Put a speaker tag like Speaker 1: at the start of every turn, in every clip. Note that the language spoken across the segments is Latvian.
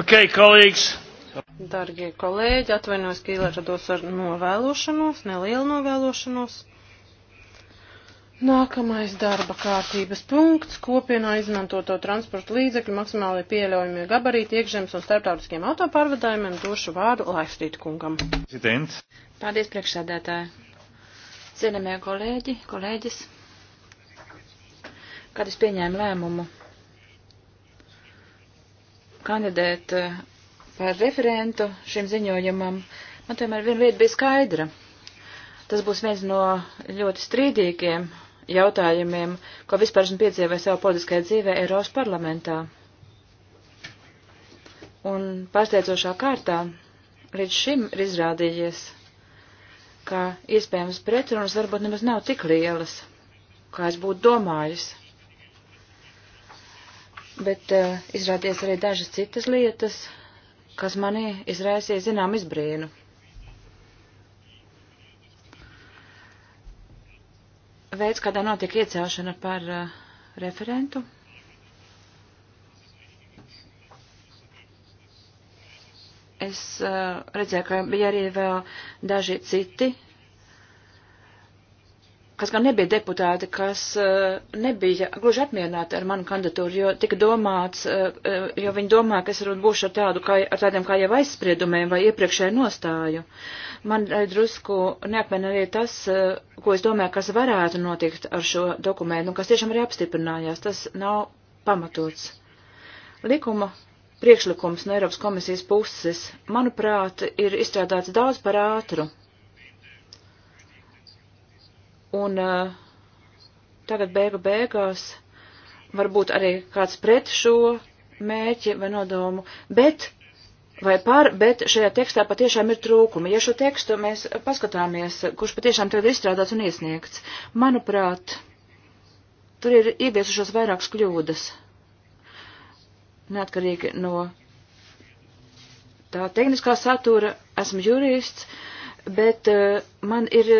Speaker 1: Okay, colleagues. Dargie kolēģi, atvainojos, ka ierados ar novēlošanos, nelielu novēlošanos. Nākamais darba kārtības punkts - kopienā izmantoto transporta līdzekļu maksimāli pieļaujamie gabarīti iekšzemes un starptautiskiem autopārvadājumiem došu vārdu Laifrīt kungam. President. Paldies, priekšsēdētāji. Cienamie kolēģi, kolēģis,
Speaker 2: kad es pieņēmu lēmumu kandidēt eh, par referentu šim ziņojumam, man tomēr viena lieta bija skaidra. Tas būs viens no ļoti strīdīgiem jautājumiem, ko vispār esmu piedzīvojis savā politiskajā dzīvē Eiropas parlamentā. Un pārsteidzošā kārtā līdz šim ir izrādījies, ka iespējams pretrunas varbūt nemaz nav tik lielas, kā es būtu domājis bet uh, izrādījās arī dažas citas lietas, kas manī izraisīja zinām izbrīnu. Veids, kādā notiek iecelšana par uh, referentu. Es uh, redzēju, ka bija arī vēl daži citi kas gan nebija deputāti, kas eh, nebija gluži apmierināti ar manu kandidatūru, jo tika domāts, eh, eh, jo viņi domā, ka es varbūt būšu ar, tādu, kā, ar tādiem kā jau aizspriedumiem vai iepriekšēju nostāju. Man drusku neapmierina arī tas, ko es domāju, kas varētu notikt ar šo dokumentu un kas tiešām arī apstiprinājās. Tas nav pamatots. Likuma priekšlikums no Eiropas komisijas puses, manuprāt, ir izstrādāts daudz par ātru Un uh, tagad beigu beigās varbūt arī kāds pret šo mēķi vai nodomu, bet vai par, bet šajā tekstā patiešām ir trūkumi. Ja šo tekstu mēs paskatāmies, kurš patiešām tagad ir izstrādāts un iesniegts, manuprāt, tur ir ieviesušos vairākas kļūdas. Neatkarīgi no tā tehniskā satura, esmu jurists, bet uh, man ir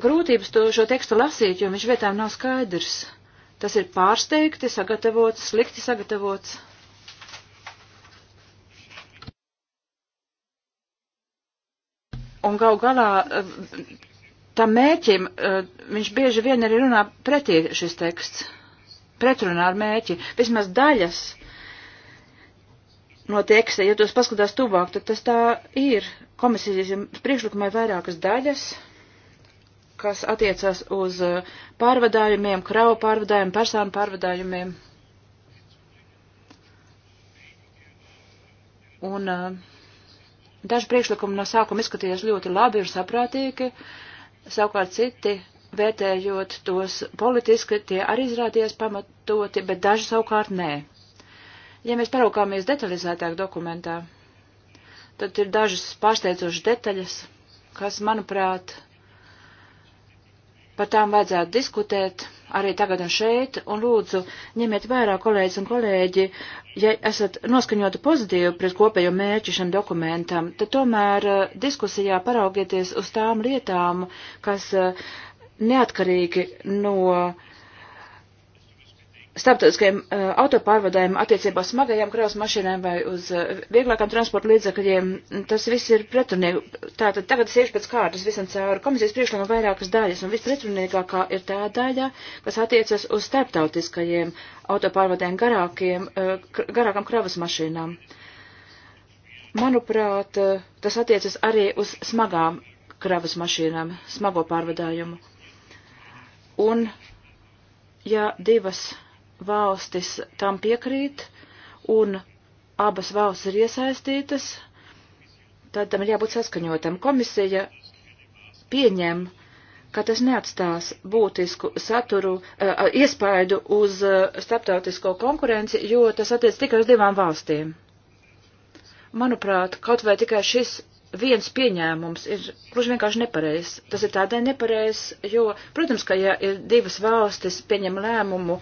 Speaker 2: grūtības to, šo tekstu lasīt, jo viņš vietām nav skaidrs. Tas ir pārsteigti sagatavots, slikti sagatavots. Un gau galā eh, tam mērķim eh, viņš bieži vien arī runā pretī šis teksts, pretrunā ar mērķi, vismaz daļas no teksta, ja tos paskatās tuvāk, tad tas tā ir. Komisijas priekšlikumai vairākas daļas kas attiecas uz uh, pārvadājumiem, kravu pārvadājumiem, personu pārvadājumiem. Un uh, daži priekšlikumi no sākuma izskatījās ļoti labi un saprātīgi, savukārt citi vērtējot tos politiski, tie arī izrādījās pamatoti, bet daži savukārt nē. Ja mēs paraukāmies detalizētāk dokumentā, tad ir dažas pārsteidzošas detaļas, kas, manuprāt, Par tām vajadzētu diskutēt arī tagad un šeit, un lūdzu, ņemiet vērā, kolēģis un kolēģi, ja esat noskaņoti pozitīvi pret kopējo mērķi šim dokumentam, tad tomēr eh, diskusijā paraugieties uz tām lietām, kas eh, neatkarīgi no uh, starptautiskiem uh, eh, autopārvadājiem attiecībā uz smagajām kravas mašīnām vai uz uh, vieglākām transporta līdzakļiem, tas viss ir pretrunīgi. Tātad tagad es iešu pēc kārtas visam cauri komisijas priekšlikumu vairākas daļas, un vispretrunīgākā ir tā daļa, kas attiecas uz starptautiskajiem autopārvadājiem garākiem, uh, eh, garākam kravas mašīnām. Manuprāt, uh, tas attiecas arī uz smagām kravas mašīnām, smago pārvadājumu. Un, ja divas valstis tam piekrīt un abas valstis ir iesaistītas, tad tam ir jābūt saskaņotam. Komisija pieņem, ka tas neatstās būtisku saturu, uh, iespaidu uz uh, starptautisko konkurenci, jo tas attiec tikai uz divām valstīm. Manuprāt, kaut vai tikai šis viens pieņēmums ir gluži vienkārši nepareizs. Tas ir tādēļ nepareizs, jo, protams, ka ja ir divas valstis pieņem lēmumu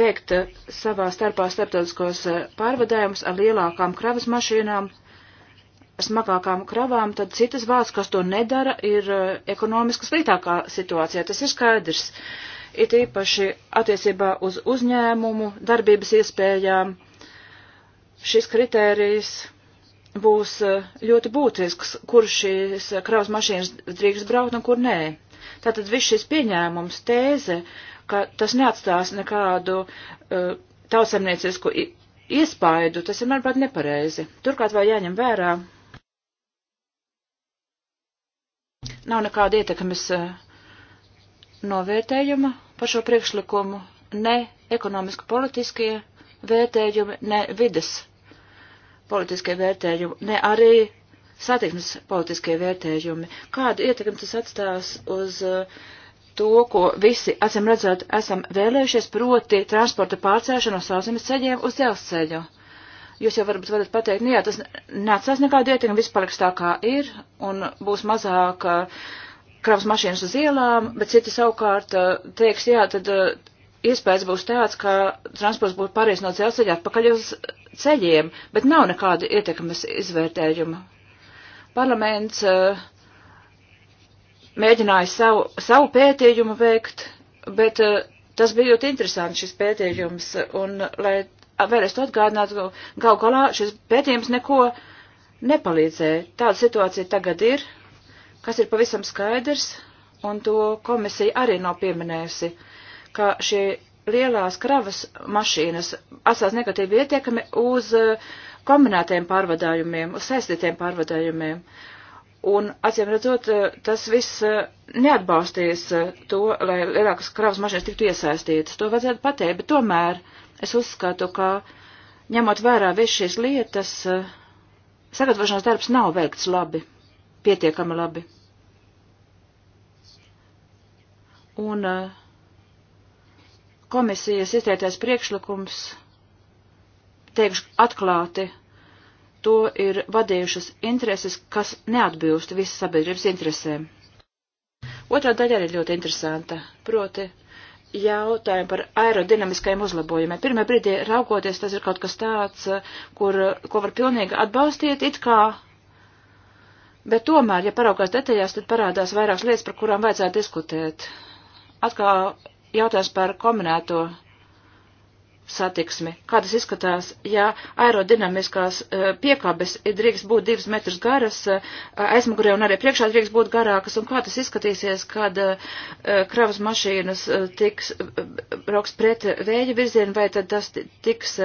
Speaker 2: veikt eh, savā starpā starptautiskos eh, pārvadājumus ar lielākām kravas mašīnām, smagākām kravām, tad citas valsts, kas to nedara, ir eh, ekonomiski sliktākā situācijā. Tas ir skaidrs. It īpaši attiecībā uz uzņēmumu, darbības iespējām, šis kritērijs būs eh, ļoti būtisks, kur šīs kravas mašīnas drīkst braukt un kur nē. Tātad viss šis pieņēmums, tēze, ka tas neatstās nekādu uh, eh, tautsemniecisku iespaidu, tas ir, manuprāt, nepareizi. Turklāt vēl jāņem vērā. Nav nekāda ietekmes uh, novērtējuma par šo priekšlikumu, ne ekonomiski politiskie vērtējumi, ne vidas politiskie vērtējumi, ne arī satiksmes politiskie vērtējumi. Kādu ietekmi tas atstās uz uh, to, ko visi, acīm redzot, esam vēlējušies, proti transporta pārcēšanu no sauszemes ceļiem uz dzelzceļu? Jūs jau varbūt varat pateikt, nu jā, tas neatsās nekādu ietekmi, viss paliks tā, kā ir, un būs mazāk uh, kravas mašīnas uz ielām, bet citi savukārt uh, teiks, jā, tad iespējas būs tāds, ka transports būtu pārējis no dzelzceļa atpakaļ uz ceļiem, bet nav nekāda ietekmes izvērtējuma. Parlaments uh, mēģināja savu, savu pētījumu veikt, bet uh, tas bija ļoti interesants šis pētījums, un lai vēlreiz to atgādinātu, gal galā šis pētījums neko nepalīdzēja. Tāda situācija tagad ir, kas ir pavisam skaidrs, un to komisija arī nav pieminējusi, ka šie lielās kravas mašīnas atstās negatīvi ietekmi uz eh, kombinētiem pārvadājumiem, uz saistītiem pārvadājumiem. Un, acīm redzot, eh, tas viss eh, neatbalstīs to, lai lielākas kravas mašīnas tiktu iesaistītas. To vajadzētu pateikt, bet tomēr es uzskatu, ka ņemot vērā visu šīs lietas, sagatavošanās darbs nav veikts labi, pietiekami labi. Un uh, komisijas izteiktais priekšlikums, teikšu atklāti, to ir vadījušas intereses, kas neatbilst visas sabiedrības interesēm. Otrā daļa arī ļoti interesanta, proti jautājumu par aerodinamiskajiem uzlabojumiem. Pirmā brīdī raugoties, tas ir kaut kas tāds, kur, ko var pilnīgi atbalstīt, it kā. Bet tomēr, ja paraugās detaļās, tad parādās vairākas lietas, par kurām vajadzētu diskutēt. Atkal jautājums par kombinēto satiksmi. Kā tas izskatās, ja aerodinamiskās eh, piekabes ir drīkst būt divas metrus garas, eh, aizmugurē un arī priekšā drīkst būt garākas, un kā tas izskatīsies, kad eh, kravas mašīnas tiks brauks pret vēja virzienu, vai tad tas tiks,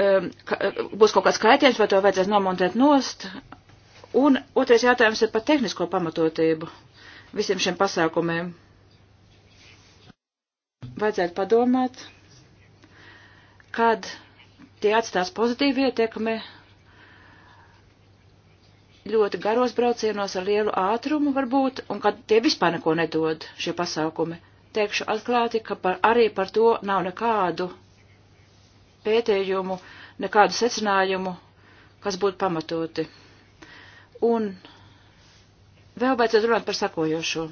Speaker 2: būs kaut kāds kaitējums, vai to vajadzēs nomontēt nost? Un otrais jautājums ir par tehnisko pamatotību visiem šiem pasākumiem vajadzētu padomāt, kad tie atstās pozitīvu ietekmi ļoti garos braucienos ar lielu ātrumu varbūt, un kad tie vispār neko nedod šie pasākumi. Teikšu atklāti, ka par, arī par to nav nekādu pētījumu, nekādu secinājumu, kas būtu pamatoti. Un vēl beidzot runāt par sakojošo,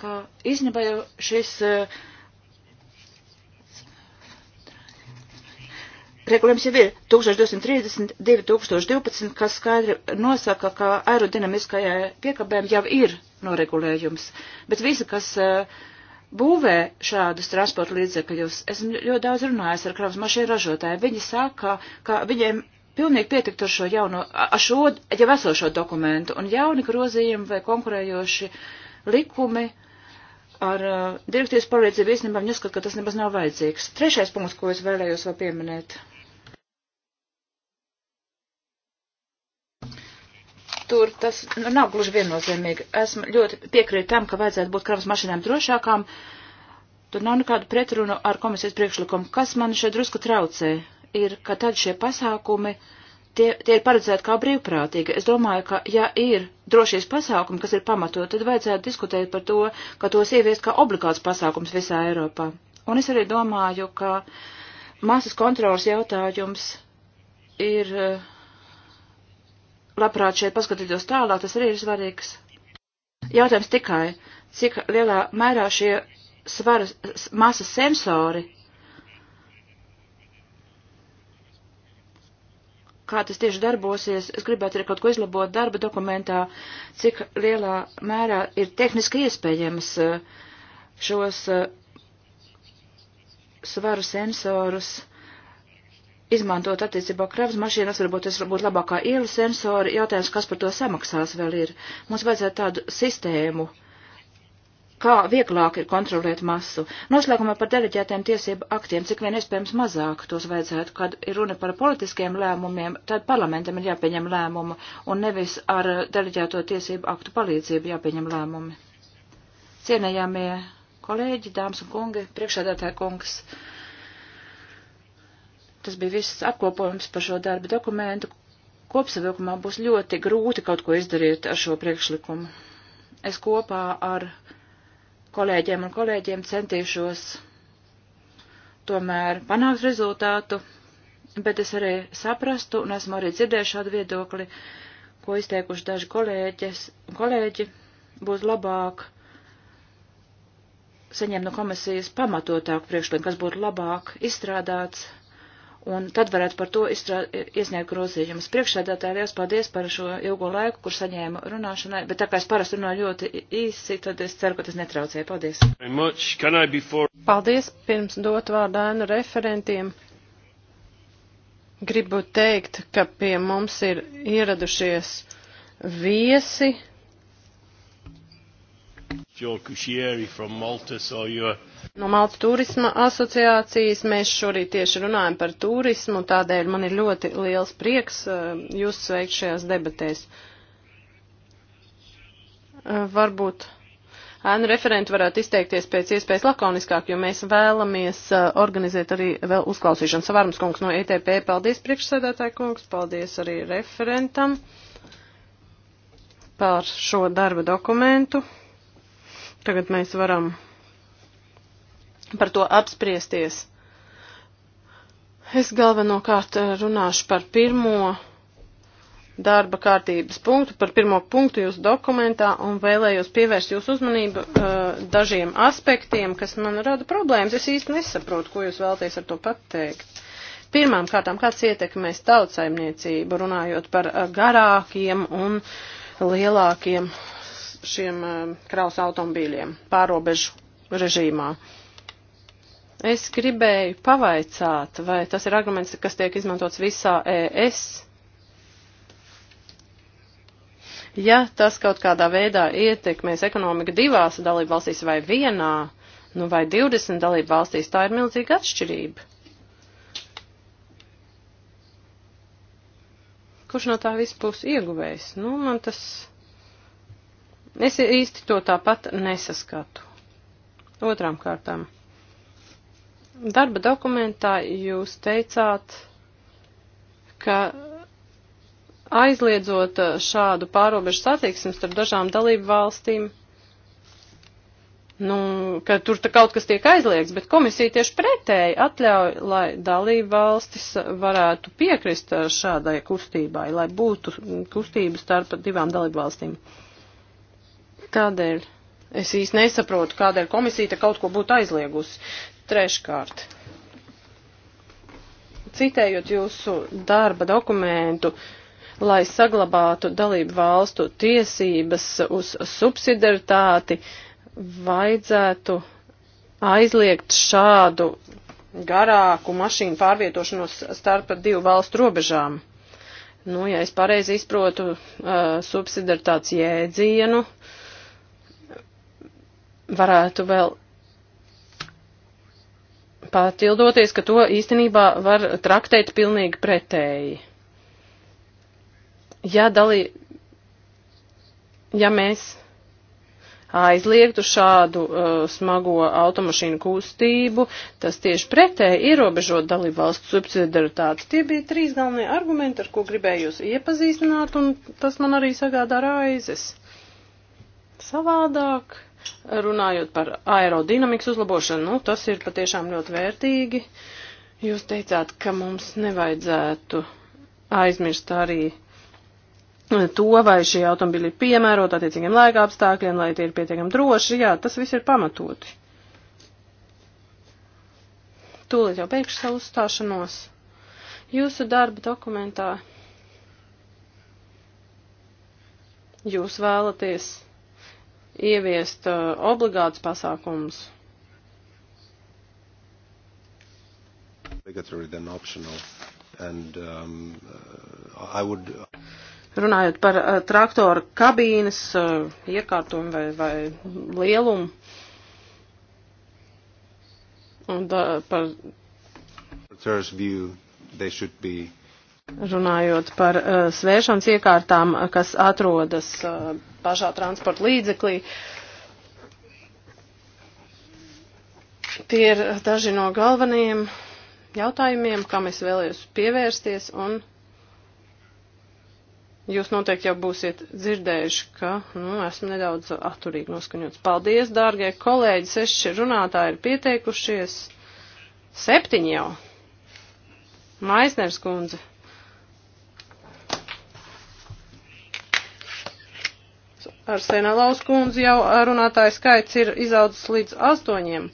Speaker 2: ka īstenībā jau šis uh, regulējums jau ir 1230, 2012, kas skaidri nosaka, ka aerodinamiskajai piekabēm jau ir noregulējums. Bet visi, kas eh, būvē šādus transporta līdzekļus, esmu ļoti daudz runājis ar kravas mašīnu ražotāju, viņi saka, ka viņiem pilnīgi pietiktu ar šo jauno, ar šo jau esošo dokumentu, un jauni grozījumi vai konkurējoši likumi ar uh, direktīvas palīdzību īstenībā viņi uzskata, ka tas nemaz nav vajadzīgs. Trešais punkts, ko es vēlējos vēl pieminēt. tur tas nu, nav gluži viennozīmīgi. Esmu ļoti piekrīt tam, ka vajadzētu būt kravas mašīnām drošākām. Tur nav nekādu pretrunu ar komisijas priekšlikumu. Kas man šeit drusku traucē, ir, ka tad šie pasākumi, tie, tie ir paredzēti kā brīvprātīgi. Es domāju, ka ja ir drošības pasākumi, kas ir pamatot, tad vajadzētu diskutēt par to, ka tos ieviest kā obligāts pasākums visā Eiropā. Un es arī domāju, ka masas kontrolas jautājums ir uh, labprāt šeit paskatītos tālāk, tas arī ir svarīgs. Jautājums tikai, cik lielā mērā šie svaras masas sensori, kā tas tieši darbosies, es gribētu arī kaut ko izlabot darba dokumentā, cik lielā mērā ir tehniski iespējams eh, šos eh, svaru sensorus izmantot attiecībā kravas mašīnas, varbūt tas būtu labākā ielu sensori. Jautājums, kas par to samaksās vēl ir. Mums vajadzētu tādu sistēmu, kā vieglāk ir kontrolēt masu. Noslēgumā par deleģētiem tiesību aktiem, cik vien iespējams mazāk tos vajadzētu, kad ir runa par politiskiem lēmumiem, tad parlamentam ir jāpieņem lēmumu un nevis ar deleģēto tiesību aktu palīdzību jāpieņem lēmumi. Cienējamie kolēģi, dāmas un kungi, priekšādātāja kungs. Tas bija viss apkopojums par šo darba dokumentu. Kopsavilkumā būs ļoti grūti kaut ko izdarīt ar šo priekšlikumu. Es kopā ar kolēģiem un kolēģiem centīšos tomēr panākt rezultātu, bet es arī saprastu un esmu arī dzirdējuši šādu viedokli, ko izteikuši daži kolēģis un kolēģi, būs labāk saņemt no komisijas pamatotāku priekšlikumu, kas būtu labāk izstrādāts un tad varētu par to izstrā, iesniegt grozījumus. Priekšsēdētāji, liels paldies par šo ilgo laiku, kur saņēmu runāšanai, bet tā kā es parasti runāju ļoti īsi, tad es ceru, ka tas netraucēja. Paldies!
Speaker 3: Before...
Speaker 1: Paldies, pirms dot vārdu ēnu referentiem. Gribu teikt, ka pie mums ir ieradušies viesi Malta, so no Malta turisma asociācijas mēs šorīt tieši runājam par turismu, tādēļ man ir ļoti liels prieks eh, jūs sveikt šajās debatēs. Eh, varbūt ēnu referenti varētu izteikties pēc iespējas lakoniskāk, jo mēs vēlamies eh, organizēt arī vēl uzklausīšanu. Savārums kungs no ETP, paldies priekšsēdētāji kungs, paldies arī referentam par šo darba dokumentu. Tagad mēs varam par to apspriesties. Es galvenokārt eh, runāšu par pirmo darba kārtības punktu, par pirmo punktu jūsu dokumentā un vēlējos pievērst jūsu uzmanību uh, dažiem aspektiem, kas man rada problēmas. Es īsti nesaprotu, ko jūs vēlaties ar to pateikt. Pirmām kārtām, kāds ietekmēs tautsaimniecību, runājot par uh, garākiem un lielākiem šiem eh, kraus automobīļiem pārobežu režīmā. Es gribēju pavaicāt, vai tas ir arguments, kas tiek izmantots visā ES. Ja tas kaut kādā veidā ietekmēs ekonomiku divās dalībvalstīs vai vienā, nu vai 20 dalībvalstīs, tā ir milzīga atšķirība. Kurš no tā vispār būs ieguvējis? Nu, man tas Es īsti to tāpat nesaskatu. Otrām kārtām. Darba dokumentā jūs teicāt, ka aizliedzot šādu pārobežu satiksmi starp dažām dalību valstīm, nu, ka tur kaut kas tiek aizliegts, bet komisija tieši pretēji atļauj, lai dalību valstis varētu piekrist šādai kustībai, lai būtu kustība starp divām dalību valstīm. Uh, Tādēļ es īsti nesaprotu, kādēļ komisija te kaut ko būtu aizliegusi. Treškārt, citējot jūsu darba dokumentu, lai saglabātu dalību valstu tiesības uz subsidiaritāti, vajadzētu aizliegt šādu garāku mašīnu pārvietošanos starp divu valstu robežām. Nu, ja es pareizi izprotu uh, subsidiaritātes jēdzienu, uh, varētu vēl pārtildoties, ka to īstenībā var traktēt pilnīgi pretēji. Ja, dalī, ja mēs aizliegtu šādu uh, smago automašīnu kustību, tas tieši pretēji ierobežot dalību valstu subsidiaritāti. Tie bija trīs galvenie argumenti, ar ko gribēju jūs iepazīstināt, un tas man arī sagādā raizes. Savādāk runājot par aerodinamikas uzlabošanu, nu, tas ir patiešām ļoti vērtīgi. Jūs teicāt, ka mums nevajadzētu aizmirst arī to, vai šie automobili ir piemēroti attiecīgiem laika apstākļiem, lai tie ir pietiekami droši. Jā, tas viss ir pamatoti. Tūlīt jau beigšu savu uzstāšanos. Jūsu darba dokumentā jūs vēlaties ieviest uh, obligātus pasākumus. And, um, uh, would... Runājot par uh, traktora kabīnes uh, iekārtojumu vai, vai lielumu un uh, par. View, they should be Runājot par uh, svēršanas iekārtām, kas atrodas uh, pašā transporta līdzeklī, tie ir daži no galvenajiem jautājumiem, kam es vēlējos pievērsties, un jūs noteikti jau būsiet dzirdējuši, ka nu, esmu nedaudz atturīgi noskaņots. Paldies, dārgie kolēģi, seši runātāji ir pieteikušies, septiņi jau. Maisners kundze. ar Senalaus kundzi jau runātāju skaits ir izaudzis līdz astoņiem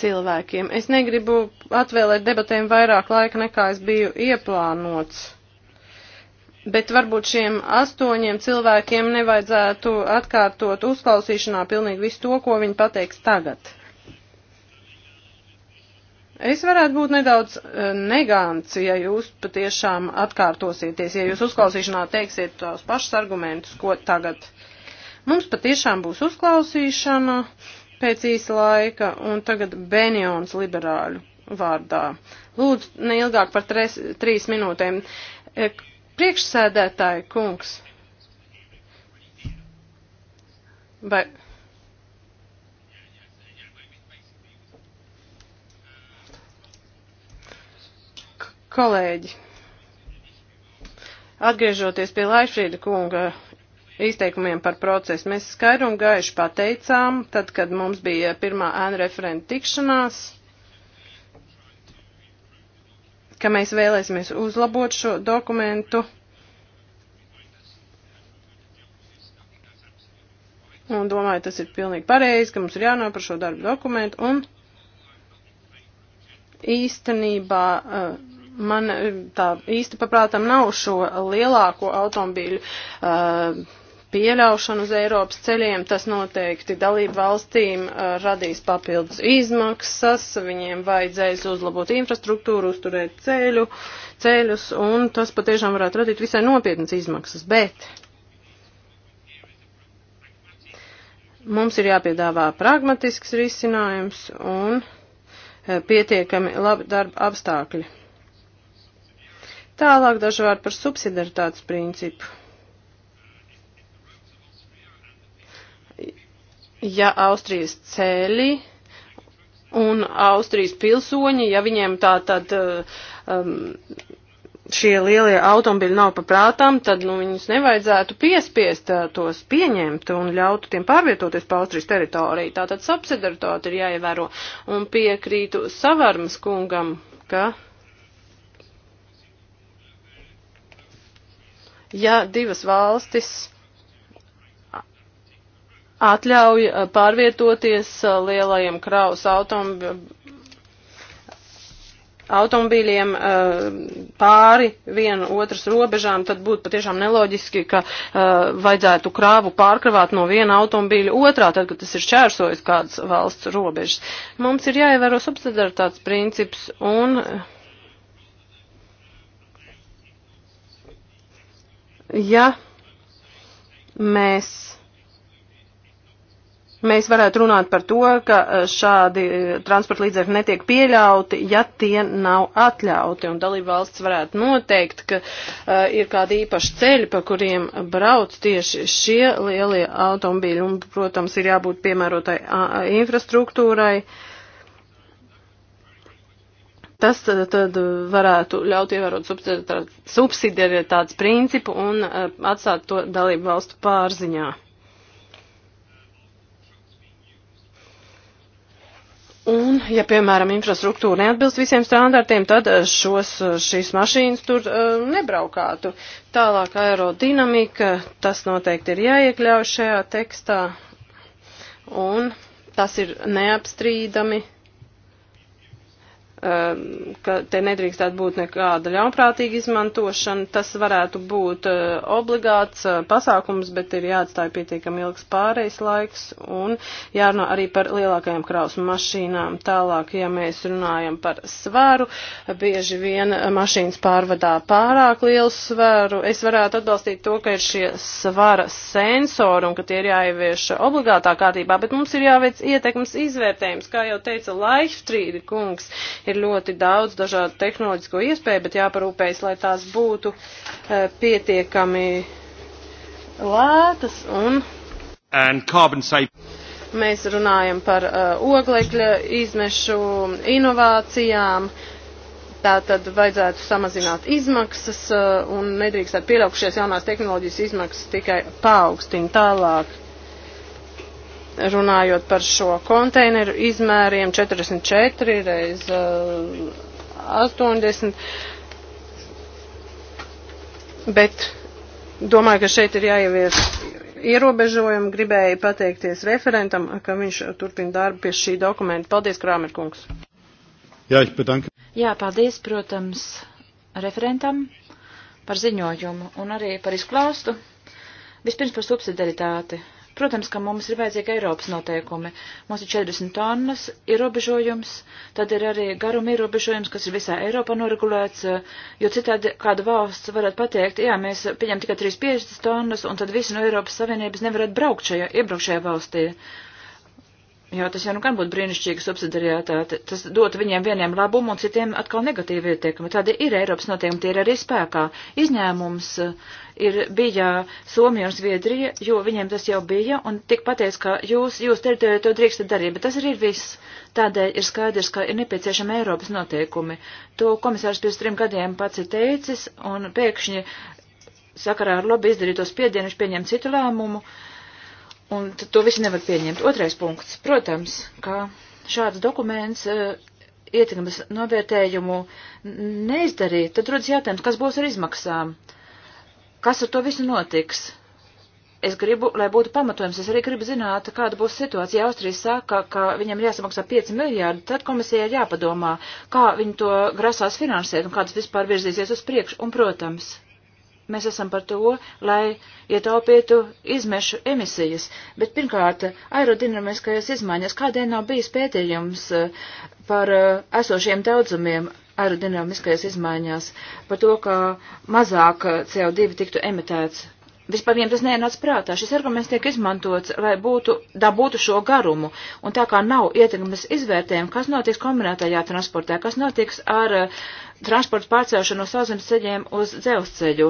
Speaker 1: cilvēkiem. Es negribu atvēlēt debatēm vairāk laika, nekā es biju ieplānots. Bet varbūt šiem astoņiem cilvēkiem nevajadzētu atkārtot uzklausīšanā pilnīgi visu to, ko viņi pateiks tagad. Es varētu būt nedaudz e, negants, ja jūs patiešām atkārtosieties, ja jūs uzklausīšanā teiksiet tos pašus argumentus, ko tagad. Mums patiešām būs uzklausīšana pēc īsa laika, un tagad Benjons liberāļu vārdā. Lūdzu, neilgāk par tres, trīs minūtēm. E, priekšsēdētāji kungs. Vai... Kolēģi, atgriežoties pie Laišrīda kunga izteikumiem par procesu. Mēs skaidru un gaišu pateicām, tad, kad mums bija pirmā ēna referenta tikšanās, ka mēs vēlēsimies uzlabot šo dokumentu. Un domāju, tas ir pilnīgi pareizi, ka mums ir jānāk par šo darbu dokumentu. Un īstenībā uh, man uh, tā īsti paprātam nav šo lielāko automobīļu. Uh, pieļaušanu uz Eiropas ceļiem, tas noteikti dalību valstīm uh, radīs papildus izmaksas, viņiem vajadzēs uzlabot infrastruktūru, uzturēt ceļu, ceļus, un tas patiešām varētu radīt visai nopietnas izmaksas, bet mums ir jāpiedāvā pragmatisks risinājums un uh, pietiekami labi darba apstākļi. Tālāk daži vārdi par subsidaritātes principu. ja Austrijas ceļi un Austrijas pilsoņi, ja viņiem tā tad eh, um, šie lielie automobili nav paprātām, tad nu, viņus nevajadzētu piespiest eh, tos pieņemt un ļaut tiem pārvietoties pa Austrijas teritoriju. Tātad subsidaritāte ir jāievēro un piekrītu savarmas kungam, ka. Ja divas valstis atļauj eh, pārvietoties eh, lielajiem kraus automobīļiem eh, pāri vienu otras robežām, tad būtu patiešām neloģiski, ka vajadzētu krāvu pārkravāt no viena automobīļa otrā, tad, kad tas ir čērsojis kādas valsts robežas. Mums ir jāievēro subsidaritātes princips un. Ja mēs Mēs varētu runāt par to, ka eh, šādi eh, transporta līdzekļi netiek pieļauti, ja tie nav atļauti, un dalība valsts varētu noteikt, ka uh, ir kādi īpaši ceļi, pa kuriem brauc tieši šie lielie automobīļi, un, protams, ir jābūt piemērotai infrastruktūrai. Tas tad, tad varētu ļaut ievērot subsidiaritātes principu un atstāt to dalību valstu pārziņā. Un, ja, piemēram, infrastruktūra neatbilst visiem standartiem, tad eh, šos, eh, šīs mašīnas tur uh, nebraukātu. Tālāk aerodinamika, tas noteikti ir jāiekļauj šajā tekstā. Un tas ir neapstrīdami Um, ka te nedrīkstētu būt nekāda ļaunprātīga izmantošana. Tas varētu būt uh, obligāts uh, pasākums, bet ir jāatstāja pietiekami ilgs pārejas laiks un jārunā arī par lielākajām krausmu mašīnām. Tālāk, ja mēs runājam par svaru, bieži vien mašīnas pārvadā pārāk lielu svaru. Es varētu atbalstīt to, ka ir šie svara sensori un ka tie ir jāievieš obligātā kārtībā, bet mums ir jāveic ietekmes izvērtējums, kā jau teica Laihstrīdi kungs. Ir ir ļoti daudz dažādu tehnoloģisko iespēju, bet jāparūpējas, lai tās būtu uh, pietiekami lētas un. Mēs runājam par uh, oglekļa izmešu inovācijām, tātad vajadzētu samazināt izmaksas uh, un nedrīkstētu pieļaukušies jaunās tehnoloģijas izmaksas tikai paaugstina tālāk runājot par šo konteineru izmēriem 44 reiz uh, eh, 80, bet domāju, ka šeit ir jāievies ierobežojumi. Gribēju pateikties referentam, ka viņš turpina darbu pie šī dokumenta. Paldies, Krāmerkungs.
Speaker 2: Jā, es bedanku. Jā, paldies, protams, referentam par ziņojumu un arī par izklāstu. Vispirms par subsidiaritāti. Protams, ka mums ir vajadzīgi Eiropas noteikumi. Mums ir 40 tonnas ierobežojums, tad ir arī garuma ierobežojums, kas ir visā Eiropā noregulēts, eh, jo citādi kāda valsts varētu pateikt, jā, mēs pieņem tikai 350 tonnas, un tad visi no Eiropas Savienības nevarētu braukt šajā, iebraukt šajā valstī. Jo tas jau nu gan būtu brīnišķīgi subsidiarietāte. Tas dot viņiem vieniem labumu un citiem atkal negatīvi ieteikumi. Tādi ir Eiropas notiekumi, tie ir arī spēkā. Izņēmums eh, ir, bija Somija un Zviedrija, jo viņiem tas jau bija un tik pateicis, ka jūs, jūs teritorijā to drīkstat darīt, bet tas arī ir viss. Tādēļ ir skaidrs, ka ir nepieciešama Eiropas notiekumi. To komisārs pirms trim gadiem pats ir teicis un pēkšņi sakarā ar lobby izdarīto spiedienu viņš pieņem citu lēmumu. Uh, Un to visu nevar pieņemt. Otrais punkts. Protams, ka šāds dokuments eh, ietekmes novērtējumu neizdarīt, tad rodas jautājums, kas būs ar izmaksām? Kas ar to visu notiks? Es gribu, lai būtu pamatojums, es arī gribu zināt, kāda būs situācija. Austrija saka, ka viņam jāsamaksā 5 miljārdi, tad komisijai jāpadomā, kā viņi to grasās finansēt un kāds vispār virzīsies uz priekšu. Un, protams, Mēs esam par to, lai ietaupītu izmešu emisijas, bet pirmkārt, aerodinamiskajās izmaiņas, kādēļ nav bijis pētījums eh, par eh, esošiem daudzumiem aerodinamiskajās izmaiņās, par to, ka mazāk eh, CO2 tiktu emitēts. Vispār viņiem tas nenāc prātā. Šis arguments tiek izmantots, lai būtu, dabūtu šo garumu. Un tā kā nav ietekmes izvērtējuma, kas notiks kombinētajā transportā, kas notiks ar uh, transporta pārcelšanu no sauszemes ceļiem uz dzelzceļu.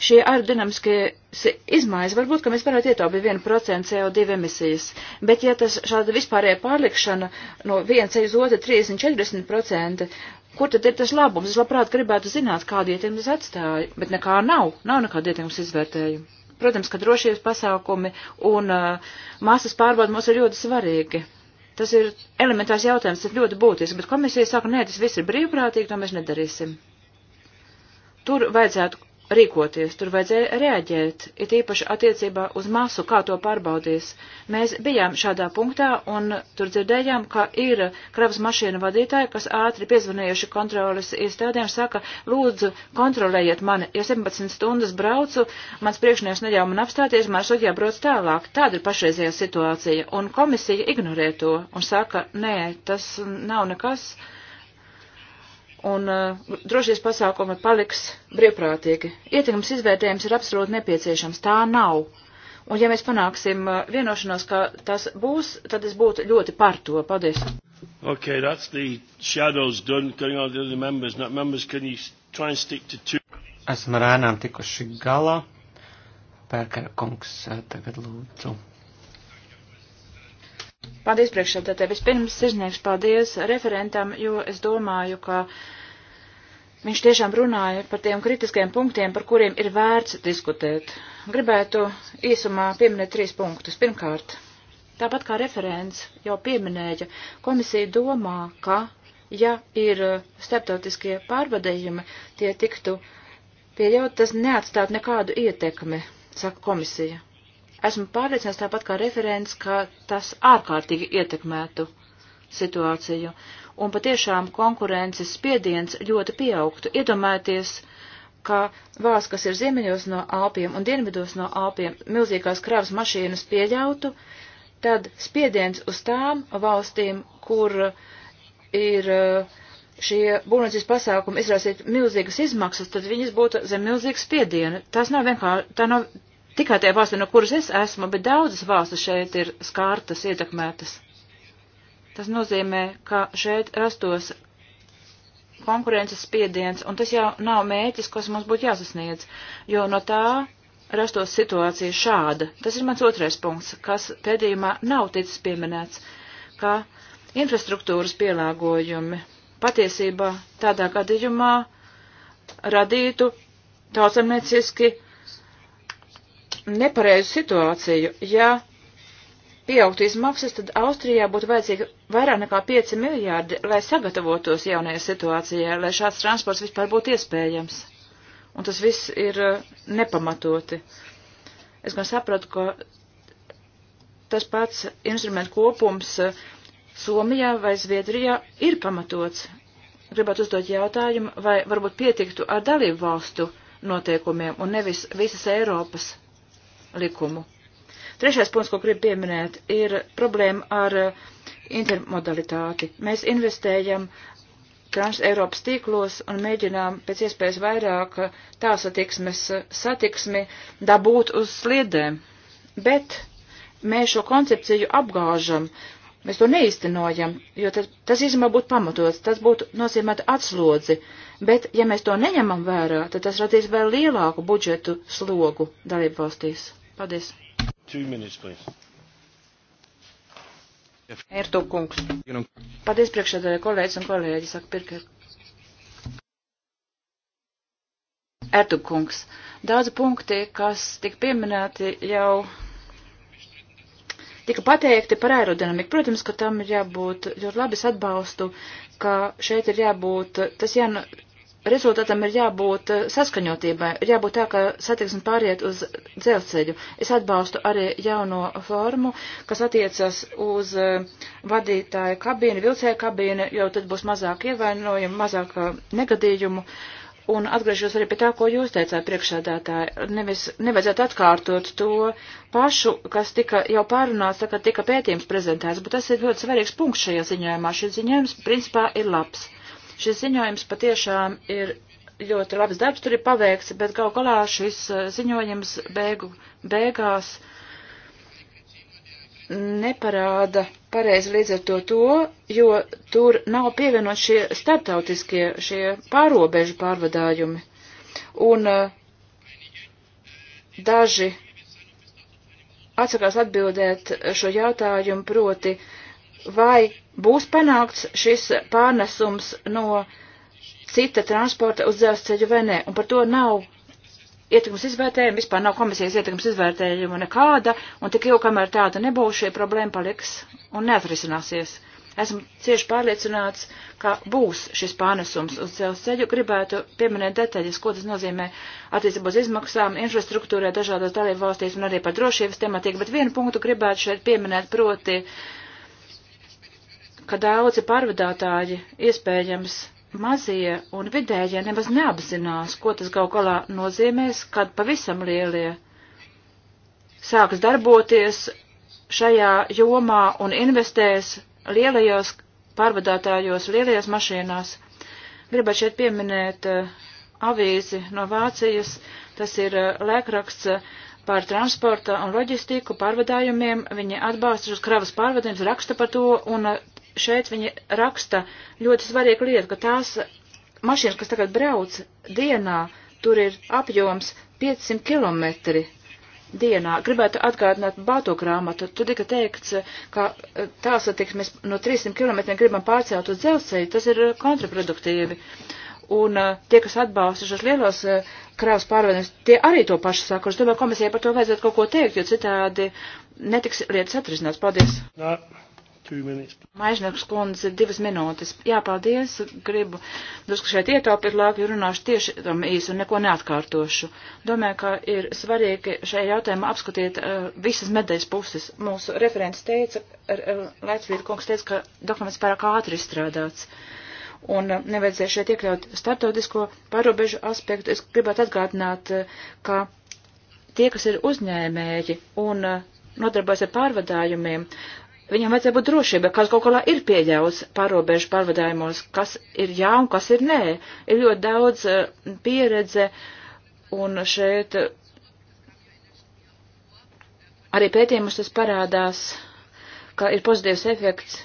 Speaker 2: Šie aerodinamiskie izmaiņas varbūt, ka mēs varētu ietaupīt 1% CO2 emisijas, bet ja tas šāda vispārējā pārlikšana no viena ceļa uz otru 30-40%, kur tad ir tas labums? Es labprāt gribētu zināt, kādu ietekmi tas atstāja, bet nekā nav, nav nekāda ietekmes izvērtējuma. Protams, ka drošības pasākumi un uh, masas pārbauda mums ir ļoti svarīgi Tas ir elementārs jautājums, tas ir ļoti būtisks, bet komisija saka, nē, tas viss ir brīvprātīgi, to mēs nedarīsim. Tur vajadzētu rīkoties, tur vajadzēja reaģēt, it īpaši attiecībā uz masu, kā to pārbaudīs. Mēs bijām šādā punktā un tur dzirdējām, ka ir kravas mašīnu vadītāji, kas ātri piezvanījuši kontrolas iestādēm, saka, lūdzu, kontrolējiet mani, ja 17 stundas braucu, mans priekšnieks neļauj man apstāties, man sūtījā brauc tālāk. Tāda ir pašreizējā situācija, un komisija ignorē to un saka, nē, tas nav nekas. Uh, un uh, drošības pasākumi paliks brīvprātīgi. Ietekmes izvērtējums ir absolūti nepieciešams, tā nav. Un ja mēs panāksim uh, vienošanos, ka tas būs, tad es būtu ļoti par to. Paldies.
Speaker 1: Okay, that's the shadows done. Going on to the members. Not members, can you try and stick to two?
Speaker 3: Esam ar ēnām tikuši galā. Pērkara kungs uh, tagad lūdzu.
Speaker 2: Paldies priekšsēdētē. Vispirms sirsnieks paldies referentam, jo es domāju, ka viņš tiešām runāja par tiem kritiskiem punktiem, par kuriem ir vērts diskutēt. Gribētu īsumā pieminēt trīs punktus. Pirmkārt, tāpat kā referents jau pieminēja, komisija domā, ka, ja ir starptautiskie pārvadījumi, tie tiktu pieļaut, tas neatstāt nekādu ietekmi, saka komisija. Esmu pārliecināts tāpat kā referents, ka tas ārkārtīgi ietekmētu situāciju. Un patiešām konkurences spiediens ļoti pieaugtu. Iedomājieties, ka vās, kas ir ziemeļos no Alpiem un dienvidos no Alpiem, milzīgās kravas mašīnas pieļautu, tad spiediens uz tām valstīm, kur ir eh, šie būvniecības pasākumi izraisīt milzīgas izmaksas, tad viņas būtu zem milzīgas spiediena. Tas nav vienkārši, tā nav, tikai tie valsti, no kuras es esmu, bet daudzas valstis šeit ir skārtas, ietekmētas. Tas nozīmē, ka šeit rastos konkurences spiediens, un tas jau nav mēķis, kas mums būtu jāsasniedz, jo no tā rastos situācija šāda. Tas ir mans otrais punkts, kas pēdījumā nav ticis pieminēts, kā infrastruktūras pielāgojumi patiesībā tādā gadījumā radītu tautsamnieciski uh, nepareizu situāciju. Ja pieaugtu izmaksas, tad Austrijā būtu vajadzīga vairāk nekā 5 miljārdi, lai sagatavotos jaunajai situācijai, lai šāds transports vispār būtu iespējams. Un tas viss ir eh, nepamatoti. Es gan sapratu, ka tas pats instrumentu kopums eh, Somijā vai Zviedrijā ir pamatots. Gribētu uzdot jautājumu, vai varbūt pietiktu ar dalību valstu noteikumiem un nevis visas Eiropas likumu. Trešais punkts, ko gribu pieminēt, ir problēma ar eh, intermodalitāti. Mēs investējam Trans-Eiropas tīklos un mēģinām pēc iespējas vairāk eh, tā satiksmes eh, satiksmi dabūt uz sliedēm. Bet mēs šo koncepciju apgāžam, mēs to neiztenojam, jo tas, tas īstenībā būtu pamatots, tas būtu nozīmēt atslodzi, bet ja mēs to neņemam vērā, tad tas radīs vēl lielāku budžetu slogu dalību valstīs. Paldies. Ertu kungs. Paldies priekšsēdētāji kolēģis un kolēģi, saka Pirkert. Ertu kungs. Daudz punkti, kas tik pieminēti jau tika pateikti par aerodinamiku. Protams, ka tam ir jābūt ļoti labi atbalstu, ka šeit ir jābūt, tas jāna, rezultātam ir jābūt eh, saskaņotībai, ir jābūt tā, ka satiksme pāriet uz dzelzceļu. Es atbalstu arī jauno formu, kas attiecas uz eh, vadītāja kabīnu, vilcēja kabīnu, jo tad būs mazāk ievainojumu, mazāk eh, negadījumu. Un atgriežos arī pie tā, ko jūs teicāt priekšsēdētāji. Nevis, nevajadzētu atkārtot to pašu, kas tika jau pārunāts, tā kā tika pētījums prezentēts, bet tas ir ļoti svarīgs punkts šajā ziņojumā. Šis ziņojums principā ir labs. Šis ziņojums patiešām ir ļoti labs darbs, tur ir paveikts, bet gal galā šis eh, ziņojums beigu, beigās neparāda pareizi līdz ar to to, jo tur nav pievienot šie starptautiskie, šie pārobežu pārvadājumi. Un eh, daži atsakās atbildēt šo jautājumu proti, uh, vai būs panākts šis pārnesums no cita transporta uz dzelzceļu vai nē. Un par to nav ietekmes izvērtējuma, vispār nav komisijas ietekmes izvērtējuma nekāda, un tik ilgi, kamēr tāda nebūs, šī problēma paliks un neatrisināsies. Esmu cieši pārliecināts, ka būs šis pārnesums uz dzelzceļu. Gribētu pieminēt detaļas, ko tas nozīmē attiecībā uz izmaksām, infrastruktūrē dažādās dalību valstīs un arī par drošības tematiku, bet vienu punktu gribētu šeit pieminēt proti uh, ka daudzi pārvadātāji iespējams mazie un vidējie nemaz neapzinās, ko tas gal galā nozīmēs, kad pavisam lielie sāks darboties šajā jomā un investēs lielajos pārvadātājos, lielajās mašīnās. Gribētu šeit pieminēt uh, avīzi no Vācijas, tas ir uh, eh, lēkraksts uh, eh, par transporta un loģistiku pārvadājumiem, viņi atbalsta šos kravas pārvadājumus, raksta par to, un šeit viņi raksta ļoti svarīgu lietu, ka tās mašīnas, kas tagad brauc dienā, tur ir apjoms 500 kilometri dienā. Gribētu atgādināt Bāto grāmatu. Tur tika teikts, ka eh, tās, tiks, mēs no 300 kilometriem gribam pārcelt uz dzelzceļu. Tas ir eh, kontraproduktīvi. Un eh, tie, kas atbalsta šos lielos kravas pārvedumus, tie arī to pašu saka. Es domāju, komisijai par to vajadzētu kaut ko teikt, jo citādi netiks lietas atrisināts. Paldies! Nā. Maižnieks kundze, divas minūtes. Jā, paldies. Gribu drusku šeit ietaupīt laiku, jo runāšu tieši tam īsi un neko neatkārtošu. Domāju, ka ir svarīgi šajā jautājumā apskatīt uh, visas medaļas puses. Mūsu referents teica, uh, Leicvīda kungs teica, ka dokuments pārāk ātri izstrādāts. Un uh, nevajadzēja šeit iekļaut startautisko pārobežu aspektu. Es gribētu atgādināt, uh, ka tie, kas ir uzņēmēji un uh, nodarbojas ar pārvadājumiem, Viņam vajadzēja būt drošība, kas kaut kādā ir pieļaus pārobežu pārvadājumos, kas ir jā un kas ir nē. Ir ļoti daudz uh, pieredze un šeit uh, arī pētījumus tas parādās, ka ir pozitīvs efekts uh,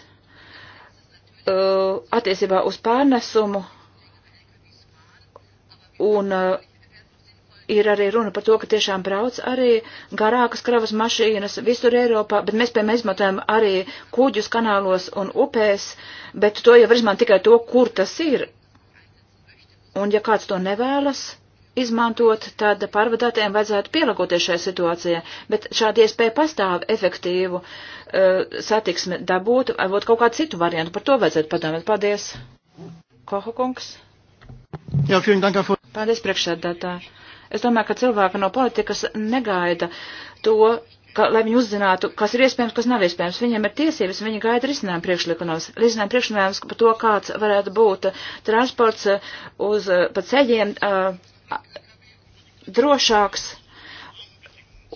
Speaker 2: attiecībā uz pārnesumu un uh, ir arī runa par to, ka tiešām brauc arī garākas kravas mašīnas visur Eiropā, bet mēs, piemēram, izmantojam arī kuģus kanālos un upēs, bet to jau var izmantot tikai to, kur tas ir. Un ja kāds to nevēlas izmantot, tad pārvadātājiem vajadzētu pielāgoties šai situācijai, bet šādi iespēja pastāv efektīvu uh, satiksmi dabūt, varbūt kaut kādu citu variantu, par to vajadzētu padomāt. Paldies, Kohokungs.
Speaker 1: Jā, Paldies,
Speaker 2: priekšsēdētāji. Es domāju, ka cilvēki no politikas negaida to, ka, lai viņi uzzinātu, kas ir iespējams, kas nav iespējams. Viņiem ir tiesības, viņi gaida risinājumu priekšlikumos, risinājumu priekšlikumus par to, kāds varētu būt transports uh, uz, uh, pa ceļiem uh, drošāks.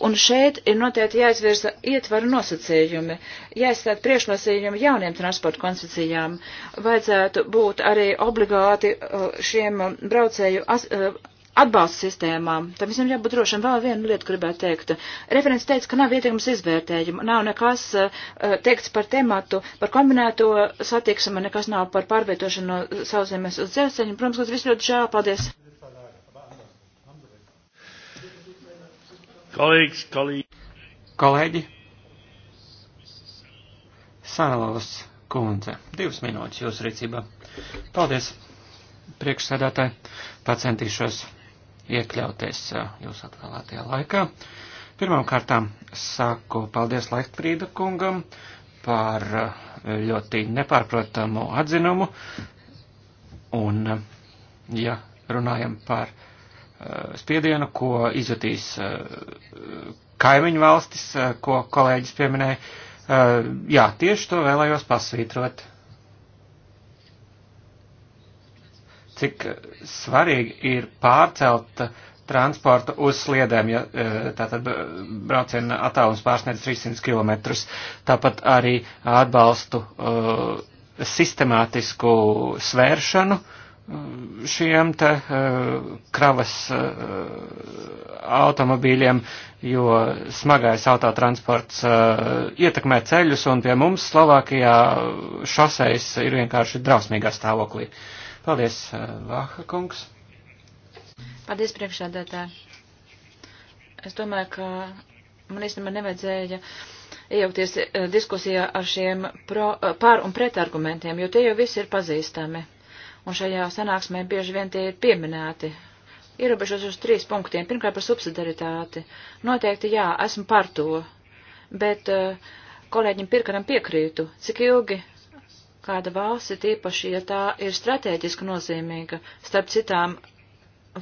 Speaker 2: Un šeit ir noteikti jāizvirza ietvaru nosacījumi, jāizstāt priekšlasījumi jauniem transporta koncepcijām. Vajadzētu būt arī obligāti šiem braucēju as, atbalsta sistēmām, tam visam jābūt drošam. Vēl vienu lietu gribētu teikt. Referents teica, ka nav ietekmes izvērtējuma, nav nekas eh, eh, teikts par tematu, par kombinēto satiksmu, nekas nav par pārvietošanu no sauszemes uz dzelzceļu. Protams, tas viss ļoti žēl. Paldies!
Speaker 3: Kolēģis, kolēģi. Kolēģi. Sānalovas kundze. Divas minūtes jūsu rīcībā. Paldies, priekšsēdētāji. Pacentīšos iekļauties jūs atvēlētajā laikā. Pirmām kārtām saku paldies Laikprīda kungam par ļoti nepārprotamu atzinumu. Un, ja runājam par spiedienu, ko izjutīs kaimiņu valstis, ko kolēģis pieminēja, jā, tieši to vēlējos pasvītrot. cik svarīgi ir pārcelt transportu uz sliedēm, ja e, tātad e, brauciena attālums pārsniedz 300 km. Tāpat arī atbalstu uh, sistemātisku svēršanu šiem te uh, kravas uh, automobīļiem, jo smagais autotransports ietekmē ceļus un pie mums Slovākijā šoseis ir vienkārši drausmīgā stāvoklī. Uh, Paldies, Lāha eh, kungs.
Speaker 2: Paldies, priekšādātāji. Es domāju, ka man īstenībā nevajadzēja iejaukties eh, diskusijā ar šiem pro, eh, pār un pret argumentiem, jo tie jau visi ir pazīstami. Un šajā sanāksmē bieži vien tie ir pieminēti. Ierobežos uz trīs punktiem. Pirmkārt par subsidaritāti. Noteikti jā, esmu par to. Bet kolēģim Pirkaram piekrītu, cik ilgi kāda valsts, tīpaši, ja tā ir strateģiski nozīmīga starp citām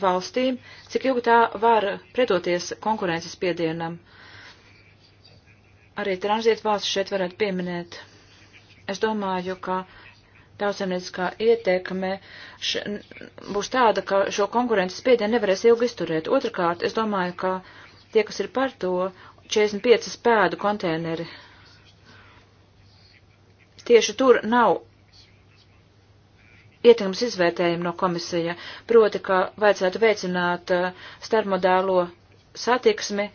Speaker 2: valstīm, cik ilgi tā var pretoties konkurences piedienam. Arī tranzīta valsts šeit varētu pieminēt. Es domāju, ka tautsēmnieciskā ietekme š, būs tāda, ka šo konkurences spiedienu nevarēs ilgi izturēt. Otrakārt, es domāju, ka tie, kas ir par to, 45 pēdu konteineri Tieši tur nav ietekmes izvērtējumu no komisija, proti, ka vajadzētu veicināt uh, starpmodālo satiksmi,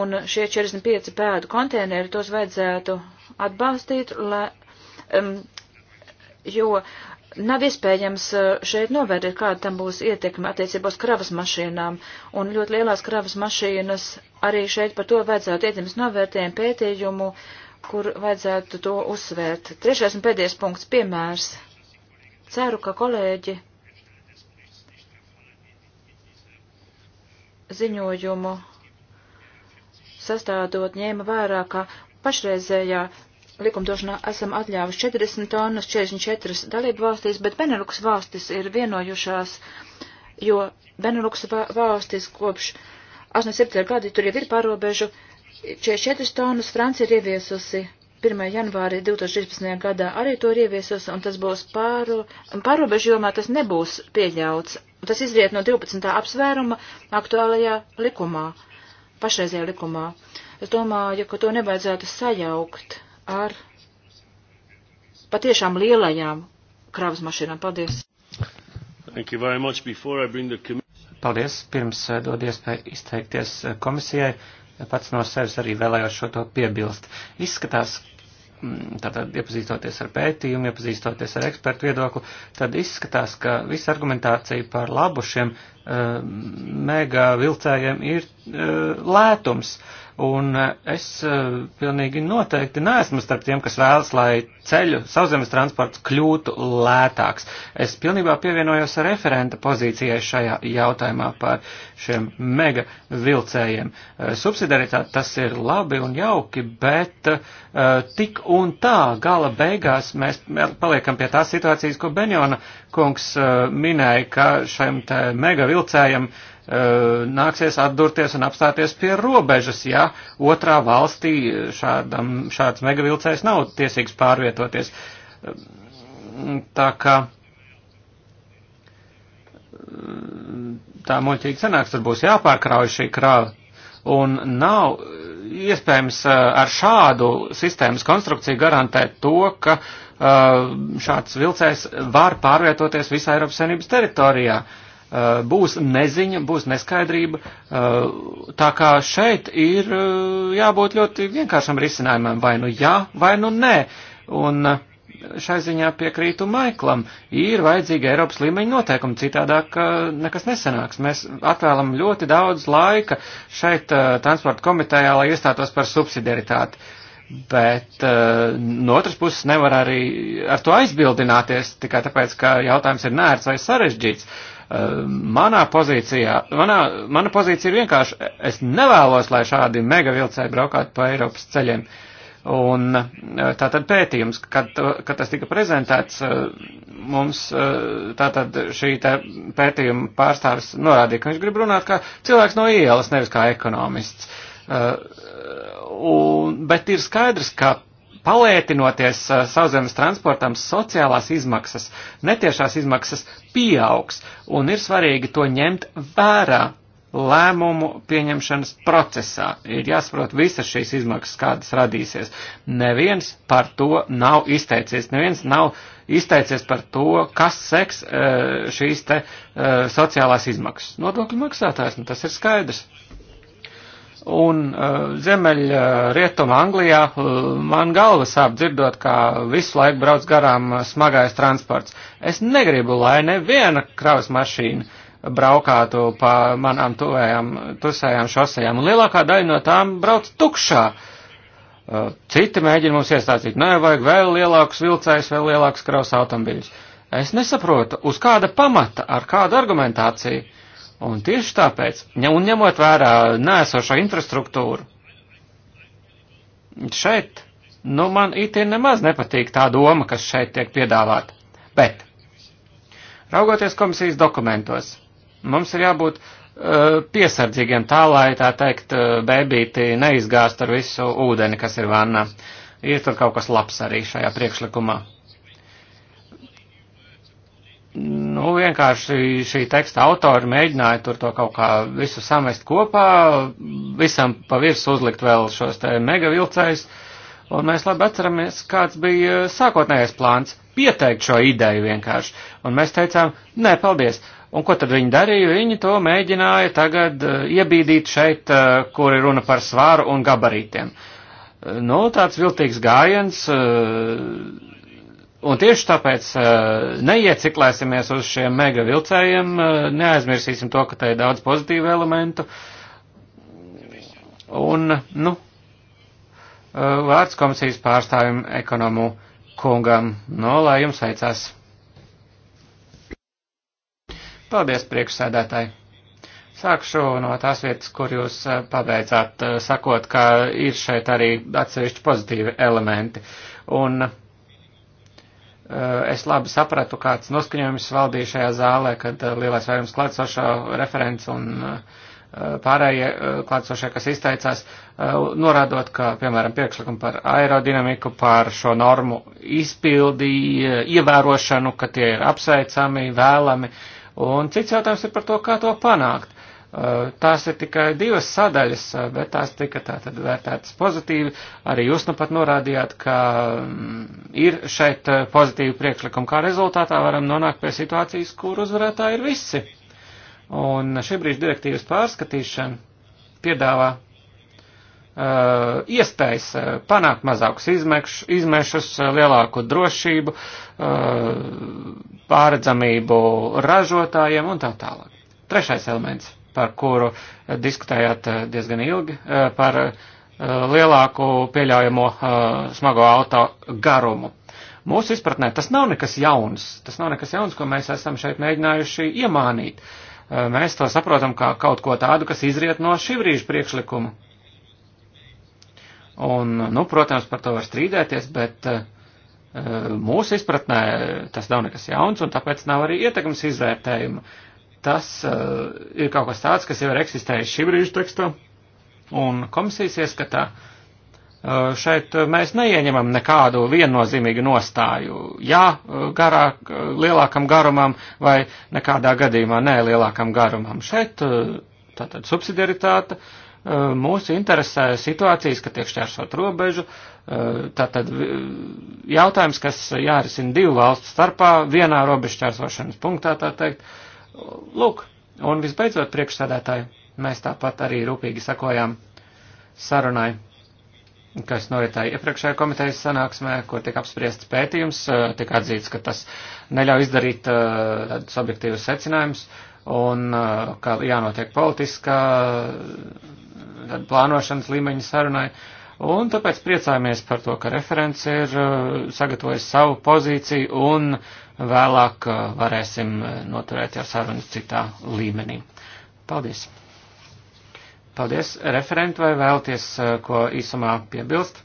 Speaker 2: un šie 45 pēdu konteineri tos vajadzētu atbalstīt, lai, um, jo nav iespējams uh, šeit novērtēt, kāda tam būs ietekme attiecībā uz kravas mašīnām, un ļoti lielās kravas mašīnas arī šeit par to vajadzētu ietekmes novērtējumu pētījumu uh, kur vajadzētu to uzsvērt. Trešais un pēdējais punkts - piemērs. Ceru, ka kolēģi ziņojumu sastādot ņēma vērā, ka pašreizējā likumdošanā esam atļāvuši 40 tonnas 44 dalību valstīs, bet Beneluks valstis ir vienojušās, jo Beneluks valstis kopš 87. gadi tur jau ir pārobežu 44 tonnas Francija ir ieviesusi 1. janvārī 2013. gadā arī to ir ieviesusi, un tas būs pāro, pārobežu jomā, tas nebūs pieļauts. Tas izriet no 12. apsvēruma aktuālajā likumā, pašreizajā likumā. Es domāju, ka to nevajadzētu sajaukt ar patiešām lielajām kravas
Speaker 3: mašīnām. Paldies! Paldies! Pirms eh, dod iespēju izteikties eh, komisijai, pats no sevis arī vēlējos šo to piebilst. Izskatās, mm, tātad iepazīstoties ar pētījumu, iepazīstoties ar ekspertu viedokli, tad izskatās, ka visa argumentācija par labu šiem mega vilcējiem ir eh, lētums. Un eh, es eh, pilnīgi noteikti neesmu starp tiem, kas vēlas, lai ceļu sauszemes transports kļūtu lētāks. Es pilnībā pievienojos referenta pozīcijai šajā jautājumā par šiem mega vilcējiem. Subsidaritāte tas ir labi un jauki, bet uh, tik un tā gala beigās mēs paliekam pie tās situācijas, ko Benjona kungs uh, minēja, ka šiem te mega vilcējiem vilcējam eh, nāksies atdurties un apstāties pie robežas, ja otrā valstī šādam, šāds megavilcējs nav tiesīgs pārvietoties. Eh, tā kā eh, tā muļķīgi sanāks, tur būs jāpārkrauj šī krāva. Un nav iespējams ar šādu sistēmas konstrukciju garantēt to, ka šāds vilcējs var pārvietoties visā Eiropas Savienības teritorijā. Uh, Eh, būs neziņa, būs neskaidrība. Eh, tā kā šeit ir eh, jābūt ļoti vienkāršam risinājumam, vai nu jā, vai nu nē. Un šai ziņā piekrītu Maiklam, ir vajadzīga Eiropas līmeņa noteikuma, citādāk nekas nesanāks. Mēs atvēlam ļoti daudz laika šeit transporta komitejā, lai iestātos par subsidiaritāti. Bet uh, no otras puses nevar arī ar to aizbildināties, tikai tāpēc, ka jautājums ir nērts vai sarežģīts. Uh, Eh, manā pozīcijā, manā, mana pozīcija ir vienkārši, es nevēlos, lai šādi mega vilcēji braukātu pa Eiropas ceļiem. Un eh, tātad pētījums, kad, kad tas tika prezentēts, eh, mums tātad šī tā pētījuma pārstāvis norādīja, ka viņš grib runāt kā cilvēks no ielas, nevis kā ekonomists. Un, bet ir skaidrs, ka palētinoties uh, sauszemes transportam, sociālās izmaksas, netiešās izmaksas pieaugs, un ir svarīgi to ņemt vērā lēmumu pieņemšanas procesā. Ir jāsaprot visas šīs izmaksas, kādas radīsies. Neviens par to nav izteicies, neviens nav izteicies par to, kas seks uh, šīs te uh, sociālās izmaksas. Nodokļu maksātājs, nu tas ir skaidrs. Un uh, ziemeļ uh, eh, rietuma Anglijā uh, man galva sāp dzirdot, kā visu laiku brauc garām uh, smagais transports. Es negribu, lai neviena kravas mašīna braukātu pa manām tuvējām, tusējām šosejām, un lielākā daļa no tām brauc tukšā. Uh, citi mēģina mums iestāstīt, nē, vajag vēl lielākus vilcējus, vēl lielākus kravas automobiļus. Es nesaprotu, uz kāda pamata, ar kādu argumentāciju Un tieši tāpēc, ja un ņemot vērā nēsošo infrastruktūru, šeit, nu, man it ir nemaz nepatīk tā doma, kas šeit tiek piedāvāta. Bet, raugoties komisijas dokumentos, mums ir jābūt uh, piesardzīgiem tā, lai, tā teikt, eh, bēbīti neizgāst ar visu ūdeni, kas ir vannā. Ir tur kaut kas labs arī šajā priekšlikumā. Nu, vienkārši šī teksta autori mēģināja tur to kaut kā visu samest kopā, visam pa virsu uzlikt vēl šos te mega vilcējus, un mēs labi atceramies, kāds bija sākotnējais plāns - pieteikt šo ideju vienkārši. Un mēs teicām, nē, paldies. Un ko tad viņi darīja? Viņi to mēģināja tagad eh, iebīdīt šeit, eh, kur ir runa par svāru un gabarītiem. Eh, nu, tāds viltīgs gājiens Un tieši tāpēc eh, neieciklēsimies uz šiem mega vilcējiem, eh, neaizmirsīsim to, ka te ir daudz pozitīvu elementu. Un, nu, eh, vārds komisijas pārstāvim ekonomu kungam. No, nu, lai jums veicās. Paldies, priekšsēdētāji. Sākšu no tās vietas, kur jūs pabeidzāt, sakot, ka ir šeit arī atsevišķi pozitīvi elementi. Un, uh, Eh, es labi sapratu, kāds noskaņojums valdīja šajā zālē, kad eh, lielais vairums klātsošo referents un eh, pārējie klātsošie, kas izteicās, norādot, ka, piemēram, priekšlikumi par aerodinamiku, par šo normu izpildīju, ievērošanu, ka tie ir apsveicami, vēlami, un cits jautājums ir par to, kā to panākt. Eh, tās ir tikai divas sadaļas, eh, bet tās tika tātad vērtētas pozitīvi. Arī jūs nu pat norādījāt, ka mm, ir šeit eh, pozitīvi priekšlikumi, kā rezultātā varam nonākt pie situācijas, kur uzvarētāji ir visi. Un šī brīža direktīvas pārskatīšana piedāvā iespējas panākt mazākus izmekš, izmešus, lielāku drošību, pāredzamību ražotājiem un tā tālāk. Trešais elements par kuru diskutējāt eh, diezgan ilgi, eh, par eh, lielāku pieļaujamo smago auto garumu. Mūsu izpratnē tas nav nekas jauns, tas nav nekas jauns, ko mēs esam šeit mēģinājuši iemānīt. Mēs to saprotam kā kaut ko tādu, kas izriet no šī brīža priekšlikuma. Un, nu, protams, par to var strīdēties, bet uh, mūsu izpratnē tas nav nekas jauns, un tāpēc nav arī ietekmes izvērtējuma. Uh, tas uh, ir kaut kas tāds, kas jau ir eksistējis šī brīža tekstā, un komisijas ieskatā uh, šeit eh, mēs neieņemam nekādu viennozīmīgu nostāju. Jā, garāk, lielākam garumam vai nekādā gadījumā nē lielākam garumam. Šeit uh, tātad subsidiaritāte. Uh, mūsu interesē situācijas, ka tiek šķērsot robežu, uh, tātad jautājums, kas jārisina divu valstu starpā, vienā robežu šķērsošanas punktā, tā teikt, uh, Lūk, un visbeidzot priekšsādātāji, mēs tāpat arī rūpīgi sakojām sarunai, kas noritēja iepriekšējā komitejas sanāksmē, kur tika apspriests pētījums, tika atzīts, ka tas neļauj izdarīt uh, subjektīvus secinājumus un uh, ka jānotiek politiskā plānošanas līmeņa sarunai. Un tāpēc priecājamies par to, ka referents ir uh, sagatavojis savu pozīciju un uh, vēlāk eh, varēsim eh, noturēt jau sarunas citā līmenī. Paldies! Paldies, referenti, vai vēlties eh, ko īsumā piebilst?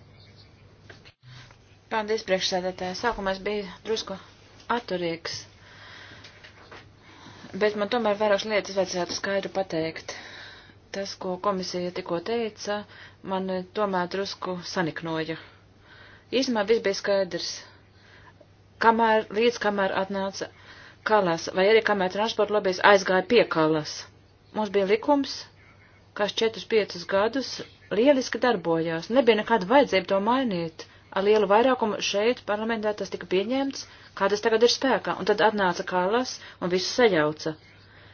Speaker 2: Paldies, priekšsēdētāji. Sākumā es biju drusku atturīgs, bet man tomēr vairākas lietas vajadzētu skaidru pateikt. Tas, ko komisija tikko teica, man tomēr drusku saniknoja. Īsumā viss bija skaidrs kamēr, līdz kamēr atnāca Kalas, vai arī kamēr transporta lobijas aizgāja pie Kalas. Mums bija likums, kas 4-5 gadus lieliski darbojās, nebija nekāda vajadzība to mainīt. Ar lielu vairākumu šeit parlamentā tas tika pieņemts, kā tas tagad ir spēkā, un tad atnāca Kalas un visu sajauca.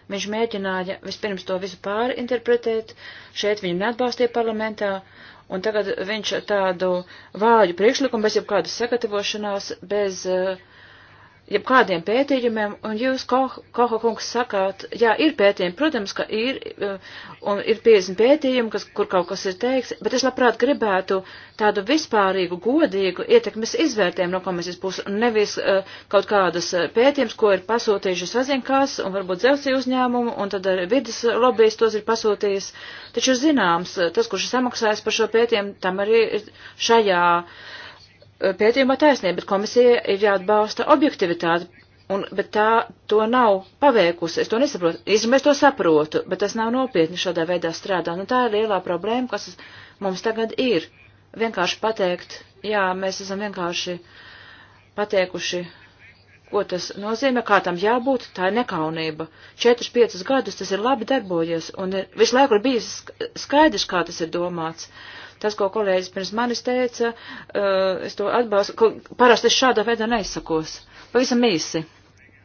Speaker 2: Viņš mēģināja vispirms to visu pārinterpretēt, šeit viņu neatbalstīja parlamentā, un tagad viņš tādu vāju priekšlikumu bez jebkādas sagatavošanās, bez uh, jebkādiem pētījumiem, un jūs, Koha ko, kungs, sakāt, jā, ir pētījumi, protams, ka ir, e, un ir 50 pētījumi, kas, kur kaut kas ir teiks, bet es labprāt gribētu tādu vispārīgu, godīgu ietekmes izvērtējumu no komisijas puses, un nevis uh, kaut kādas e, pētījums, ko ir pasūtījuši sazinkās, un varbūt dzelzī uzņēmumu, un tad arī vidas lobbyis tos ir pasūtījis. Taču zināms, tas, kurš ir samaksājis par šo pētījumu, tam arī šajā. Uh, Eh, pētījumā taisnība, bet komisija ir jāatbalsta objektivitāte, un, bet tā to nav paveikusi. Es to nesaprotu. Izmēs to saprotu, bet tas nav nopietni šādā veidā strādāt. Un nu, tā ir lielā problēma, kas mums tagad ir. Vienkārši pateikt, jā, mēs esam vienkārši pateikuši ko tas nozīmē, kā tam jābūt, tā ir nekaunība. 4-5 gadus tas ir labi darbojies, un ir, visu laiku ir bijis skaidrs, kā tas ir domāts. Tas, ko kolēģis pirms manis teica, uh, es to atbalstu, parasti es šādā veidā neizsakos. Pavisam īsi.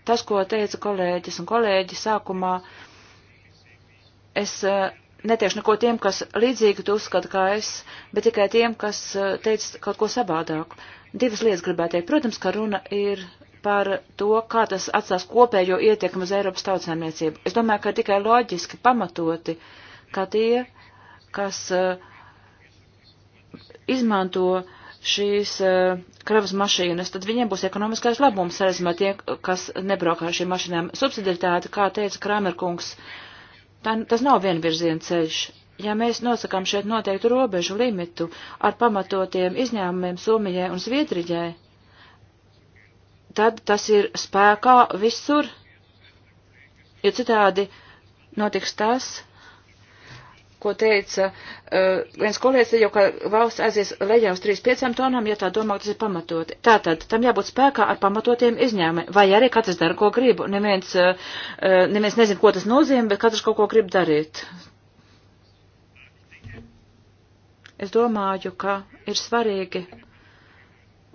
Speaker 2: Tas, ko teica kolēģis un kolēģi sākumā, es uh, eh, netiešu neko tiem, kas līdzīgi to uzskata kā es, bet tikai tiem, kas uh, teica kaut ko savādāku. Divas lietas gribētu teikt. Protams, ka runa ir par to, kā tas atstās kopējo ietekmu uz Eiropas tautsēmniecību. Es domāju, ka tikai loģiski pamatoti, ka tie, kas uh, izmanto šīs uh, kravas mašīnas, tad viņiem būs ekonomiskais labums, sarezumā tie, kas nebraukā ar šīm mašīnām. Subsidiaritāte, kā teica Kramerkungs, tā, tas nav vienvirziena ceļš. Ja mēs nosakām šeit noteiktu robežu limitu ar pamatotiem izņēmumiem Somijai un Zviedrijai, tad tas ir spēkā visur, jo citādi notiks tas, ko teica uh, viens kolēģis, jau ka valsts aizies lejā uz 3,5 tonām, ja tā domā, ka tas ir pamatoti. Tātad tam jābūt spēkā ar pamatotiem izņēmumiem, vai arī katrs dara, ko grib. Neviens, uh, neviens nezin, ko tas nozīmē, bet katrs kaut ko grib darīt. Es domāju, ka ir svarīgi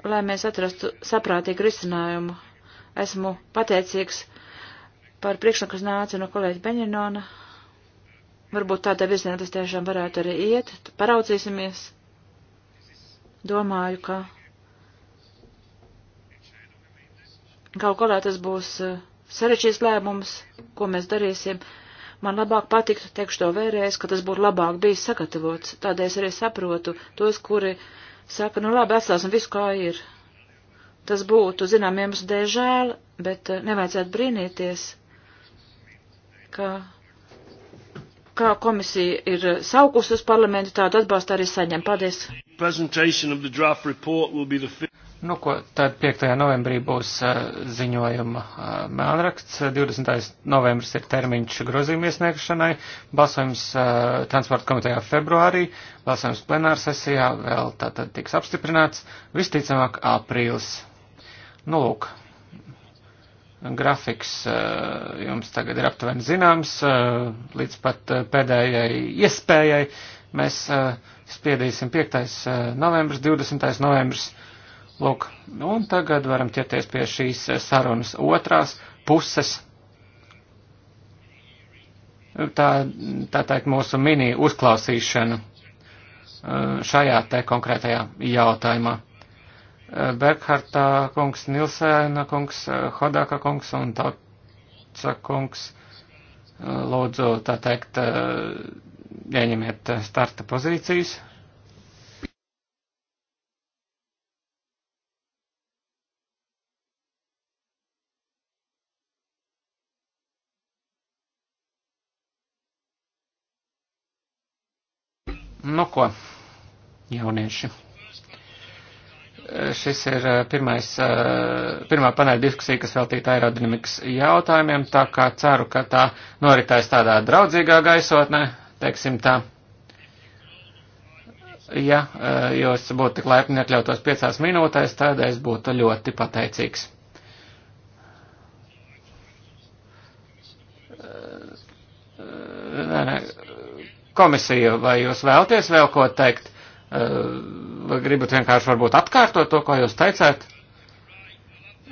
Speaker 2: lai mēs atrastu saprātīgu risinājumu. Esmu pateicīgs par priekšlikumu, kas nāca no kolēģa Beņinona. Varbūt tādā virzienā tas tiešām varētu arī iet. Paraudzīsimies. Domāju, ka kaut kādā tas būs eh, sarežģīts lēmums, ko mēs darīsim. Man labāk patiktu, teikšu to vēlreiz, ka tas būtu labāk bijis sagatavots. Tādēļ es arī saprotu tos, kuri uh, saka, nu labi, atstāsim visu, kā ir. Tas būtu, zinām, iemeslu dēļ žēl, bet eh, nevajadzētu brīnīties, ka kā komisija ir saukus uz parlamentu, tādu atbalstu arī saņem. Paldies!
Speaker 3: Nu, ko, tad 5. novembrī būs uh, ziņojuma uh, mēlraksts, 20. novembris ir termiņš grozījuma iesniegšanai, balsojums uh, transporta komitejā februārī, balsojums plenāra sesijā vēl tātad tiks apstiprināts, visticamāk aprīlis. Nu, lūk, grafiks uh, jums tagad ir aptuveni zināms, uh, līdz pat uh, pēdējai iespējai mēs uh, spiedīsim 5. novembris, 20. novembris Lūk, un tagad varam ķerties pie šīs sarunas otrās puses. Tā, tā teikt, mūsu mini uzklausīšana eh, šajā te konkrētajā jautājumā. Eh, Berghartā kungs, Nilsēna kungs, eh, Hodaka kungs un Tauca kungs, lūdzu, tā teikt, ieņemiet starta pozīcijas. Nu ko, jaunieši. Šis ir eh, pirmais, eh, pirmā paneļa diskusija, kas veltīta aerodinamikas jautājumiem, tā kā ceru, ka tā noritēs tādā draudzīgā gaisotnē, teiksim tā. Ja eh, jūs būtu tik laipni iekļautos piecās minūtēs, tad es būtu ļoti pateicīgs. Nē, nē, Komisija, vai jūs vēlties vēl ko teikt? Eh, vai gribat vienkārši varbūt atkārtot to, ko jūs teicāt?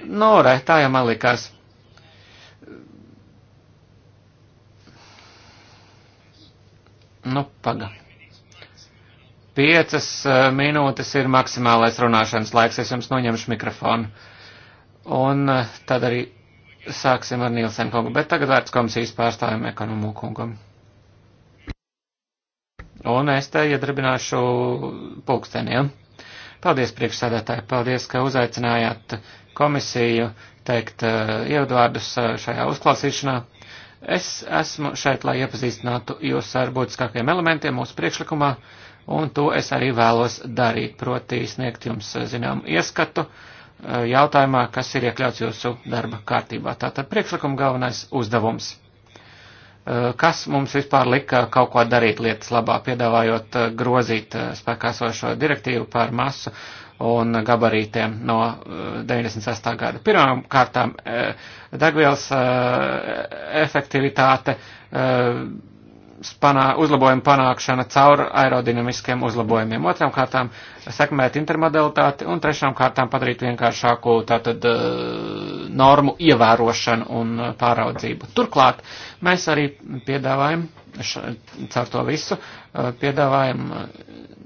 Speaker 3: Nu, re, tā jau man likās. Nu, paga. Piecas eh, minūtes ir maksimālais runāšanas laiks, es jums noņemšu mikrofonu. Un eh, tad arī sāksim ar Nielsen kungu, bet tagad vērts komisijas pārstāvjiem ekonomu kungam. Un es te iedarbināšu pulksteniem. Paldies, priekšsēdētāji, paldies, ka uzaicinājāt komisiju teikt uh, ievadvārdus uh, šajā uzklausīšanā. Es esmu šeit, lai iepazīstinātu jūs ar būtiskākajiem elementiem mūsu priekšlikumā, un to es arī vēlos darīt, proti sniegt jums, eh, zinām, ieskatu jautājumā, kas ir iekļauts jūsu darba kārtībā. Tātad priekšlikuma galvenais uzdevums Eh, kas mums vispār lika kaut ko darīt lietas labā, piedāvājot eh, grozīt eh, spēkā sošo direktīvu par masu un gabarītiem no 98. gada. Pirmām kārtām degvielas efektivitāte panā, uzlabojuma panākšana caur aerodinamiskiem uzlabojumiem. Otram kārtām sekmēt intermodalitāti un trešām kārtām padarīt vienkāršāku tātad eh, normu ievērošanu un pāraudzību. Turklāt mēs arī piedāvājam, š, caur to visu, eh, piedāvājam eh,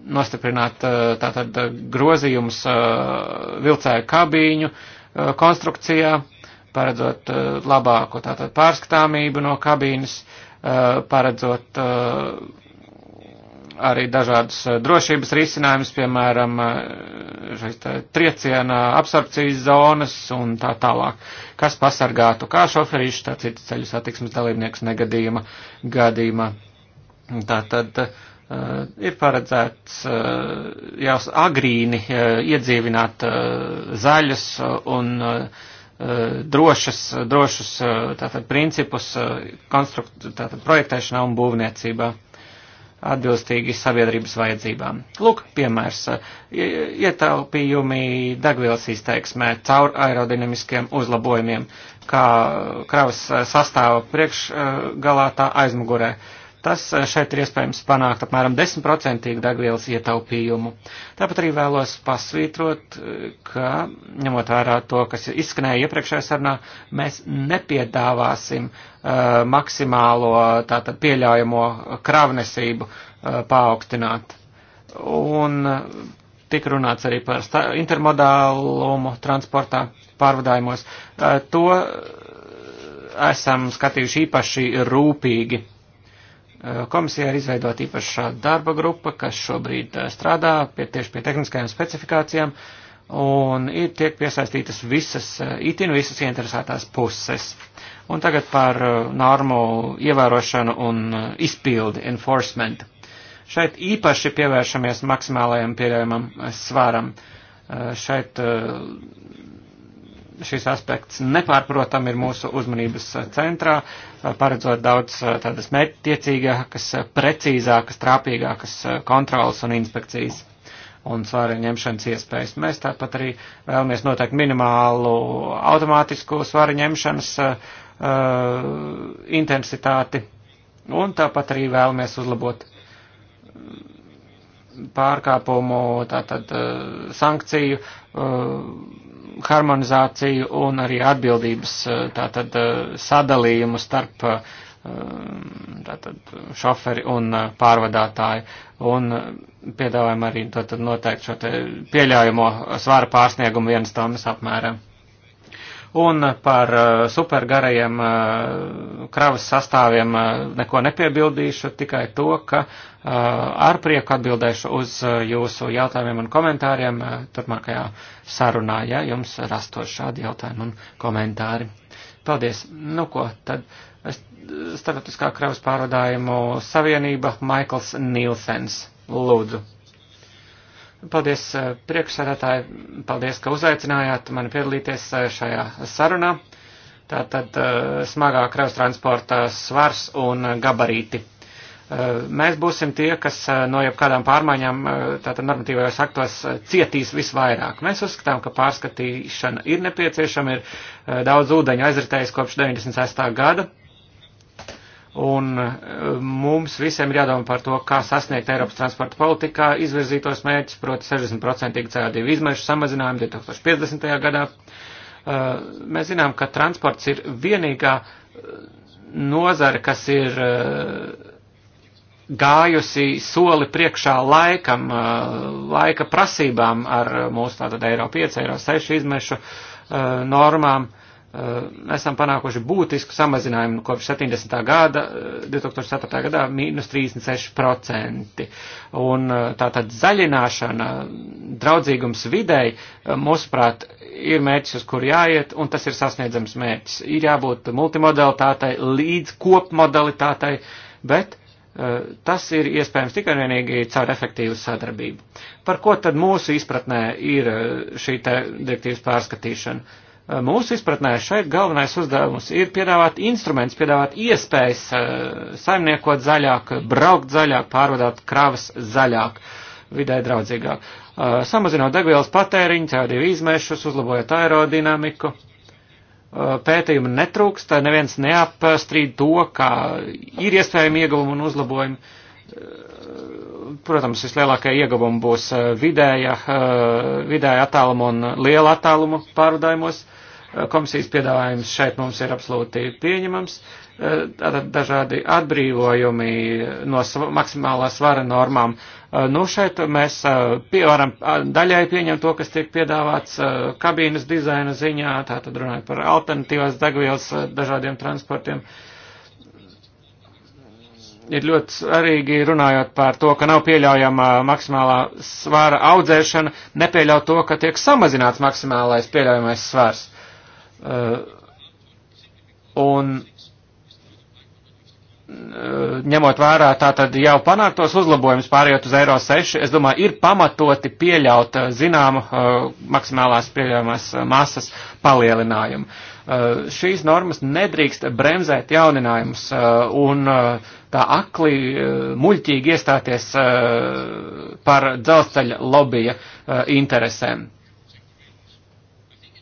Speaker 3: nostiprināt tātad grozījumus vilcēju kabīņu konstrukcijā, paredzot labāku tātad pārskatāmību no kabīnes, uh, Eh, paredzot eh, arī dažādus eh, drošības risinājumus, piemēram, trieciena absorpcijas zonas un tā tālāk, kas pasargātu kā šoferīšu, tā citu ceļu satiksmes dalībnieks negadījuma gadījumā. Tā tad ir paredzēts jau agrīni iedzīvināt zaļas un uh, drošas, drošus eh, tātad, principus eh, tātad, projektēšanā un būvniecībā atbilstīgi sabiedrības vajadzībām. Lūk, piemērs eh, - ietaupījumi degvielas izteiksmē caur aerodinamiskiem uzlabojumiem, kā kravas sastāva priekšgalā tā aizmugurē. Uh, Tas eh, šeit ir iespējams panākt apmēram 10% degvielas ietaupījumu. Tāpat arī vēlos pasvītrot, eh, ka, ņemot vērā to, kas izskanēja iepriekšējā sarunā, mēs nepiedāvāsim uh, maksimālo tātad pieļaujamo kravnesību uh, paaugstināt. Un uh, tik runāts arī par intermodālumu transportā pārvadājumos. Uh, to esam skatījuši īpaši rūpīgi Eh, Komisijā ir izveidota īpaša šāda darba grupa, kas šobrīd eh, strādā pie, tieši pie tehniskajām specifikācijām, un ir tiek piesaistītas visas, eh, itin visas interesētās puses. Un tagad par normu ievērošanu un izpildi, enforcement. Šeit īpaši pievēršamies maksimālajam pieļaujamam svaram. Šeit šis aspekts nepārprotam ir mūsu uzmanības centrā, paredzot daudz eh, tādas mērķtiecīgākas, precīzākas, trāpīgākas eh, kontrolas un inspekcijas un svāra ņemšanas iespējas. Mēs tāpat arī vēlamies noteikt minimālu automātisku svāra ņemšanas uh, intensitāti un tāpat arī vēlamies uzlabot pārkāpumu, tātad uh, sankciju uh, harmonizāciju un arī atbildības eh, tātad eh, sadalījumu starp eh, tātad šoferi un pārvadātāju un piedāvājam arī tātad noteikti šo te pieļaujamo svāra pārsniegumu vienas tonnas apmēram un par uh, supergarajiem uh, kravas sastāviem uh, neko nepiebildīšu, tikai to, ka ar prieku atbildēšu uz jūsu jautājumiem un komentāriem turpmākajā sarunā, ja jums rastos šādi jautājumi un komentāri. Paldies. Nu ko, tad Startautiskā kravas pārvadājumu savienība Maikls Nilsens. Lūdzu. Paldies eh, priekšsēdētāji, paldies, ka uzaicinājāt mani piedalīties eh, šajā sarunā. Tātad eh, smagā kraus transporta svars un gabarīti. Mēs būsim tie, kas no jebkādām pārmaiņām tātad normatīvajos aktos cietīs visvairāk. Mēs uzskatām, ka pārskatīšana ir nepieciešama, ir daudz ūdeņu aizritējis kopš 96. gada Un e, mums visiem ir jādomā par to, kā sasniegt Eiropas transporta politikā izvirzītos mērķus, proti 60% CO2 izmešu samazinājumu 2050. gadā. E, mēs zinām, ka transports ir vienīgā e, nozara, kas ir gājusi soli priekšā laikam, laika prasībām ar mūsu tātad Eiro 5, Eiro 6 izmešu normām Eh, esam panākuši būtisku samazinājumu kopš 70. gada, 2004. Eh, gadā mīnus 36%. Un eh, tātad zaļināšana, draudzīgums videi, mūsuprāt, ir mērķis, uz kur jāiet, un tas ir sasniedzams mērķis. Ir jābūt multimodalitātei, līdz kopmodalitātei, bet tas ir iespējams tikai un vienīgi caur efektīvu sadarbību. Par ko tad mūsu izpratnē ir šī direktīvas pārskatīšana? Eh, mūsu izpratnē šeit galvenais uzdevums ir piedāvāt instruments, piedāvāt iespējas eh, saimniekot zaļāk, braukt zaļāk, pārvadāt kravas zaļāk, vidē draudzīgāk. Eh, samazinot degvielas patēriņu, CO2 izmešus, uzlabojot aerodinamiku. Pētījumu netrūkst, neviens neapstrīd to, ka ir iespējami ieguvumi un uzlabojumi protams, vislielākie ieguvumi būs vidēja, vidēja attāluma un liela attāluma pārvadājumos. Eh, komisijas piedāvājums šeit mums ir absolūti pieņemams. Eh, tātad dažādi atbrīvojumi no maksimālā svara normām. Eh, nu, šeit mēs pie, varam daļai pieņemt to, kas tiek piedāvāts kabīnes dizaina ziņā, tātad runājot par alternatīvās degvielas dažādiem transportiem ir ļoti svarīgi runājot par to, ka nav pieļaujama maksimālā svāra audzēšana, nepieļaut to, ka tiek samazināts maksimālais pieļaujamais svārs. Uh, un uh, ņemot vērā tātad jau panāktos uzlabojumus pārējot uz eiro 6, es domāju, ir pamatoti pieļaut uh, zināmu maksimālās pieļaujamās masas palielinājumu. Šīs normas nedrīkst bremzēt jauninājumus un tā akli muļķīgi iestāties par dzelzceļa lobija interesēm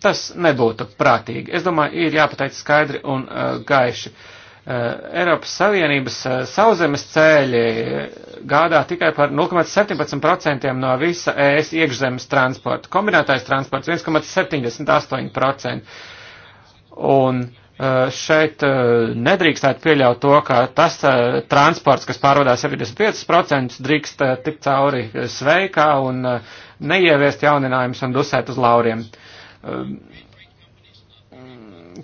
Speaker 3: Tas nebūtu prātīgi. Es domāju, ir jāpateic skaidri un uh, gaiši. Uh, Eiropas Savienības uh, sauzemes ceļi uh, gādā tikai par 0,17% no visa ES iekšzemes transporta. Kombinētais transports 1,78%. Un uh, šeit uh, nedrīkstētu pieļaut to, ka tas uh, transports, kas pārvadā 75%, drīkst tikt cauri sveikā un neieviest jauninājumus un dusēt uz lauriem. Uh, Um,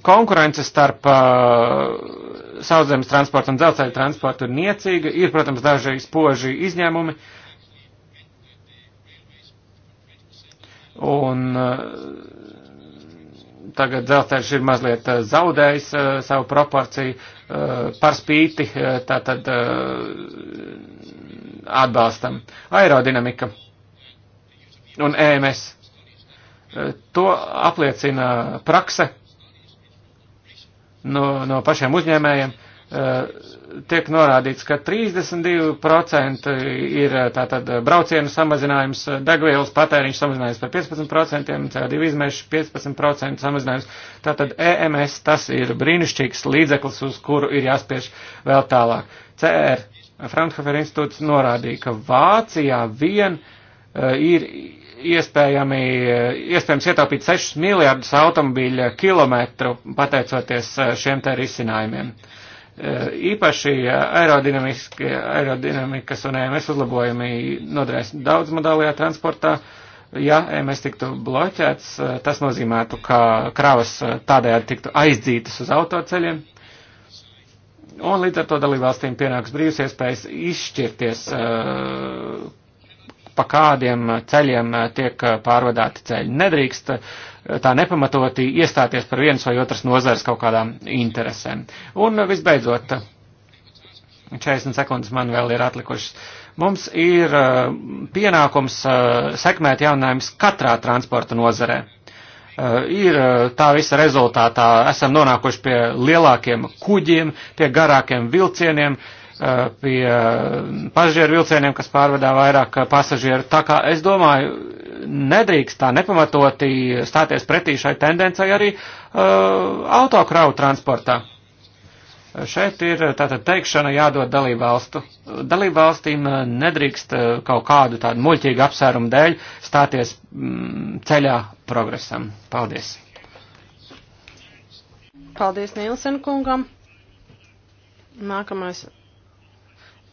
Speaker 3: konkurence starp uh, sauszemes transportu un dzelzceļa transportu ir niecīga. Ir, protams, daži spoži izņēmumi. Un uh, tagad dzelzceļš ir mazliet uh, zaudējis uh, savu proporciju uh, par spīti uh, tātad uh, atbalstam. Aerodinamika un EMS To apliecina prakse no, no pašiem uzņēmējiem. Eh, tiek norādīts, ka 32% ir eh, tātad eh, braucienu samazinājums, degvielas patēriņš samazinājums par 15%, CO2 izmešu 15% samazinājums. Tātad EMS tas ir brīnišķīgs līdzeklis, uz kuru ir jāspiež vēl tālāk. CR Fraunhofer institūts norādīja, ka Vācijā vien uh, ir iespējami, iespējams ietaupīt 6 miljārdus automobīļa kilometru pateicoties eh, šiem te risinājumiem. Eh, īpaši eh, aerodinamikas un EMS uzlabojumi nodarēs daudz modālajā transportā. Ja EMS tiktu bloķēts, tas nozīmētu, ka kravas tādējādi tiktu aizdzītas uz autoceļiem un līdz ar to dalībvalstīm pienāks brīvs iespējas izšķirties, pa kādiem ceļiem tiek pārvadāti ceļi. Nedrīkst eh, tā nepamatoti iestāties par vienas vai otras nozares kaut kādām interesēm. Un visbeidzot, 40 sekundes man vēl ir atlikušas. Mums ir eh, pienākums eh, sekmēt jaunājumus katrā transporta nozarē ir tā visa rezultātā esam nonākuši pie lielākiem kuģiem, pie garākiem vilcieniem, uh, Eh, pie pasažieru vilcieniem, kas pārvedā vairāk eh, pasažieru. Tā kā es domāju, nedrīkst tā nepamatoti stāties pretī šai tendencei arī uh, autokrautu transportā. Šeit ir tātad teikšana jādod dalībvalstu. Dalībvalstīm nedrīkst kaut kādu tādu muļķīgu apsvērumu dēļ stāties mm, ceļā progresam. Paldies!
Speaker 1: Paldies Nielsen kungam! Nākamais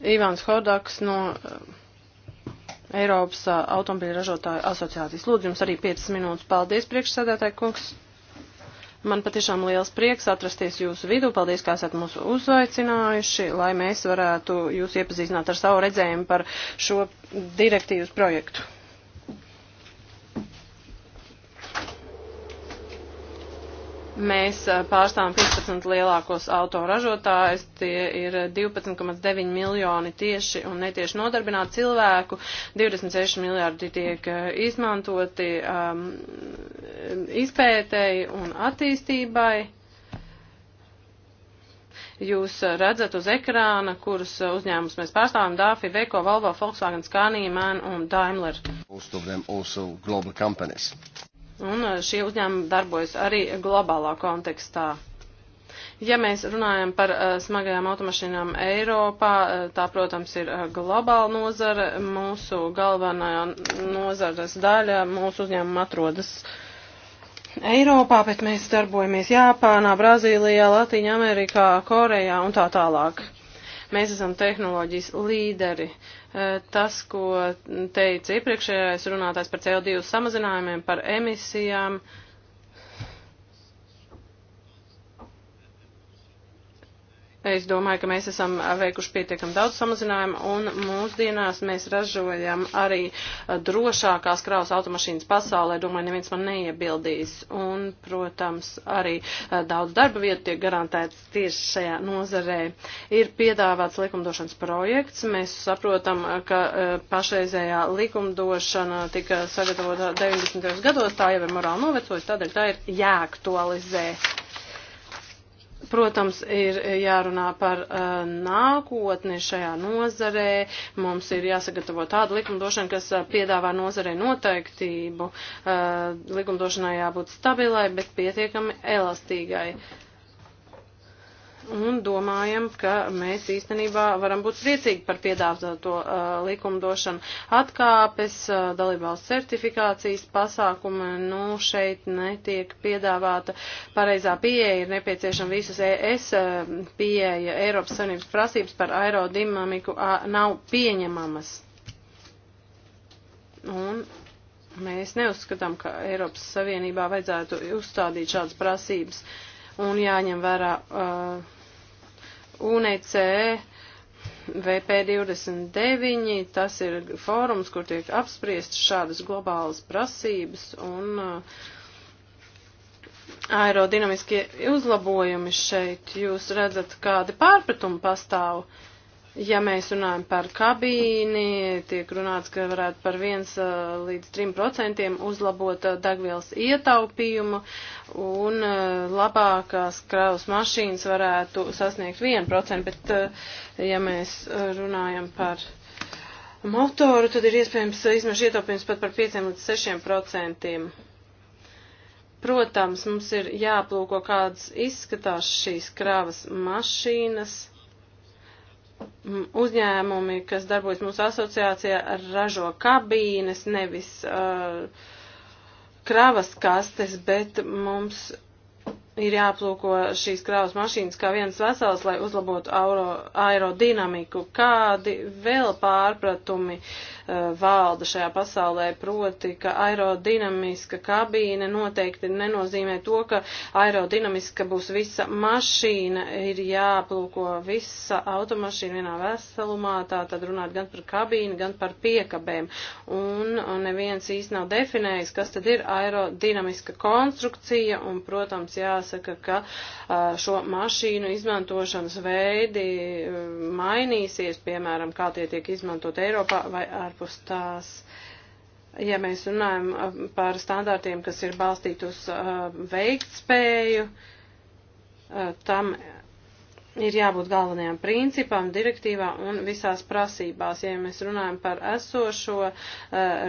Speaker 1: Ivāns Hodaks no eh, Eiropas eh, automobīļu ražotāju asociācijas. Lūdzu, jums arī 5 minūtes. Paldies, priekšsēdētāji kungs. Man patiešām liels prieks atrasties jūsu vidū. Paldies, ka esat mūs uzvaicinājuši, lai mēs varētu jūs iepazīstināt ar savu redzējumu par šo direktīvas projektu. Mēs pārstāvam 15 lielākos autoražotājus, tie ir 12,9 miljoni tieši un netieši nodarbināti cilvēku, 26 miljārdi tiek izmantoti um, izpētēji un attīstībai. Jūs redzat uz ekrāna, kurus uzņēmumus mēs pārstāvam - Dāfi, Veko, Volvo, Volkswagen, Scania, Man un Daimler. Most of them also global companies. Un eh, šie uzņēmumi darbojas arī globālā kontekstā. Ja mēs runājam par uh, smagajām automašīnām Eiropā, uh, tā, protams, ir uh, globāla nozara. Mūsu galvenā nozares daļa mūsu uzņēmuma atrodas Eiropā, bet mēs darbojamies Japānā, Brazīlijā, Latīņa Amerikā, Korejā un tā tālāk. Uh, Mēs esam tehnoloģijas līderi. E, tas, ko teica iepriekšējais runātājs par CO2 samazinājumiem, par emisijām, uh, Es domāju, ka mēs esam veikuši pietiekam daudz samazinājumu, un mūsdienās mēs ražojam arī eh, drošākās kravas automašīnas pasaulē. Domāju, neviens man neiebildīs. Un, protams, arī eh, daudz darba vietu tiek garantēts tieši šajā nozarē. Ir piedāvāts likumdošanas projekts. Mēs saprotam, eh, ka pašreizējā likumdošana tika sagatavota 90. gados, tā jau ir morāli novecojusi, tādēļ tā ir jāaktualizē. Protams, ir jārunā par uh, nākotni šajā nozarē. Mums ir jāsagatavo tāda likumdošana, kas uh, piedāvā nozarē noteiktību. Uh, likumdošanai jābūt stabilai, bet pietiekami elastīgai. Uh, un domājam, ka mēs īstenībā varam būt priecīgi par piedāvāto uh, likumdošanu. Atkāpes, uh, dalībvalsts certifikācijas pasākumi, nu, šeit netiek piedāvāta pareizā pieeja, ir nepieciešama visas ES uh, pieeja, Eiropas Savienības prasības par aerodinamiku uh, nav pieņemamas. Un mēs neuzskatām, ka Eiropas Savienībā vajadzētu uzstādīt šādas prasības. Un jāņem vērā uh, UNEC VP29, tas ir fórums, kur tiek apspriestas šādas globālas prasības un uh, aerodinamiskie uzlabojumi šeit. Jūs redzat, kādi pārpratumi pastāv. Uh, Ja mēs runājam par kabīni, tiek runāts, ka varētu par 1 līdz 3 procentiem uzlabot degvielas ietaupījumu un labākās kravas mašīnas varētu sasniegt 1%, bet ja mēs runājam par motoru, tad ir iespējams izmešu ietaupījums pat par 5 līdz 6 procentiem. Protams, mums ir jāplūko, kādas izskatās šīs kravas mašīnas uzņēmumi, kas darbojas mūsu asociācijā, ražo kabīnes, nevis uh, kravas kastes, bet mums ir jāplūko šīs kravas mašīnas kā viens vesels, lai uzlabotu aero, aerodinamiku. Kādi vēl pārpratumi Uh, valda šajā pasaulē, proti, ka aerodinamiska kabīne noteikti nenozīmē to, ka aerodinamiska būs visa mašīna, ir jāplūko visa automašīna vienā veselumā, tā tad runāt gan par kabīnu, gan par piekabēm. Un, un neviens īsti nav definējis, kas tad ir aerodinamiska konstrukcija, un, protams, jāsaka, ka uh, šo mašīnu izmantošanas veidi uh, mainīsies, piemēram, kā tie tiek izmantot Eiropā vai ar ārpus tās. Ja mēs runājam uh, par standārtiem, kas ir balstīti uz uh, veiktspēju, uh, tam ir jābūt galvenajām principām, direktīvā un visās prasībās. Ja mēs runājam par esošo uh,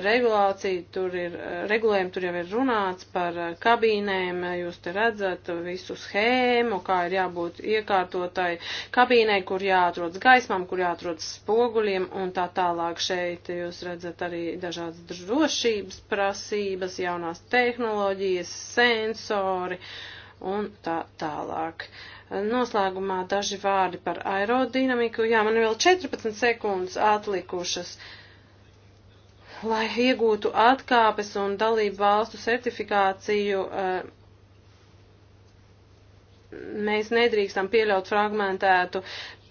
Speaker 1: regulāciju, tur ir eh, regulējumu, tur jau ir runāts par eh, kabīnēm, jūs te redzat visu schēmu, kā ir jābūt iekārtotai kabīnē, kur jāatrodas gaismām, kur jāatrodas spoguļiem un tā tālāk. Šeit jūs redzat arī dažādas drošības prasības, jaunās tehnoloģijas, sensori un tā tālāk. Uh, Noslēgumā daži vārdi par aerodinamiku. Jā, man ir vēl 14 sekundes atlikušas. Lai iegūtu atkāpes un dalību valstu certifikāciju, eh, mēs nedrīkstam pieļaut fragmentētu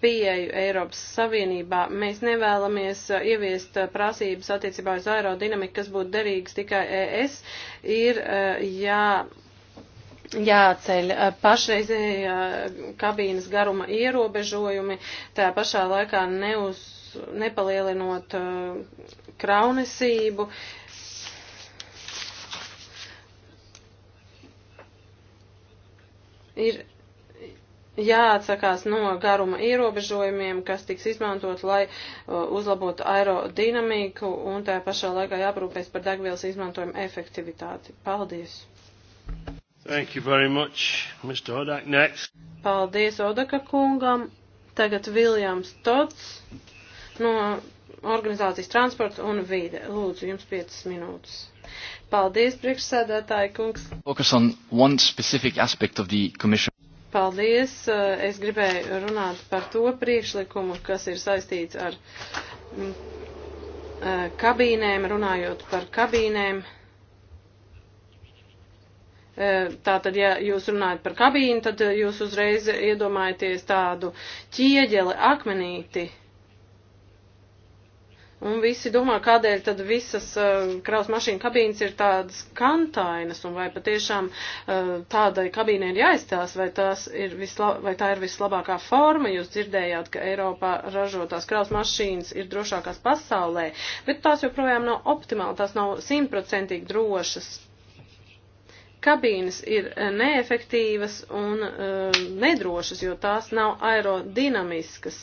Speaker 1: pieeju Eiropas Savienībā. Mēs nevēlamies eh, ieviest eh, prasības attiecībā uz aerodinamiku, kas būtu derīgas tikai ES. Ir jā jāceļ pašreizēja kabīnes garuma ierobežojumi, tā pašā laikā neuz, nepalielinot kraunesību. Ir jāatsakās no garuma ierobežojumiem, kas tiks izmantot, lai uzlabotu aerodinamiku un tā pašā laikā jāprūpēs par degvielas izmantojumu efektivitāti. Paldies! Thank you very much, Mr. Odak. Next. Paldies Odaka kungam. Tagad Viljams Tots no organizācijas transporta un vīde. Lūdzu, jums 5 minūtes. Paldies, priekšsēdētāji kungs.
Speaker 3: Focus on one specific aspect of the commission.
Speaker 1: Paldies. Eh, es gribēju runāt par to priekšlikumu, kas ir saistīts ar mm, eh, kabīnēm, runājot par kabīnēm. E, tātad, ja jūs runājat par kabīnu, tad jūs uzreiz iedomājaties tādu ķieģeli, akmenīti. Un visi domā, kādēļ tad visas uh, kraus mašīnu kabīnes ir tādas kantainas, un vai patiešām uh, tādai kabīnei ir jāizstās, vai, ir vai tā ir vislabākā forma. Jūs dzirdējāt, ka Eiropā ražotās kraus mašīnas ir drošākās pasaulē, bet tās joprojām nav optimāli, tās nav simtprocentīgi drošas kabīnes ir eh, neefektīvas un uh, nedrošas, jo tās nav aerodinamiskas.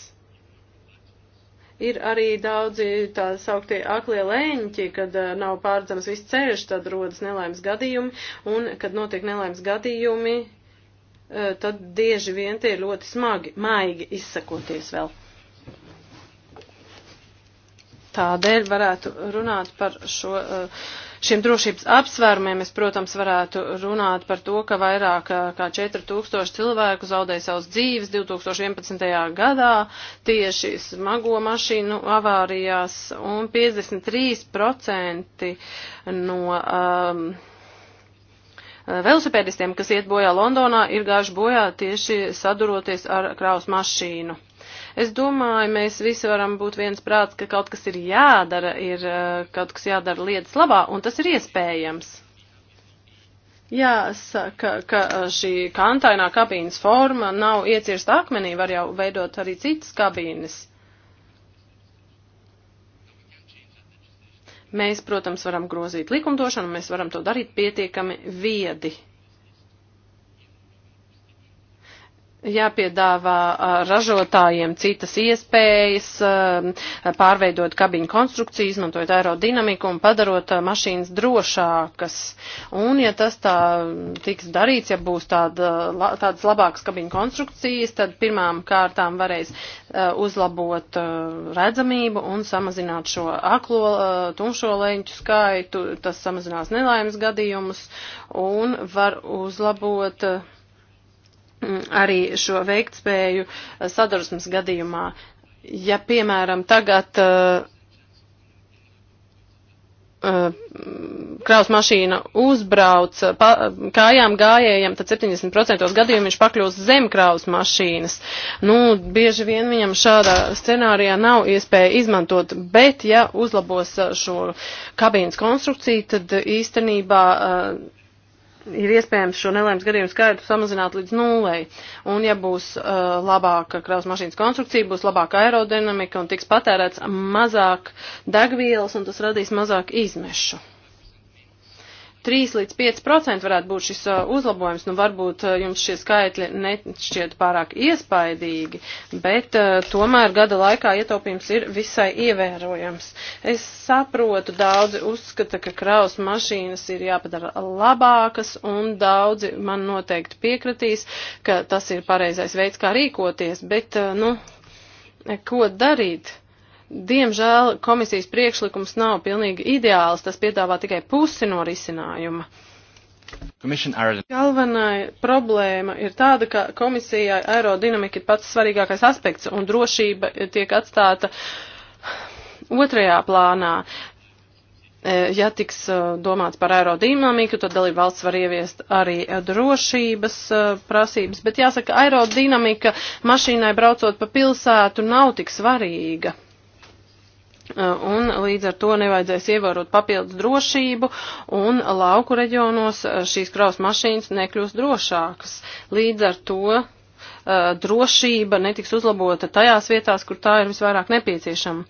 Speaker 1: Ir arī daudzi tā sauktie aklie leņķi, kad uh, nav pārdzams viss ceļš, tad rodas nelaimes gadījumi, un kad notiek nelaimes gadījumi, uh, tad dieži vien tie ir ļoti smagi, maigi izsakoties vēl. Tādēļ varētu runāt par šo uh, šiem drošības apsvērumiem es, protams, varētu runāt par to, ka vairāk eh, kā 4000 cilvēku zaudēja savus dzīves 2011. gadā tieši smago mašīnu avārijās un 53% no. Um, Velosipēdistiem, kas iet bojā Londonā, ir gājuši bojā tieši saduroties ar kraus mašīnu. Es domāju, mēs visi varam būt viens prāts, ka kaut kas ir jādara, ir eh, kaut kas jādara lietas labā, un tas ir iespējams. Jāsaka, ka eh, šī kantainā kabīnes forma nav iecirsta akmenī, var jau veidot arī citas kabīnes. Mēs, protams, varam grozīt likumdošanu, mēs varam to darīt pietiekami viedi. jāpiedāvā ražotājiem citas iespējas, pārveidot kabiņu konstrukciju, izmantojot aerodinamiku un padarot mašīnas drošākas. Un, ja tas tā tiks darīts, ja būs tāda, tādas labākas kabiņu konstrukcijas, tad pirmām kārtām varēs uzlabot redzamību un samazināt šo aklo tumšo leņķu skaitu, tas samazinās nelaimes gadījumus un var uzlabot Mm, arī šo veiktspēju sadursmes gadījumā. Ja, piemēram, tagad uh, uh, kraus mašīna uzbrauc pa, kājām gājējiem, tad 70% gadījumu viņš pakļūst zem kraus mašīnas. Nu, bieži vien viņam šādā scenārijā nav iespēja izmantot, bet ja uzlabos šo kabīnes konstrukciju, tad īstenībā uh, ir iespējams šo nelēmas gadījumu skaitu samazināt līdz nulei. Un ja būs uh, labāka kraus mašīnas konstrukcija, būs labāka aerodinamika un tiks patērēts mazāk degvielas un tas radīs mazāk izmešu. 3 līdz 5% varētu būt šis uh, uzlabojums. Nu, varbūt uh, jums šie skaitļi nešķiet pārāk iespaidīgi, bet uh, tomēr gada laikā ietaupījums ir visai ievērojams. Es saprotu, daudzi uzskata, ka kraus mašīnas ir jāpadara labākas, un daudzi man noteikti piekritīs, ka tas ir pareizais veids, kā rīkoties, bet, nu, ko darīt? Diemžēl komisijas priekšlikums nav pilnīgi ideāls, tas piedāvā tikai pusi no risinājuma. Galvenā problēma ir tāda, ka komisijai aerodinamika ir pats svarīgākais aspekts un drošība tiek atstāta otrajā plānā. E, ja tiks e, domāts par aerodinamiku, tad dalība valsts var ieviest arī e, drošības prasības, bet jāsaka, aerodinamika mašīnai braucot pa pilsētu nav tik svarīga. Eh, un līdz ar to nevajadzēs ievērot papildus drošību, un lauku reģionos eh, šīs kraus mašīnas nekļūs drošākas. Līdz ar to eh, drošība netiks uzlabota tajās vietās, kur tā ir visvairāk nepieciešama.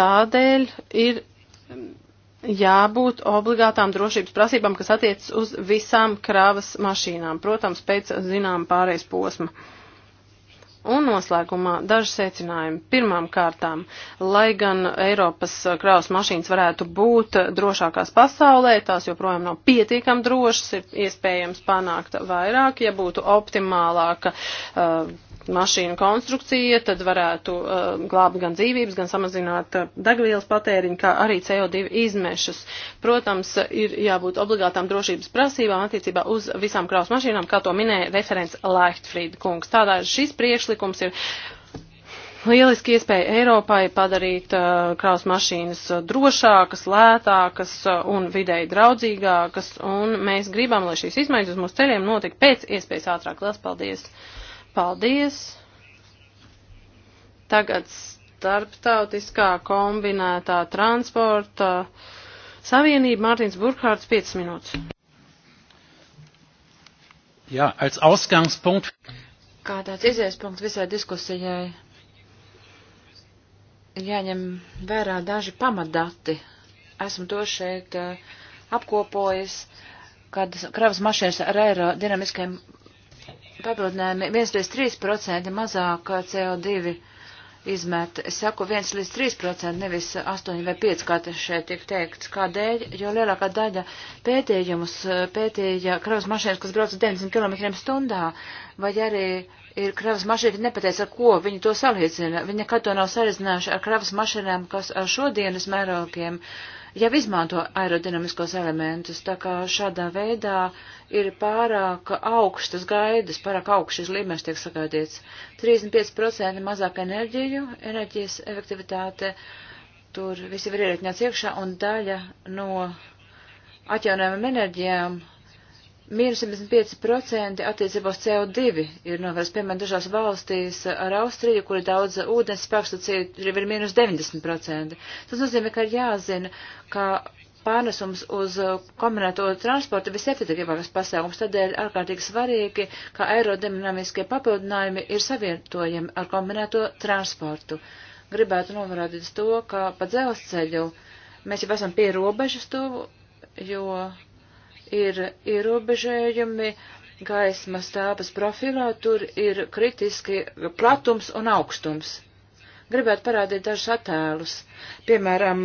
Speaker 1: Tādēļ ir mm, jābūt obligātām drošības prasībām, kas attiecas uz visām krāvas mašīnām, protams, pēc zinām pārējais posma. Un noslēgumā daži secinājumi. Pirmām kārtām, lai gan Eiropas uh, kraus mašīnas varētu būt uh, drošākās pasaulē, tās joprojām nav pietiekam drošas, ir iespējams panākt vairāk, ja būtu optimālāka. Uh, mašīnu konstrukcija, tad varētu uh, glābt gan dzīvības, gan samazināt uh, degvielas patēriņu, kā arī CO2 izmešas. Protams, ir jābūt obligātām drošības prasībām attiecībā uz visām kraus mašīnām, kā to minēja referents Leichtfried kungs. Tādā šis priekšlikums ir. Lieliski iespēja Eiropai padarīt uh, kraus mašīnas uh, drošākas, lētākas uh, un vidēji draudzīgākas, un mēs gribam, lai šīs izmaiņas uz mūsu ceļiem notiek pēc iespējas ātrāk. Lielas paldies! Paldies! Tagad starptautiskā kombinētā transporta savienība Mārtiņš Burkhārds 5 minūtes.
Speaker 3: Jā, als Ausgangspunkt.
Speaker 1: Kā tāds
Speaker 2: iziespunkts visai diskusijai jāņem vērā daži pamatdati. Esmu to šeit eh, apkopojis, kad kravas mašīnas ar aerodinamiskiem papildinājumi 1 līdz 3% mazāk CO2 izmet. Es saku 1 līdz 3%, nevis 8 vai 5, kā tas šeit tiek teikts. Kādēļ? Jo lielākā daļa pētījumus eh, pētīja kravas mašīnas, kas brauc 90 km stundā, vai arī ir kravas mašīna, kad nepateica, ar ko viņi to salīdzina. Viņi nekad to nav salīdzinājuši ar kravas mašīnām, kas ar šodienas mērogiem uh, jau izmanto aerodinamiskos elementus, tā kā šādā veidā ir pārāk augstas gaidas, pārāk augsts šis līmenis tiek sagaidīts. 35% mazāk enerģiju, enerģijas efektivitāte, tur visi ir ierēķināts iekšā un daļa no atjaunojumiem enerģijām Mīnus 75% attiecībā uz CO2 ir novērsts, piemēram, dažās valstīs ar Austriju, kur ir daudz ūdens spēkstacīju, ir mīnus 90%. Tas nozīmē, ka ir jāzina, ka pārnesums uz kombinēto transportu visefektīvākais pasākums, tādēļ ārkārtīgi svarīgi, ka aerodinamiskie papildinājumi ir savietojami ar kombinēto transportu. Gribētu norādīt to, ka pa dzelzceļu mēs jau esam pie robežas tuvu, jo ir ierobežējumi gaismas tāpas profilā, tur ir kritiski platums un augstums. Gribētu parādīt dažus attēlus. Piemēram,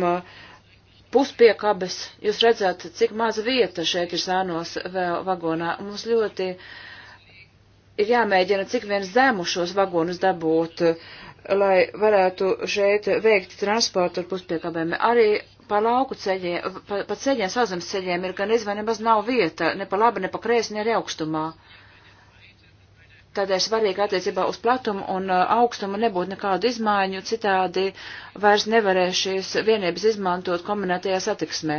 Speaker 2: puspiekabes, jūs redzat, cik maz vieta šeit ir sānos vēl vagonā. Mums ļoti ir jāmēģina cik vien zemu šos vagonus dabūt, lai varētu šeit veikt transportu ar puspiekabēm. Arī pa lauku ceļiem, pa, pa ceļiem, sazemes ceļiem ir gan izvēl nemaz nav vieta, ne pa labi, ne pa kreisi, ne arī augstumā. Tādēļ svarīgi attiecībā uz platumu un uh, augstumu nebūtu nekādu izmaiņu, citādi vairs nevarēs šīs vienības izmantot kombinētajā satiksmē.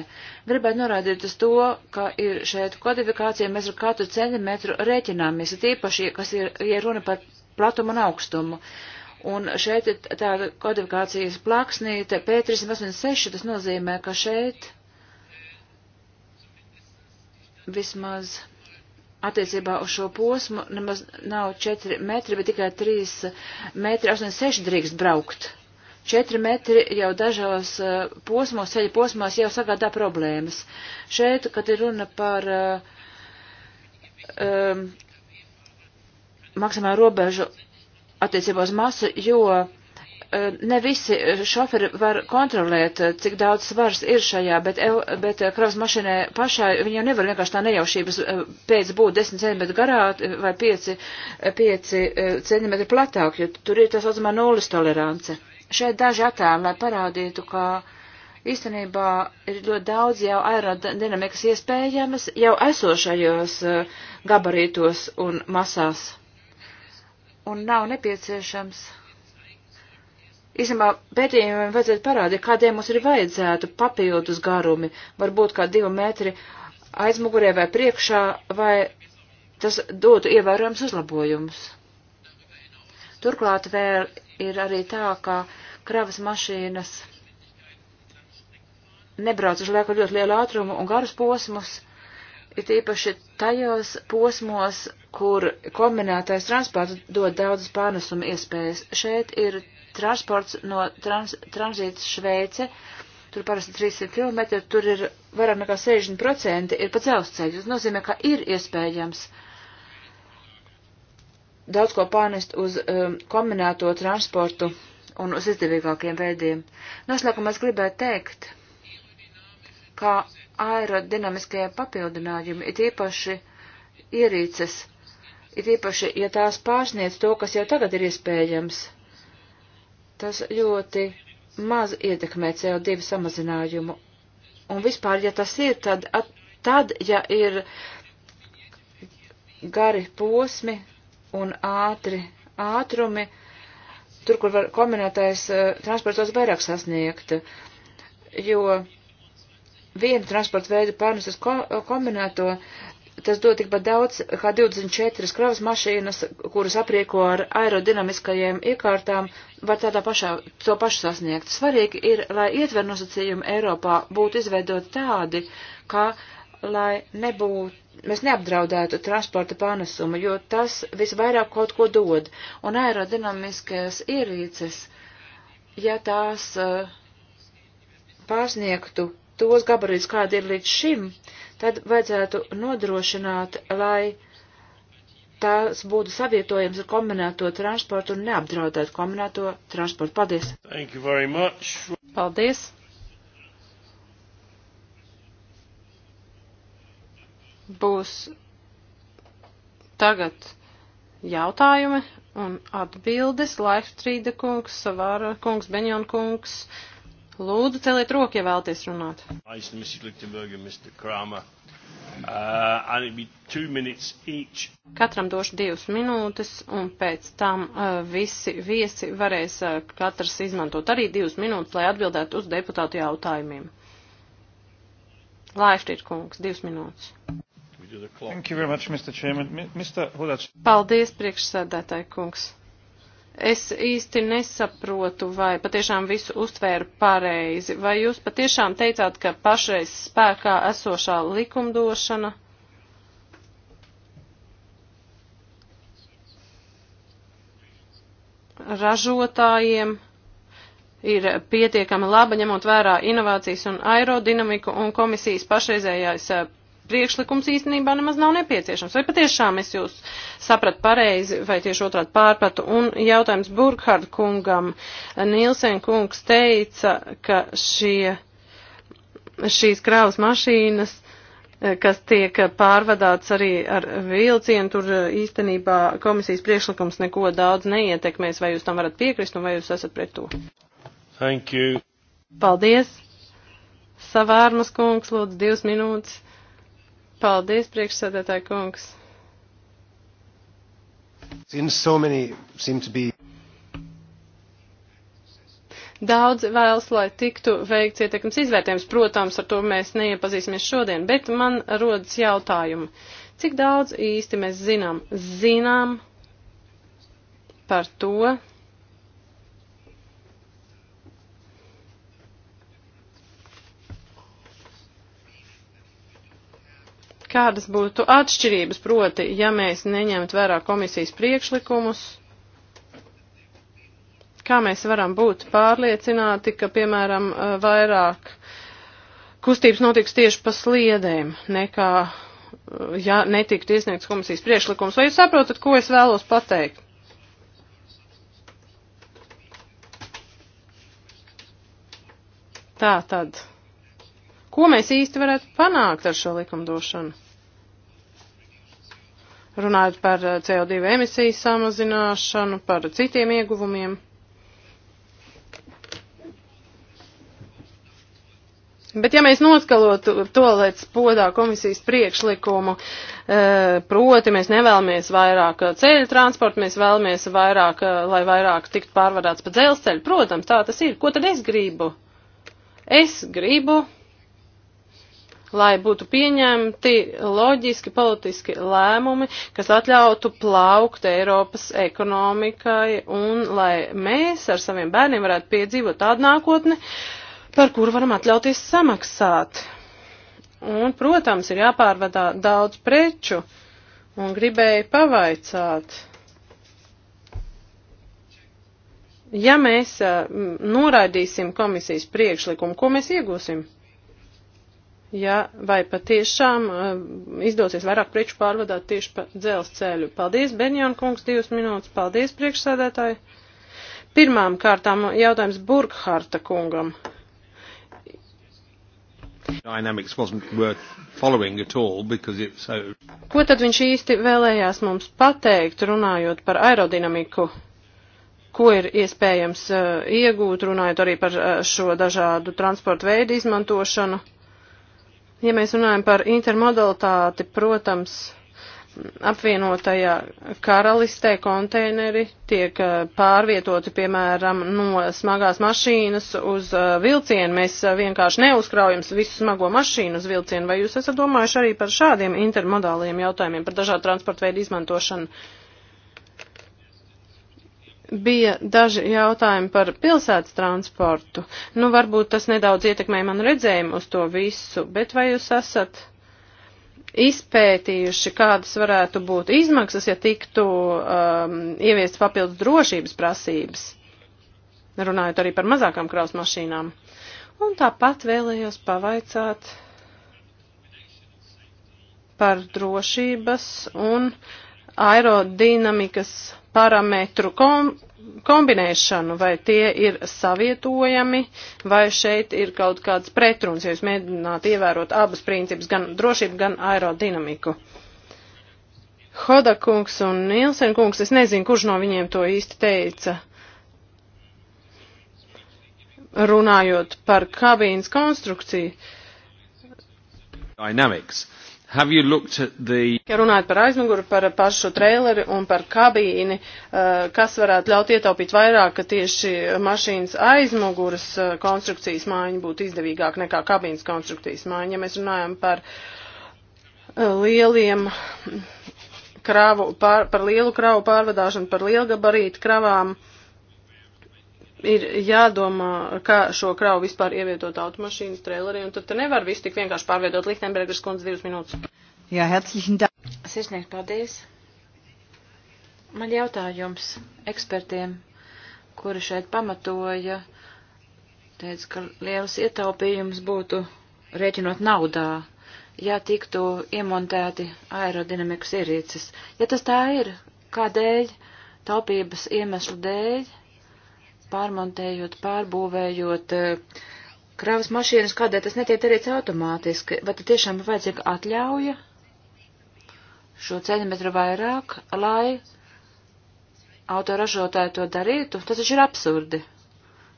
Speaker 2: Gribētu norādīt uz to, ka ir šeit kodifikācija, mēs ar katru centimetru rēķināmies, ir tīpaši, kas ir, ja runa par platumu un augstumu. Uh, Un šeit ir tāda kodifikācijas plāksnīte P386, tas nozīmē, ka šeit vismaz attiecībā uz šo posmu nemaz nav 4 metri, bet tikai 3 metri 86 drīkst braukt. 4 metri jau dažos eh, posmos, ceļa posmās jau sagādā problēmas. Šeit, kad ir runa par um, eh, eh, maksimālu robežu attiecībā uz masu, jo eh, ne visi šoferi var kontrolēt, eh, cik daudz svars ir šajā, bet, bet eh, kravas mašīnai pašai viņi jau nevar vienkārši tā nejaušības pēc būt 10 cm garā vai 5, 5 cm platāk, jo tur ir tā saucamā nulles tolerance. Šeit daži attēli, lai parādītu, ka īstenībā ir ļoti daudz jau aerodinamikas iespējamas jau esošajos gabarītos un masās un nav nepieciešams. Īsumā pētījumiem vajadzētu parādīt, kādiem mums ir vajadzētu papildus garumi, varbūt kā divi metri aizmugurē vai priekšā, vai tas dotu ievērojams uzlabojumus. Turklāt vēl ir arī tā, ka kravas mašīnas nebrauc uz lieku ļoti lielu ātrumu un garus posmus, ir tīpaši tajos posmos, kur kombinētais transports dod daudzas pārnesuma iespējas. Šeit ir transports no trans, tranzīts Šveice, tur parasti 300 km, tur ir vairāk nekā 60% ir pa dzelzceļu. Tas nozīmē, ka ir iespējams daudz ko pārnest uz um, kombinēto transportu un uz izdevīgākiem veidiem. Noslēgumā es gribētu teikt, ka aerodinamiskie papildinājumi ir īpaši ierīces ir īpaši, ja tās pārsniec to, kas jau tagad ir iespējams, tas ļoti maz ietekmē CO2 samazinājumu. Un vispār, ja tas ir, tad, at, tad ja ir gari posmi un ātri ātrumi, tur, kur var kombinētais eh, transports tos vairāk sasniegt, jo vienu transporta veidu pārnes uz ko, kombinēto, tas dod tikpat daudz kā 24 kravas mašīnas, kuras aprieko ar aerodinamiskajiem iekārtām, var tādā pašā, to pašu sasniegt. Svarīgi ir, lai ietvernosacījumi Eiropā būtu izveidot tādi, ka, lai nebūtu, mēs neapdraudētu transporta panesumu, jo tas visvairāk kaut ko dod. Un aerodinamiskajās ierīces, ja tās uh, pārsniegtu tos gabarītus, kādi ir līdz šim, uh, tad vajadzētu nodrošināt, lai tās būtu savietojams ar kombinēto transportu un neapdraudētu kombinēto transportu. Paldies! Thank you very much! Paldies!
Speaker 1: Būs tagad jautājumi un atbildes. Laifstrīda kungs, Savāra kungs, Benjon kungs. Uh, Lūdzu, celiet roku, ja vēlaties runāt. Uh, Katram došu divas minūtes, un pēc tam uh, visi viesi varēs uh, katrs izmantot arī divas minūtes, lai atbildētu uz deputātu jautājumiem. Laišķīt, kungs, divas minūtes.
Speaker 3: Much, Mr. Mr.
Speaker 1: Paldies, priekšsēdētāji kungs. Es īsti nesaprotu, vai patiešām visu uztvēru pareizi, vai jūs patiešām teicāt, ka pašreiz spēkā esošā likumdošana ražotājiem ir pietiekami laba, ņemot vērā inovācijas un aerodinamiku, un komisijas pašreizējais priekšlikums īstenībā nemaz nav nepieciešams. Vai patiešām es jūs sapratu pareizi vai tieši otrādi pārpratu? Un jautājums Burkhard kungam. Nielsen kungs teica, ka šie, šīs krāvas mašīnas kas tiek pārvadāts arī ar vilcienu, tur īstenībā komisijas priekšlikums neko daudz neietekmēs, vai jūs tam varat piekrist un vai jūs esat pret to. Thank you. Paldies. Savārmas kungs, lūdzu, divas minūtes. Paldies, priekšsēdētāji kungs.
Speaker 3: So be...
Speaker 1: Daudz vēlas, lai tiktu veikts ietekmes izvērtējums. Protams, ar to mēs neiepazīsimies šodien, bet man rodas jautājumi. Cik daudz īsti mēs zinām? Zinām par to, kādas būtu atšķirības, proti, ja mēs neņemt vērā komisijas priekšlikumus, kā mēs varam būt pārliecināti, ka, piemēram, eh, vairāk kustības notiks tieši pa sliedēm, nekā, eh, ja netiktu iesniegts komisijas priekšlikums. Vai jūs saprotat, ko es vēlos pateikt? Tā tad. Ko mēs īsti varētu panākt ar šo likumdošanu? Runājot par eh, CO2 emisiju samazināšanu, par citiem ieguvumiem. Bet ja mēs noskalotu to līdz podā komisijas priekšlikumu, eh, proti mēs nevēlamies vairāk eh, ceļu transportu, mēs vēlamies vairāk, lai vairāk tiktu pārvadāts pa dzelzceļu, protams, tā tas ir. Ko tad es gribu? Es gribu lai būtu pieņemti loģiski politiski lēmumi, kas atļautu plaukt Eiropas ekonomikai un lai mēs ar saviem bērniem varētu piedzīvot tādu nākotni, par kuru varam atļauties samaksāt. Un, protams, ir jāpārvadā daudz preču un gribēju pavaicāt. Ja mēs eh, noraidīsim komisijas priekšlikumu, ko mēs iegūsim? ja vai patiešām eh, izdosies vairāk preču pārvadāt tieši pa dzelzceļu. Paldies, Benjona kungs, divas minūtes. Paldies, priekšsēdētāji. Pirmām kārtām jautājums Burkharta kungam. So... Ko tad viņš īsti vēlējās mums pateikt, runājot par aerodinamiku? Ko ir iespējams uh, iegūt, runājot arī par uh, šo dažādu transporta veidu izmantošanu? Uh, Ja mēs runājam par intermodalitāti, protams, apvienotajā karalistē konteineri tiek eh, pārvietoti, piemēram, no smagās mašīnas uz eh, vilcienu. Mēs eh, vienkārši neuzkraujam visu smago mašīnu uz vilcienu. Vai jūs esat domājuši arī par šādiem intermodāliem jautājumiem, par dažādu transporta veidu izmantošanu? Uh, bija daži jautājumi par pilsētas transportu. Nu, varbūt tas nedaudz ietekmēja manu redzējumu uz to visu, bet vai jūs esat izpētījuši, kādas varētu būt izmaksas, ja tiktu um, ieviest papildus drošības prasības, runājot arī par mazākām kraus mašīnām? Un tāpat vēlējos pavaicāt par drošības un aerodinamikas parametru kom kombinēšanu, vai tie ir savietojami, vai šeit ir kaut kāds pretruns, ja jūs mēģināt ievērot abus principus, gan drošību, gan aerodinamiku. Hoda kungs un Nielsen kungs, es nezinu, kurš no viņiem to īsti teica runājot par kabīnes konstrukciju.
Speaker 3: Dynamics. The...
Speaker 1: Ja runājat par aizmuguri, par pašu trēleri un par kabīni, eh, kas varētu ļaut ietaupīt vairāk, ka tieši mašīnas aizmuguras eh, konstrukcijas mājiņa būtu izdevīgāk nekā kabīnas konstrukcijas mājiņa. Ja mēs runājam par eh, lieliem kravu, pār, par lielu kravu pārvadāšanu, par lielgabarītu kravām, uh, ir jādomā, kā šo kravu vispār ievietot automašīnas trailerī, un tad te nevar visu tik vienkārši pārvietot Lichtenbergers kundze divas minūtes.
Speaker 2: Jā, herzlichen Dank.
Speaker 1: Sirsnieks, paldies. Man jautājums ekspertiem,
Speaker 2: kuri šeit pamatoja, teica, ka liels ietaupījums būtu rēķinot naudā, ja tiktu iemontēti aerodinamikas ierīces. Ja tas tā ir, kādēļ, taupības iemeslu dēļ, pārmontējot, pārbūvējot eh, kravas mašīnas, kādēļ tas netiek darīts automātiski, vai tad tiešām ir vajadzīga atļauja šo centimetru vairāk, lai autoražotāji to darītu? Tas taču ir absurdi.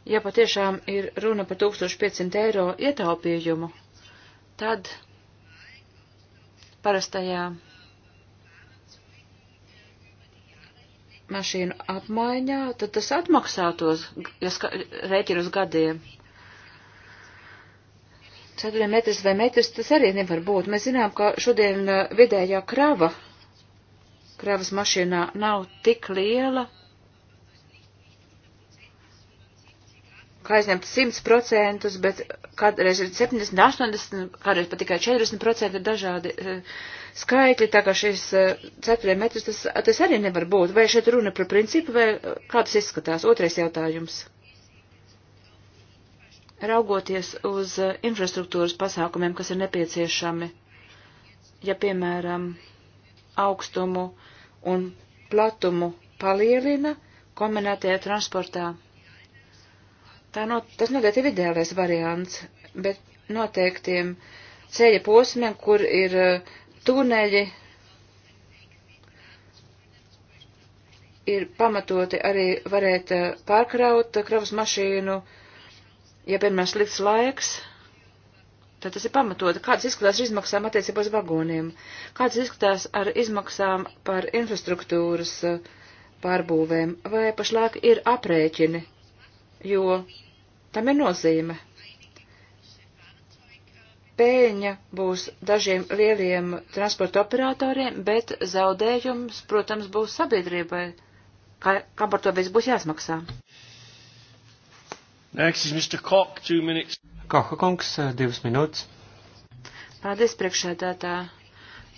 Speaker 2: Ja patiešām ir runa par 1500 eiro ietaupījumu, tad parastajā mašīnu apmaiņā, tad tas atmaksātos, ja rēķinu uz gadiem. Ceturmetrs vai metrs tas arī nevar būt. Mēs zinām, ka šodien uh, vidējā krava, kravas mašīnā nav tik liela, kā aizņemt 100%, bet kādreiz ir 70, 80, kādreiz pat tikai 40% ir dažādi eh, skaitļi, tā kā šis eh, ceturtmetrs, tas, tas arī nevar būt. Vai šeit runa par principu, vai eh, kā tas izskatās? Otrais jautājums. Raugoties uz infrastruktūras pasākumiem, kas ir nepieciešami, ja piemēram augstumu un platumu palielina kombinētajā transportā Tā no, tas noteikti ir ideālais variants, bet noteiktiem ceļa posmiem, kur ir uh, tuneļi, ir pamatoti arī varēt uh, pārkraut uh, kravas mašīnu, ja, piemēram, slikts laiks, tad tas ir pamatoti. Kādas izskatās ar izmaksām attiecībā uz vagoniem? Kādas izskatās ar izmaksām par infrastruktūras pārbūvēm? Vai pašlaik ir aprēķini jo tam ir nozīme. Pēļņa būs dažiem lieliem transporta operatoriem, bet zaudējums, protams, būs sabiedrībai. Kā, kam par to viss būs jāsmaksā?
Speaker 3: Next is Mr. Koch, two minutes. Koha kungs, divas minūtes.
Speaker 2: Paldies, priekšēdētā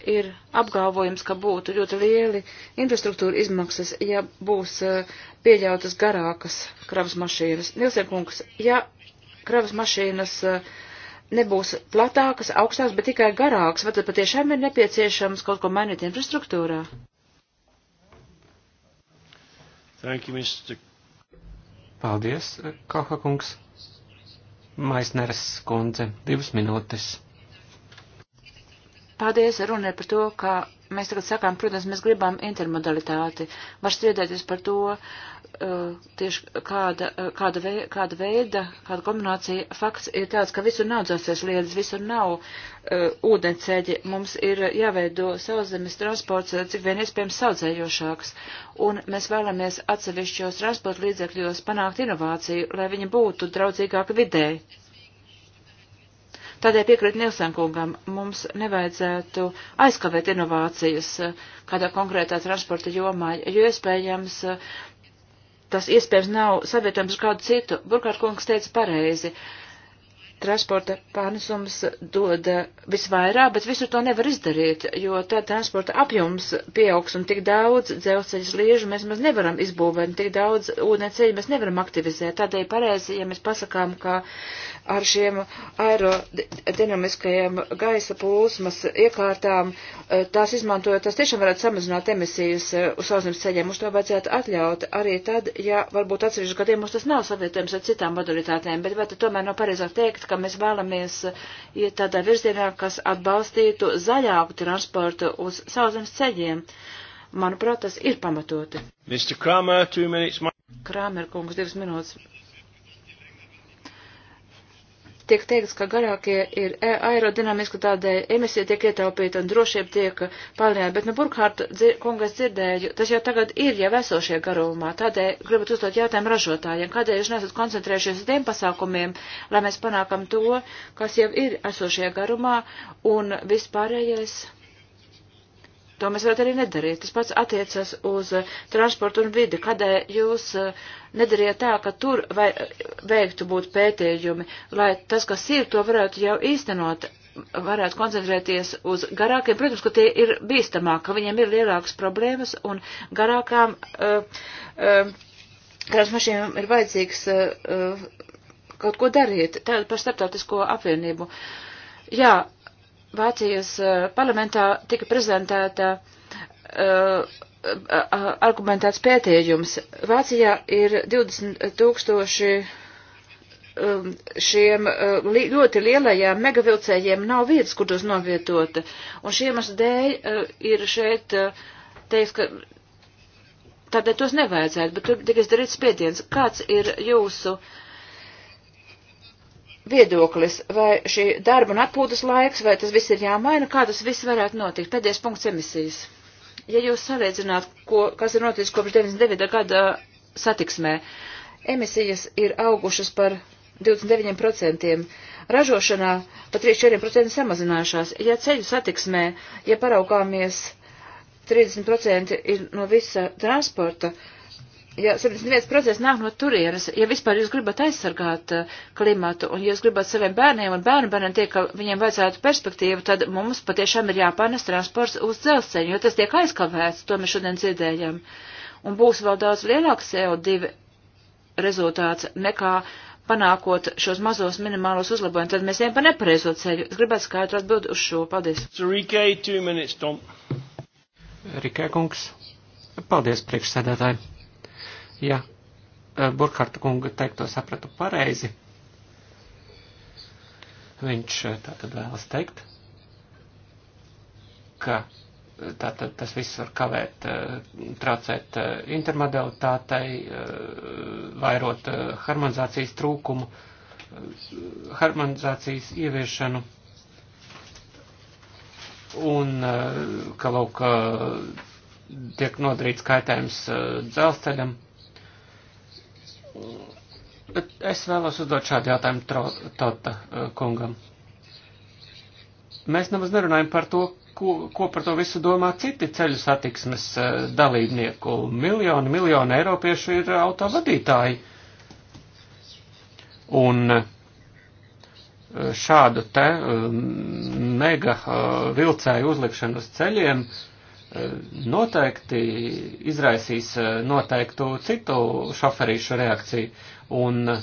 Speaker 2: ir apgalvojums, ka būtu ļoti lieli infrastruktūra izmaksas, ja būs eh, pieļautas garākas kravas mašīnas. Nilsen kungs, ja kravas mašīnas eh, nebūs platākas, augstākas, bet tikai garākas, vai tad patiešām ir nepieciešams kaut ko mainīt infrastruktūrā?
Speaker 1: Thank you,
Speaker 3: Mr. Paldies, Kaha kungs. Maisneres kundze, divas minūtes.
Speaker 2: Paldies, runa ir par to, ka mēs tagad sakām, protams, mēs gribam intermodalitāti. Var striedēties par to, uh, tieši kāda, uh, kāda, vei, kāda veida, kāda kombinācija. Fakts ir tāds, ka visur nav dzelzceļa lietas, visur nav uh, ūdenceļi. Mums ir jāveido sauszemes transports, uh, cik vien iespējams saudzējošāks. Un mēs vēlamies atsevišķos transporta līdzekļos panākt inovāciju, lai viņi būtu draudzīgāki vidē. Tādēļ piekrīt Nilsenkungam, mums nevajadzētu aizkavēt inovācijas eh, kādā konkrētā transporta jomā, jo iespējams eh, tas iespējams nav savietojams ar kādu citu. Burkārt kungs teica pareizi. Transporta pārnesums dod eh, visvairāk, bet visu to nevar izdarīt, jo tā transporta apjoms pieaugs un tik daudz dzelzceļas liežu mēs, mēs nevaram izbūvēt, un tik daudz ūdenceļu mēs nevaram aktivizēt. Tādēļ pareizi, ja mēs pasakām, ka ar šiem aerodinamiskajiem gaisa plūsmas iekārtām, e, tās izmantojot, tas tiešām varētu samazināt emisijas e, uz sauszemes ceļiem. Mums to vajadzētu atļaut arī tad, ja varbūt atsevišķi gadījumos tas nav savietojams ar citām modalitātēm, bet vai tad tomēr nav pareizāk teikt, ka mēs vēlamies iet tādā virzienā, kas atbalstītu zaļāku transportu uz sauszemes ceļiem. Manuprāt, tas ir pamatoti.
Speaker 3: Mr. Kramer, two minutes.
Speaker 2: Kramer, kungs, divas minūtes tiek teikts, ka garākie ir e- aerodinamiski, tādēļ emisija tiek ietaupīta un drošība tiek palielināta, bet no nu, Burkhārta dzir kungas dzirdēju, tas jau tagad ir jau esošie garumā, tādēļ gribat uzdot jautājumu ražotājiem, kādēļ jūs nesat koncentrējušies uz tiem pasākumiem, lai mēs panākam to, kas jau ir esošie garumā un vispārējais. To mēs varētu arī nedarīt. Tas pats attiecas uz eh, transportu un vidi. Kādēļ jūs eh, nedariet tā, ka tur vai, eh, veiktu būt pētījumi, lai tas, kas ir, to varētu jau īstenot, varētu koncentrēties uz garākiem. Protams, ka tie ir bīstamāk, ka viņiem ir lielākas problēmas un garākām uh, uh, krāsmašīnām ir vajadzīgs uh, uh, kaut ko darīt. Tātad par starptautisko apvienību. Jā, Vācijas eh, parlamentā tika prezentēta uh, argumentēts pētījums. Vācijā ir 20 tūkstoši um, šiem eh, ļoti lielajiem megavilcējiem nav vietas, kur tos novietot. Un šiem dēļ ir šeit teiks, ka tādēļ tos nevajadzētu, bet tur tikai darīt spiediens. Kāds ir jūsu uh, viedoklis, vai šī darba un atpūtas laiks, vai tas viss ir jāmaina, kā tas viss varētu notikt. Pēdējais punkts emisijas. Ja jūs salīdzināt, ko, kas ir noticis kopš 99. gada satiksmē, emisijas ir augušas par 29%, ražošanā par 34% samazinājušās. Ja ceļu satiksmē, ja paraugāmies, 30% ir no visa transporta, uh, ja 71% nāk no turienes, ja vispār jūs gribat aizsargāt eh, klimatu un jūs gribat saviem bērniem un bērnu bērniem tiek, ka viņiem vajadzētu perspektīvu, tad mums patiešām ir jāpārnes transports uz dzelzceļu, jo tas tiek aizkavēts, to mēs šodien dzirdējam. Un būs vēl daudz lielāks CO2 rezultāts nekā panākot šos mazos minimālos uzlabojumus, tad mēs ejam pa nepareizo ceļu. Es gribētu skaidru atbildi uz šo. Paldies. Rikai, two minutes, Tom.
Speaker 3: Rikai kungs. Paldies, priekšsēdētāji. Ja eh, Burkharta kunga teikto sapratu pareizi, viņš eh, tātad vēlas teikt, ka eh, tātad tas viss var kavēt, traucēt intermodalitātei, vairot harmonizācijas trūkumu, harmonizācijas ieviešanu. Un ka lūk, tiek nodarīts kaitējums dzelzceļam, Bet es vēlos uzdot šādu jautājumu Tota eh, kungam. Mēs nemaz nerunājam par to, ko, ko par to visu domā citi ceļu satiksmes eh, dalībnieku. Miljoni, miljoni eiropiešu ir autovadītāji. Un eh, šādu te mega vilcēju uzlikšanu uz ceļiem uh, noteikti izraisīs eh, noteiktu citu šoferīšu reakciju. Un, eh,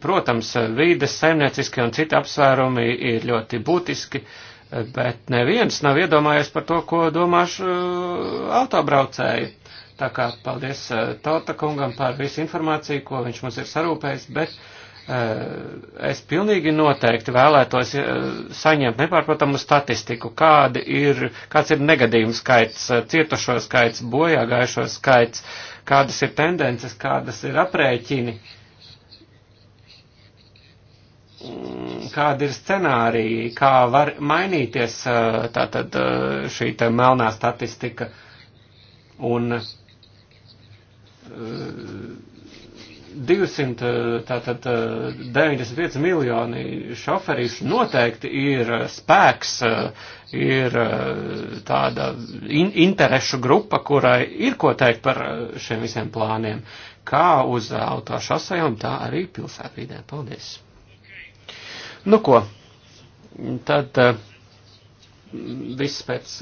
Speaker 3: protams, vīdes, saimnieciskie un citi apsvērumi ir ļoti būtiski, eh, bet neviens nav iedomājies par to, ko domāšu autobraucēji. Tā kā paldies Tauta kungam par visu informāciju, ko viņš mums ir sarūpējis, bet uh, Eh, es pilnīgi noteikti vēlētos eh, saņemt nepārprotamu statistiku, kāda ir, kāds ir negadījumu skaits, eh, cietušo skaits, bojā gājušo skaits, kādas ir tendences, kādas ir aprēķini, mm, kāda ir scenārija, kā var mainīties tātad šī tā melnā statistika un 295 eh, eh, miljoni šoferis noteikti ir eh, spēks, ir tāda in interešu grupa, kurai ir ko teikt par šiem visiem plāniem, kā uz autošasajām, tā arī pilsētvidē. Paldies! Nu ko, tad viss pēc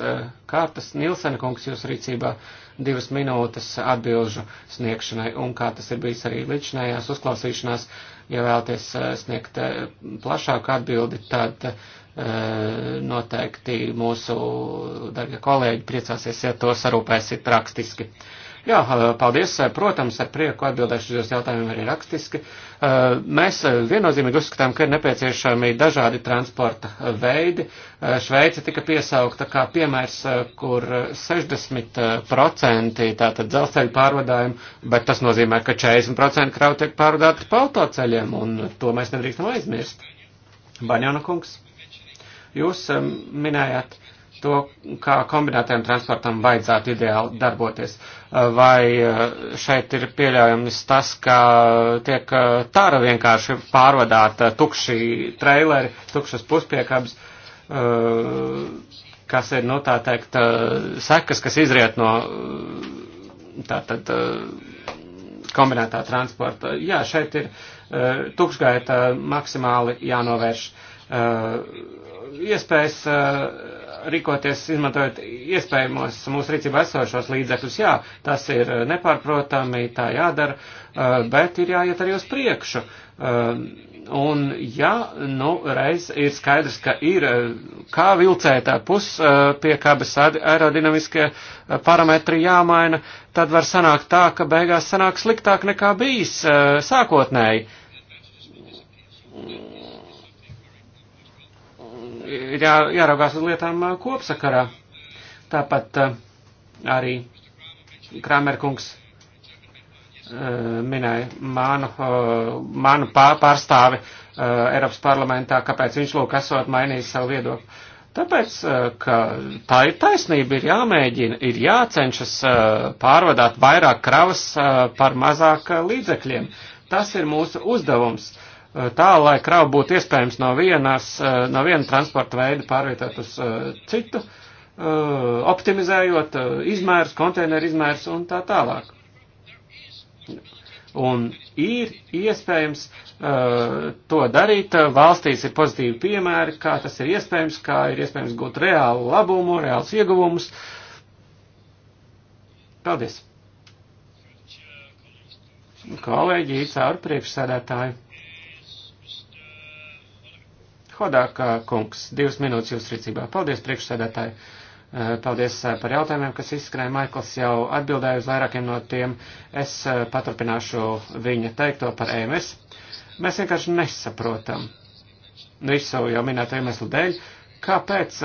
Speaker 3: kārtas Nilsena kungs jūs rīcībā divas minūtes atbilžu sniegšanai, un kā tas ir bijis arī līdzinājās uzklausīšanās, ja vēlaties eh, sniegt eh, plašāku atbildi, tad eh, noteikti mūsu dargie kolēģi priecāsies, ja to sarūpēsiet praktiski. Jā, paldies. Protams, ar prieku atbildēšu uz jūsu jautājumiem arī rakstiski. Eh, mēs eh, viennozīmīgi uzskatām, ka ir nepieciešami dažādi transporta eh, veidi. Šveice tika piesaukta kā piemērs, kur 60% tātad dzelzceļu pārvadājumu, bet tas nozīmē, ka 40% kravu tiek pārvadāti pa autoceļiem, un to mēs nedrīkstam aizmirst. Baņona kungs, jūs minējāt to, kā kombinētajam transportam vajadzētu ideāli darboties. Uh, vai uh, šeit ir pieļaujams tas, ka uh, tiek tāra vienkārši pārvadāta tukši traileri, tukšas puspiekabas, kas ir, nu, tā teikt, sekas, kas izriet no tātad kombinētā transporta. Jā, šeit ir tukšgaita maksimāli jānovērš iespējas rīkoties, izmantojot iespējamos mūsu rīcībā esošos līdzekļus. Jā, tas ir eh, nepārprotami, tā jādara, eh, bet ir jāiet arī uz priekšu. Eh, un ja, nu, reiz ir skaidrs, ka ir kā vilcētā pus, pie kādas aerodinamiskie parametri jāmaina, tad var sanākt tā, ka beigās sanāk sliktāk nekā bijis sākotnēji ir jā, jāraugās uz lietām kopsakarā. Tāpat arī Kramerkungs minēja manu, manu pārstāvi Eiropas parlamentā, kāpēc viņš lūk esot mainījis savu viedokli. Tāpēc, ka tā ir taisnība, ir jāmēģina, ir jācenšas pārvadāt vairāk kravas par mazāk līdzekļiem. Tas ir mūsu uzdevums. Uh, Eh, tā, lai kravu būtu iespējams no, vienas, eh, no viena transporta veida pārvietot uz eh, citu, optimizējot izmērus, konteineru izmērus un tā tālāk. Un ir iespējams uh, to darīt. Valstīs ir pozitīvi piemēri, kā tas ir iespējams, kā ir iespējams gūt reālu labumu, reāls ieguvumus. Paldies! Kolēģi, caur priekšsēdētāju. Spodākā kungs, divas minūtes jūsu rīcībā. Paldies, priekšsēdētāji. Eh, paldies eh, par jautājumiem, kas izskanēja. Maikls jau atbildēja uz vairākiem no tiem. Es eh, paturpināšu viņa teikto par EMS. Mēs vienkārši nesaprotam visu jau minēto iemeslu dēļ, kāpēc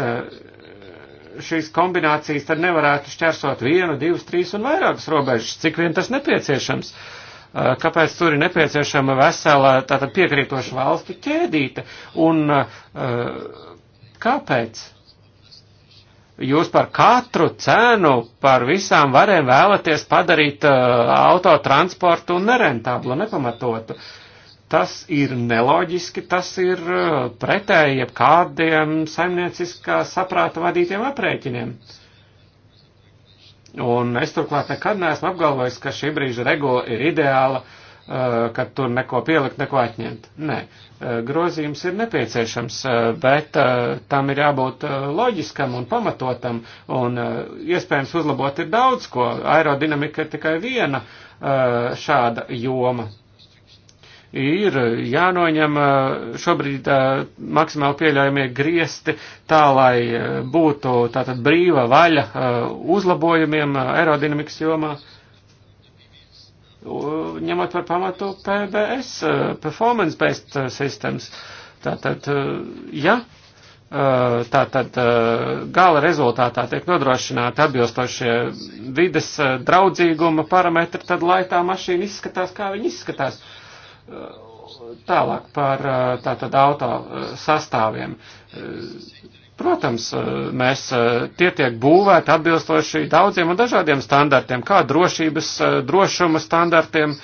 Speaker 3: šīs kombinācijas tad nevarētu šķērsot vienu, divas, trīs un vairākas robežas, cik vien tas nepieciešams. Uh, Uh, kāpēc tur ir nepieciešama vesela tātad piekrītoša valstu ķēdīte un uh, kāpēc? Jūs par katru cenu, par visām varēm vēlaties padarīt uh, autotransportu nerentablu, nepamatotu. Tas ir neloģiski, tas ir uh, pretēji jebkādiem saimnieciskā saprāta vadītiem aprēķiniem. Uh, Un es turklāt nekad neesmu apgalvojis, ka šī brīža regula ir ideāla, eh, ka tur neko pielikt, neko atņemt. Nē, eh, grozījums ir nepieciešams, eh, bet tam ir jābūt loģiskam un pamatotam, un iespējams uzlabot ir daudz ko. Aerodinamika ir tikai viena šāda joma ir jānoņem šobrīd maksimāli pieļaujamie griesti tā, lai būtu tātad brīva vaļa uzlabojumiem aerodinamikas jomā, ņemot par pamatu PBS, performance-based systems. Tātad, ja tātad gala rezultātā tiek nodrošināti atbilstošie vides draudzīguma parametri, tad lai tā mašīna izskatās, kā viņa izskatās. Uh, Tālāk par tātad auto sastāviem. Protams, mēs tie tiek būvēti atbilstoši daudziem un dažādiem standartiem, kā drošības, drošuma standartiem,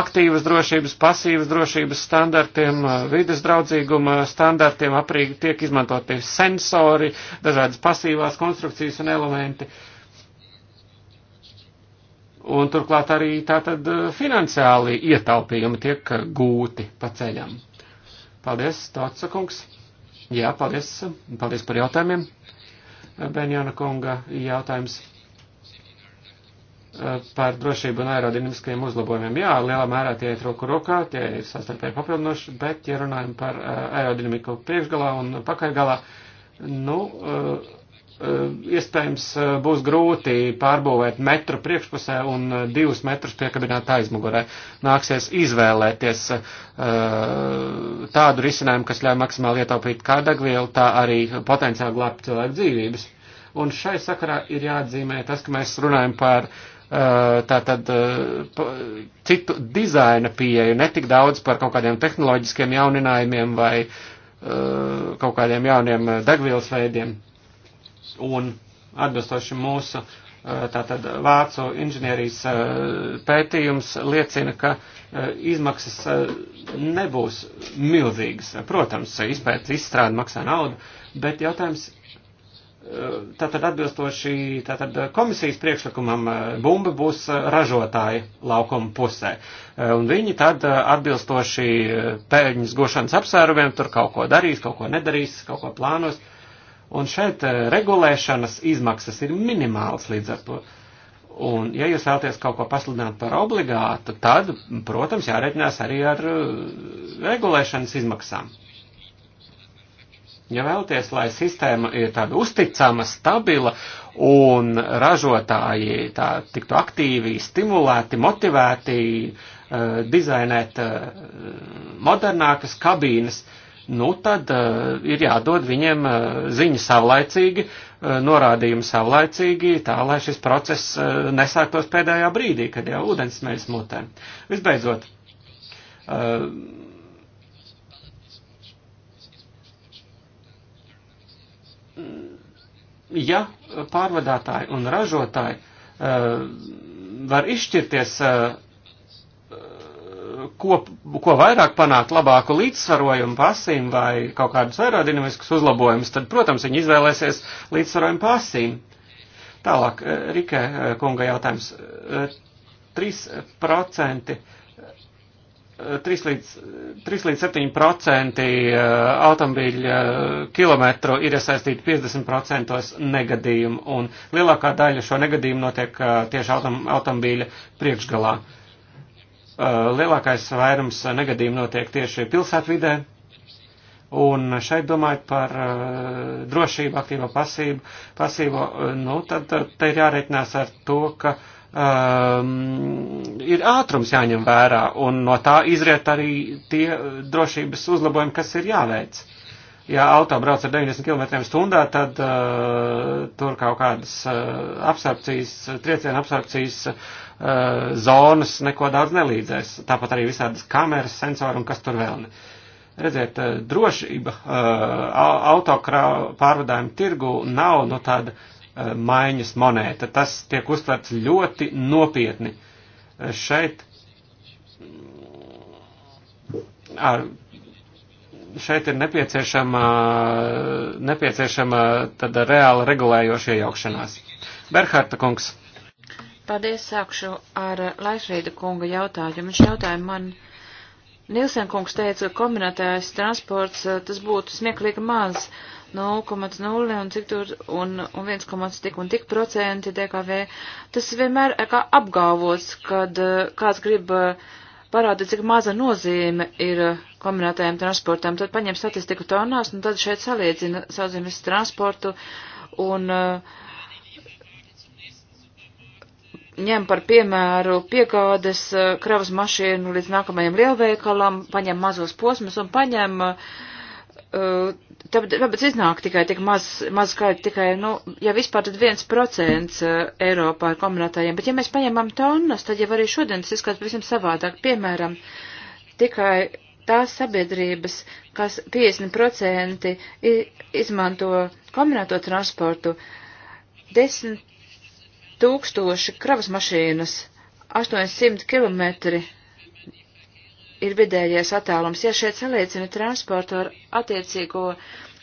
Speaker 3: aktīvas drošības, pasīvas drošības standartiem, vides draudzīguma standartiem, aprīgi tiek izmantoti sensori, dažādas pasīvās konstrukcijas un elementi. Uh, un turklāt arī tātad eh, finansiāli ietaupījumi tiek gūti pa ceļam. Paldies, Tāca kungs. Jā, paldies, paldies par jautājumiem. Eh, Benjana kunga jautājums eh, par drošību un aerodinamiskajiem uzlabojumiem. Jā, lielā mērā tie iet roku rokā, tie ir sastarpēji papildinoši, bet, ja runājam par aerodinamiku priekšgalā un pakaļgalā, nu, uh, Eh, iespējams eh, būs grūti pārbūvēt metru priekšpusē un eh, divus metrus piekabināt aizmugurē. Nāksies izvēlēties tādu risinājumu, kas ļauj maksimāli ietaupīt kā degvielu, tā arī potenciāli glābt cilvēku dzīvības. Un šai sakarā ir jāatzīmē tas, ka mēs runājam par tātad citu dizaina pieeju, netik daudz par kaut kādiem tehnoloģiskiem jauninājumiem vai kaut kādiem jauniem degvielas veidiem un atbilstoši mūsu eh, tātad vācu inženierijas eh, pētījums liecina, ka eh, izmaksas nebūs milzīgas. Protams, izpētes izstrāde maksā naudu, bet jautājums. Tātad atbilstoši tātad komisijas priekšlikumam bumba būs ražotāja laukuma pusē. Un viņi tad atbilstoši pēļņas gošanas apsvērumiem tur kaut ko darīs, kaut ko nedarīs, kaut ko plānos. Uh, Un šeit eh, regulēšanas izmaksas ir minimāls līdz ar to. Un, ja jūs vēlaties kaut ko pasludināt par obligātu, tad, protams, jārēķinās arī ar eh, regulēšanas izmaksām. Ja vēlaties, lai sistēma ir tāda uzticama, stabila un ražotāji tā tiktu aktīvi stimulēti, motivēti, uh, dizainēt uh, modernākas kabīnes, uh, nu tad uh, ir jādod viņiem uh, ziņa savlaicīgi, uh, norādījumi savlaicīgi, tā lai šis process uh, nesāktos pēdējā brīdī, kad jau ūdens smēļas mutē. Visbeidzot, uh, ja pārvadātāji un ražotāji uh, var izšķirties uh, ko, ko vairāk panākt, labāku līdzsvarojumu pasīm vai kaut kādus aerodinamiskus uzlabojumus, tad, protams, viņi izvēlēsies līdzsvarojumu pasīm. Tālāk, eh, Rikē eh, kunga jautājums. 3%, eh, 3 līdz, 3 līdz 7% automobīļa kilometru ir iesaistīti 50% negadījumu, un lielākā daļa šo negadījumu notiek tieši autom, automobīļa priekšgalā. Uh, Eh, lielākais vairums negadījumu notiek tieši pilsētvidē. Un šeit domājot par uh, drošību, aktīvo pasīvu, pasīvo, eh, nu, tad te ir jārēķinās ar to, ka um, ir ātrums jāņem vērā, un no tā izriet arī tie drošības uzlabojumi, kas ir jāveic. Ja auto brauc ar 90 km stundā, tad uh, tur kaut kādas uh, absorpcijas, trieciena absorpcijas uh, Eh, zonas neko daudz nelīdzēs. Tāpat arī visādas kameras, sensori un kas tur vēl ne. Redziet, eh, drošība eh, autokrā pārvadājuma tirgu nav no nu, tāda maiņas monēta. Tas tiek uztverts ļoti nopietni. Šeit ar šeit ir nepieciešama, nepieciešama tāda reāla regulējoša iejaukšanās. Berhārta kungs,
Speaker 2: Paldies, sākšu ar Laisvīda kunga jautājumu. Viņš jautāja man, Nilsen kungs teica, ka kombinētājs transports, eh, tas būtu smieklīgi maz, 0,0 un cik tur, un, un 1, tik un tik procenti DKV. Tas vienmēr eh, kā apgalvots, kad eh, kāds grib parādīt, cik maza nozīme ir kombinētajiem transportam. Tad paņem statistiku tonās, un tad šeit salīdzina sauzemes transportu un uh, ņem par piemēru piegādes eh, kravas mašīnu līdz nākamajam lielveikalam, paņem mazos posmus un paņem, eh, tāpēc iznāk tikai tik maz, maz skaita, tikai, nu, ja vispār tad viens procents eh, Eiropā ir kombinētājiem, bet ja mēs paņemam tonnas, tad jau arī šodien tas izskatās pavisam savādāk. Piemēram, tikai tās sabiedrības, kas 50% izmanto kombinēto transportu, 10 tūkstoši kravas mašīnas, 800 km ir vidējais attālums. Ja šeit salīdzina transportu ar attiecīgo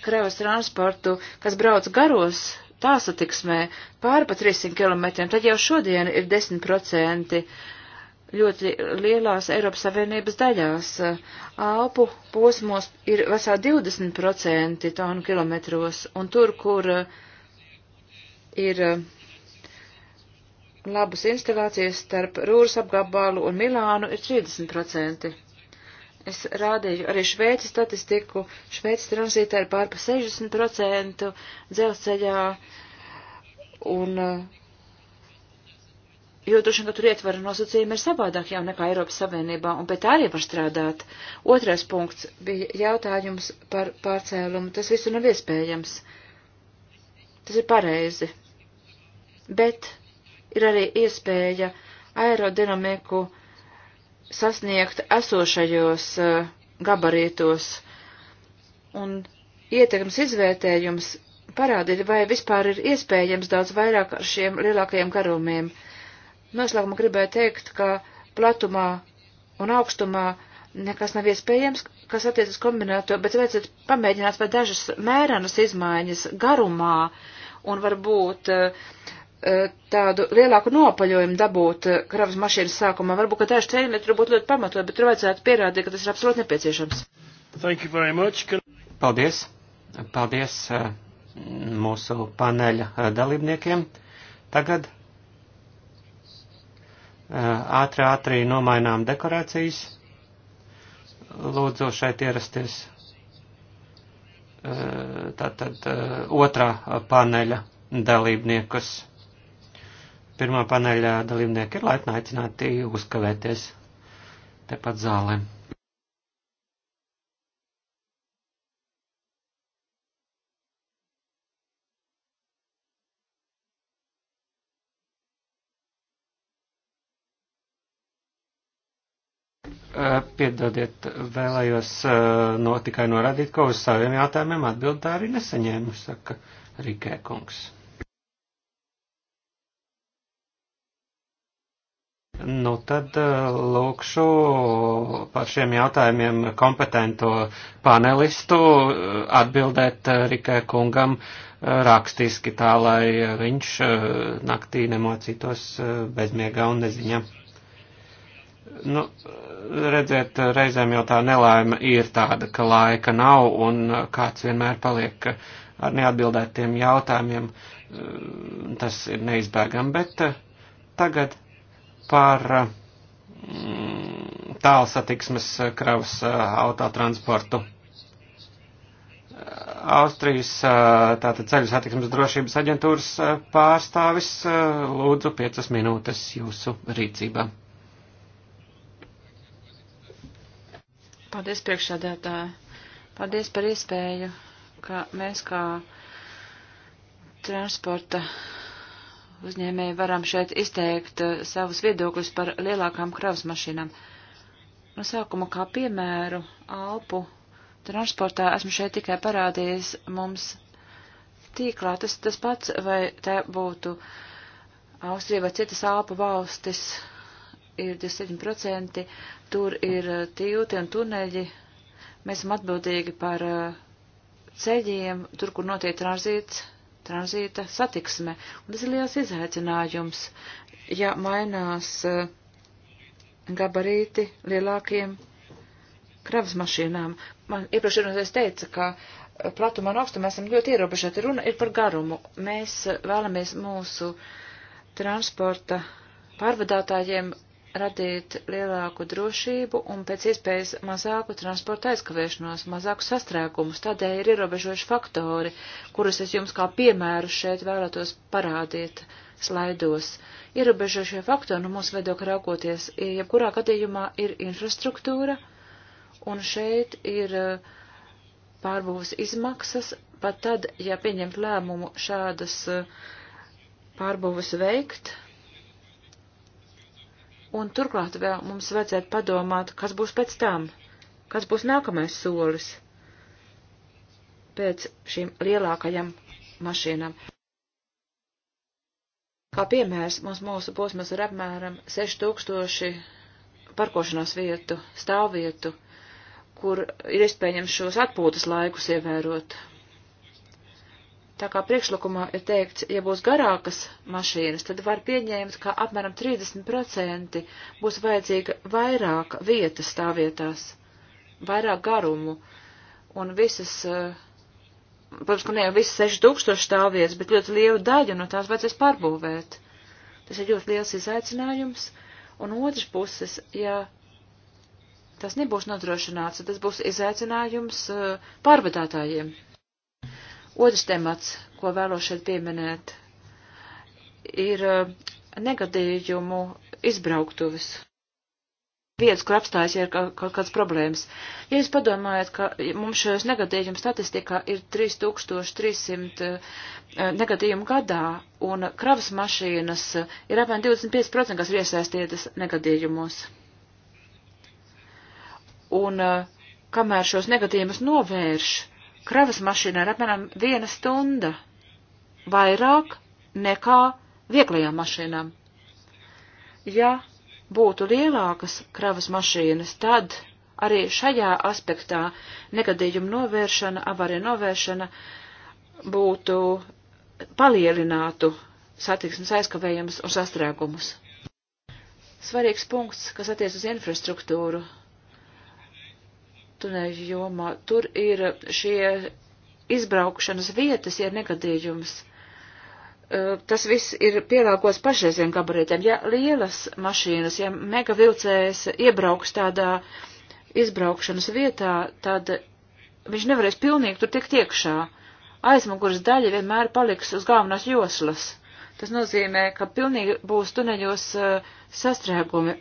Speaker 2: kravas transportu, kas brauc garos tāsatiksmē pāri pa 300 km, tad jau šodien ir 10% ļoti lielās Eiropas Savienības daļās. Alpu posmos ir vesā 20% tonu kilometros, un tur, kur ir labas instalācijas starp Rūras apgabalu un Milānu ir 30%. Es rādīju arī Šveici statistiku. Šveici tranzītā ir pārpa 60% dzelzceļā un eh, jo droši vien, ka tur ietvara nosacījumi ir savādāk jau nekā Eiropas Savienībā, un pie tā arī var strādāt. Otrais punkts bija jautājums par pārcēlumu. Tas visu nav iespējams. Tas ir pareizi. Bet ir arī iespēja aerodinamiku sasniegt esošajos uh, eh, gabarītos, un ietekmes izvērtējums parādīt, vai vispār ir iespējams daudz vairāk ar šiem lielākajiem garumiem. Noslēgumā gribēju teikt, ka platumā un augstumā nekas nav iespējams, kas attiecas kombinēto, bet vajadzētu pamēģināt vai dažas mērenas izmaiņas garumā un varbūt uh, E, tādu lielāku nopaļojumu dabūt e, kravas mašīnas sākumā. Varbūt, ka daži cēni tur būtu ļoti pamatot, bet tur vajadzētu pierādīt, ka tas ir absolūti nepieciešams.
Speaker 3: Thank you very much. Can... Paldies. Paldies e, mūsu paneļa dalībniekiem. Tagad ātri, ātri nomainām dekorācijas. Lūdzu šeit ierasties. Tātad otrā paneļa dalībniekus pirmā paneļa dalībnieki ir laipni aicināti uzkavēties tepat zālē. Eh, piedodiet, vēlējos eh, no, tikai norādīt, ka uz saviem jautājumiem atbildi tā arī nesaņēmu, saka Rikē kungs. Nu, tad eh, lūkšu par šiem jautājumiem kompetento panelistu eh, atbildēt eh, Rikai kungam rakstiski tā, lai viņš naktī nemocītos bezmiegā un neziņā. Nu, redziet, reizēm jau tā nelaime ir tāda, ka laika nav un kāds vienmēr paliek ar neatbildētiem jautājumiem. Tas ir neizbēgam, bet tagad par mm, tālsatiksmes kravas autotransportu. Austrijas tātad ceļu satiksmes drošības aģentūras pārstāvis lūdzu piecas minūtes jūsu rīcībā.
Speaker 2: Paldies priekšsēdētāji. Paldies par iespēju, ka mēs kā transporta uzņēmēji varam šeit izteikt eh, savus viedokļus par lielākām kravas mašīnām. No sākuma kā piemēru Alpu transportā esmu šeit tikai parādījis mums tīklā. Tas tas pats, vai tā būtu Austrija vai citas Alpu valstis, ir 27%, tur ir eh, tilti un tuneļi. Mēs esam atbildīgi par eh, ceļiem, tur, kur notiek tranzīts tranzīta satiksme. Un tas ir liels izaicinājums, ja mainās eh, gabarīti lielākiem kravas mašīnām. Man iepriekšējais teica, ka eh, platumā un augstumā esam ļoti ierobežoti. Runa ir par garumu. Mēs eh, vēlamies mūsu transporta pārvadātājiem radīt lielāku drošību un pēc iespējas mazāku transporta aizkavēšanos, mazāku sastrēgumus. Tādēļ ir ierobežojuši faktori, kurus es jums kā piemēru šeit vēlētos parādīt slaidos. Ierobežojušie faktori no nu mūsu viedokļa raugoties, jebkurā gadījumā ir infrastruktūra, un šeit ir eh, pārbūves izmaksas, pat tad, ja pieņemt lēmumu šādas eh, pārbūves veikt, Un turklāt vēl mums vajadzētu padomāt, kas būs pēc tam, kas būs nākamais solis pēc šīm lielākajām mašīnām. Kā piemērs, mums mūsu posmas ir apmēram 6000 parkošanās vietu, stāvvietu, kur ir iespējams šos atpūtas laikus ievērot. Tā kā priekšlikumā ir teikts, ja būs garākas mašīnas, tad var pieņemt, ka apmēram 30% būs vajadzīga vairāk vietas stāvvietās, vairāk garumu. Un visas, eh, protams, ka ne jau visas 6000 stāvvietas, bet ļoti lielu daļu no tās vajadzēs pārbūvēt. Tas ir ļoti liels izaicinājums. Un otrs puses, ja tas nebūs nodrošināts, tad tas būs izaicinājums eh, pārvadātājiem Otrs temats, ko vēlos šeit pieminēt, ir eh, negadījumu izbrauktuvis. Vietas, kur apstājas, ja ir kaut kāds problēmas. Ja jūs padomājat, ka mums šajos negadījumu statistikā ir 3300 eh, negadījumu gadā, un kravas mašīnas ir apmēram 25%, kas ir iesaistītas negadījumos. Un eh, kamēr šos negadījumus novērš, kravas mašīnā ir apmēram viena stunda vairāk nekā vieglajām mašīnām. Ja būtu lielākas kravas mašīnas, tad arī šajā aspektā negadījumu novēršana, avarija novēršana būtu palielinātu satiksmes aizkavējumus un sastrēgumus. Svarīgs punkts, kas attiec uz infrastruktūru, tunēļu jomā. Tur ir šie izbraukšanas vietas, ja negadījums. Tas viss ir pielāgos pašreiziem gabarītiem. Ja lielas mašīnas, ja mega vilcējs iebrauks tādā izbraukšanas vietā, tad viņš nevarēs pilnīgi tur tikt iekšā. Aizmugures daļa vienmēr paliks uz galvenās joslas. Tas nozīmē, ka pilnīgi būs tuneļos uh, sastrēgumi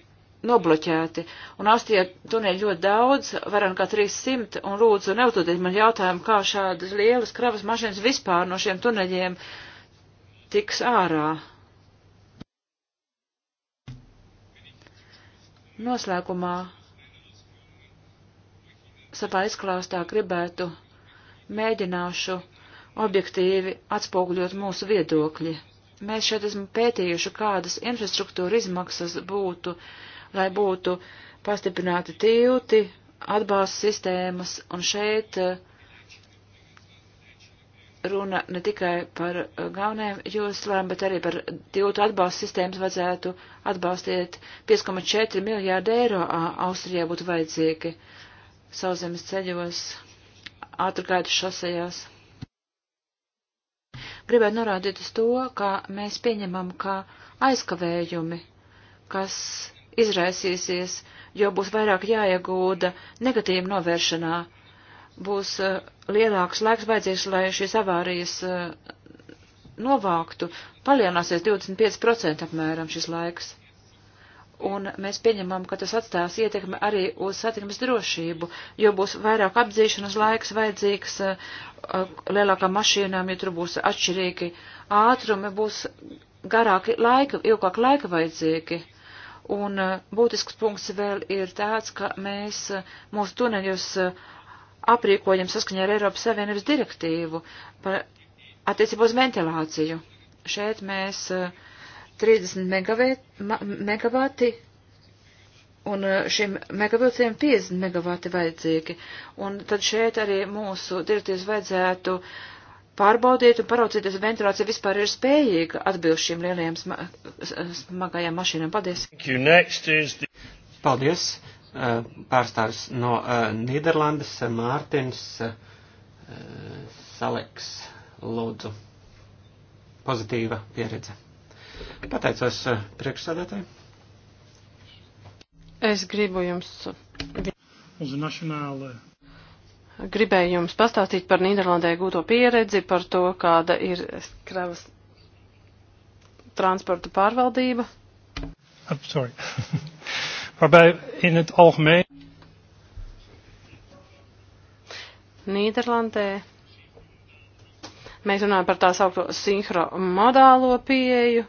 Speaker 2: nobloķēti. Un Austrijā tunieļi ļoti daudz, varam kā 300, un lūdzu neuzdodiet man jautājumu, kā šādas lielas kravas mašīnas vispār no šiem tuneļiem tiks ārā. Noslēgumā savā izklāstā gribētu mēģināšu objektīvi atspoguļot mūsu viedokļi. Mēs šeit esam pētījuši, kādas infrastruktūra izmaksas būtu uh, lai būtu pastiprināti tilti, atbalsts sistēmas, un šeit eh, runa ne tikai par eh, galvenajām joslām, bet arī par tiltu atbalsts sistēmas vajadzētu atbalstiet 5,4 miljārdu eiro Austrijā būtu vajadzīgi sauzemes ceļos, ātrgaitu šosejās gribētu norādīt uz to, ka mēs pieņemam, ka aizkavējumi, kas izraisīsies, jo būs vairāk jāiegūda negatīva novēršanā, būs uh, lielāks laiks vajadzīgs, lai šīs avārijas uh, novāktu, palielināsies 25% apmēram šis laiks. Un mēs pieņemam, ka tas atstās ietekmi arī uz satiksmes drošību, jo būs vairāk apdzīšanas laiks vajadzīgs uh, lielākām mašīnām, jo tur būs atšķirīgi ātrumi, būs garāki laika, ilgāk laika vajadzīgi Un uh, būtisks punkts vēl ir tāds, ka mēs uh, mūsu tuneļus uh, aprīkojam saskaņā ar Eiropas Savienības direktīvu par attiecībā uz ventilāciju. Šeit mēs 30 megavēt, megavati un šiem megavilciem 50 megavati vajadzīgi. Un tad šeit arī mūsu direktīvas vajadzētu uh, pārbaudiet un paraucieties, vai ventilācija vispār ir spējīga atbilst šīm lielajām sma smagajām mašīnām. Paldies!
Speaker 3: The... Paldies! Eh, pārstāvis no eh, Nīderlandes eh, Mārtins Saleks Lūdzu. Pozitīva pieredze. Pateicos priekšsādātājiem.
Speaker 1: Es gribu jums. Uz nacionālu Gribēju jums pastāstīt par Nīderlandē gūto pieredzi, par to, kāda ir kravas transporta pārvaldība. I'm oh, sorry. Waarbij in het algemeen. Nīderlandē mēs runājam par tā saukto sinhromodālo pieeju.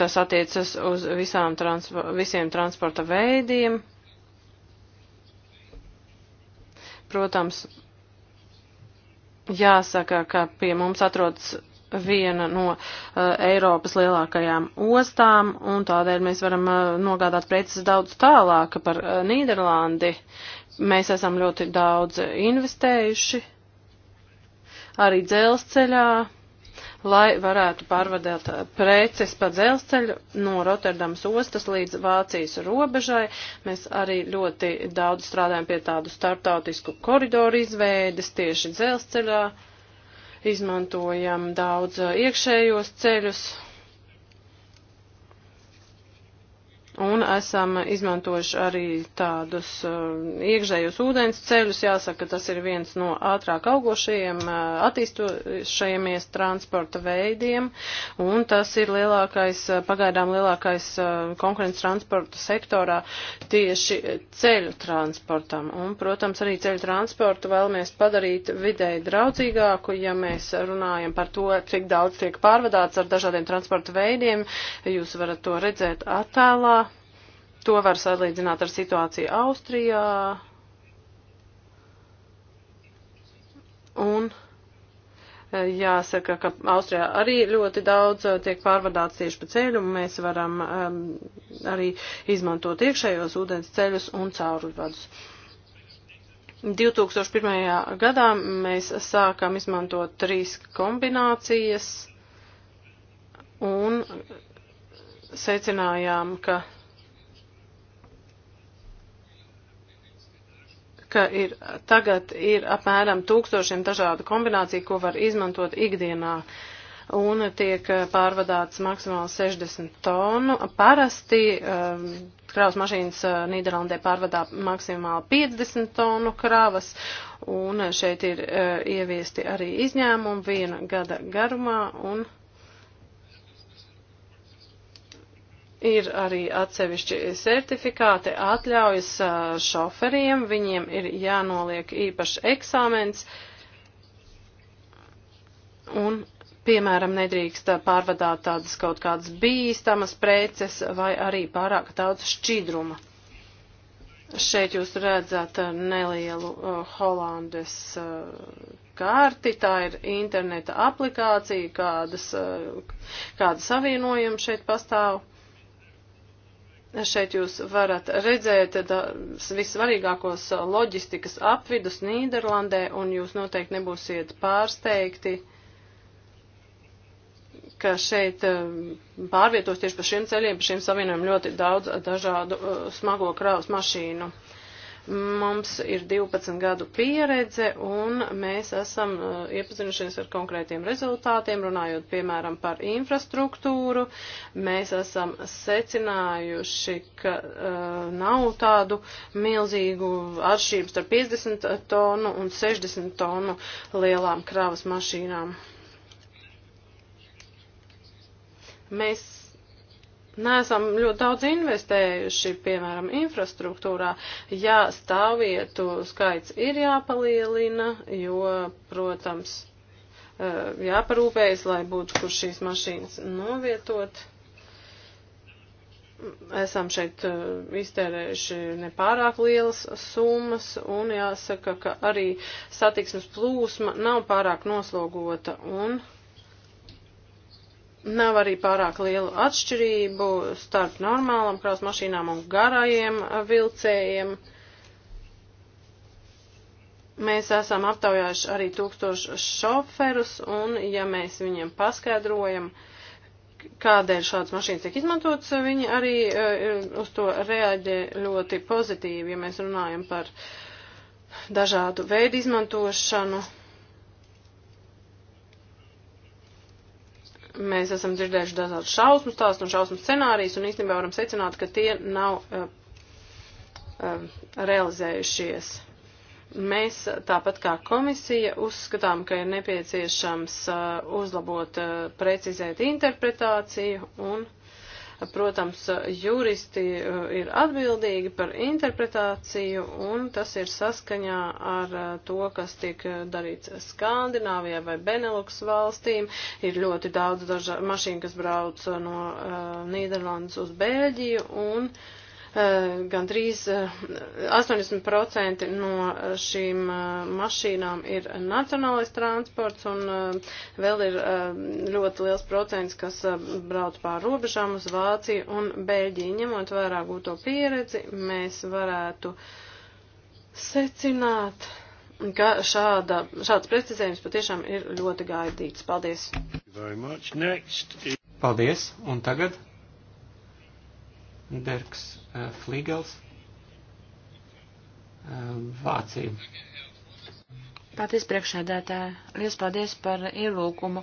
Speaker 1: Tas attiecas uz visām transpo, visiem transporta veidiem. Protams, jāsaka, ka pie mums atrodas viena no uh, Eiropas lielākajām ostām, un tādēļ mēs varam uh, nogādāt preces daudz tālāk par uh, Nīderlandi. Mēs esam ļoti daudz investējuši arī dzelzceļā lai varētu pārvadāt uh, preces pa dzelzceļu no Rotterdams ostas līdz Vācijas robežai. Mēs arī ļoti daudz strādājam pie tādu startautisku koridoru izveides tieši dzelzceļā. Izmantojam daudz uh, iekšējos ceļus, un esam izmantojuši arī tādus eh, iekšējos ūdens ceļus. Jāsaka, tas ir viens no ātrāk augošajiem, eh, attīstošajamies transporta veidiem, un tas ir lielākais, eh, pagaidām lielākais konkurence transporta sektorā tieši ceļu transportam. Un, protams, arī ceļu transportu vēlamies padarīt vidēji draudzīgāku, ja mēs runājam par to, cik daudz tiek pārvadāts ar dažādiem transporta veidiem. Jūs varat to redzēt attēlā To var salīdzināt ar situāciju Austrijā. Un e, jāsaka, ka Austrijā arī ļoti daudz e, tiek pārvadāts tieši pa ceļu, un mēs varam um, arī izmantot iekšējos ūdens ceļus un caurvadus. 2001. gadā mēs sākām izmantot trīs kombinācijas un secinājām, ka ka ir, tagad ir apmēram tūkstošiem dažādu kombināciju, ko var izmantot ikdienā. Un tiek eh, pārvadāts maksimāli 60 tonu. Parasti um, kravas mašīnas eh, Nīderlandē pārvadā maksimāli 50 tonu kravas, un šeit ir uh, ieviesti arī izņēmumi viena gada garumā. Un, uh, Ir arī atsevišķi certifikāti atļaujas šoferiem, viņiem ir jānoliek īpašs eksāmens un, piemēram, nedrīkst pārvadāt tādas kaut kādas bīstamas preces vai arī pārāk daudz šķidruma. Šeit jūs redzat nelielu uh, Holandes uh, karti, tā ir interneta aplikācija, kādas, kāda savienojuma šeit pastāv. Šeit jūs varat redzēt da, vissvarīgākos loģistikas apvidus Nīderlandē, un jūs noteikti nebūsiet pārsteigti, ka šeit um, pārvietos tieši pa šiem ceļiem, pa šiem savienojumiem ļoti daudz dažādu uh, smago kravas mašīnu. Mums ir 12 gadu pieredze un mēs esam uh, iepazinušies ar konkrētiem rezultātiem, runājot piemēram par infrastruktūru. Mēs esam secinājuši, ka uh, nav tādu milzīgu atšķirību starp 50 tonu un 60 tonu lielām kravas mašīnām. Mēs Nesam ļoti daudz investējuši, piemēram, infrastruktūrā. Jā, stāvvietu skaits ir jāpalielina, jo, protams, e, jāparūpējas, lai būtu, kur šīs mašīnas novietot esam šeit e, iztērējuši nepārāk lielas summas, un jāsaka, ka arī satiksmes plūsma nav pārāk noslogota, un Nav arī pārāk lielu atšķirību starp normālam kraus mašīnām un garajiem vilcējiem. Mēs esam aptaujājuši arī tūkstošu šoferus, un ja mēs viņiem paskaidrojam, kādēļ šādas mašīnas tiek izmantotas, viņi arī uh, uz to reaģē ļoti pozitīvi, ja mēs runājam par dažādu veidu izmantošanu Mēs esam dzirdējuši dažādas šausmu stāstus un šausmu scenārijas, un īstenībā varam secināt, ka tie nav uh, uh, realizējušies. Mēs, tāpat kā komisija, uzskatām, ka ir nepieciešams uh, uzlabot, uh, precizēt interpretāciju un uh, Protams, juristi eh, ir atbildīgi par interpretāciju, un tas ir saskaņā ar eh, to, kas tiek eh, darīts Skandināvijā vai Beneluks valstīm. Ir ļoti daudz daža, mašīnu, kas brauc no uh, Nīderlandes uz Bēļģiju, un uh, Eh, gandrīz 80% eh, no šīm eh, mašīnām ir nacionālais transports un vēl ir ļoti liels procents, kas brauc pār robežām uz Vāciju un Bēļģiju. Ņemot vērā gūto pieredzi, mēs varētu secināt, ka šāda, šāds precizējums patiešām ir ļoti gaidīts. Paldies!
Speaker 3: Paldies! Un tagad Dirks eh, Flīgels, eh, Vācija.
Speaker 2: Paldies priekšādātāji. Liels paldies par ielūkumu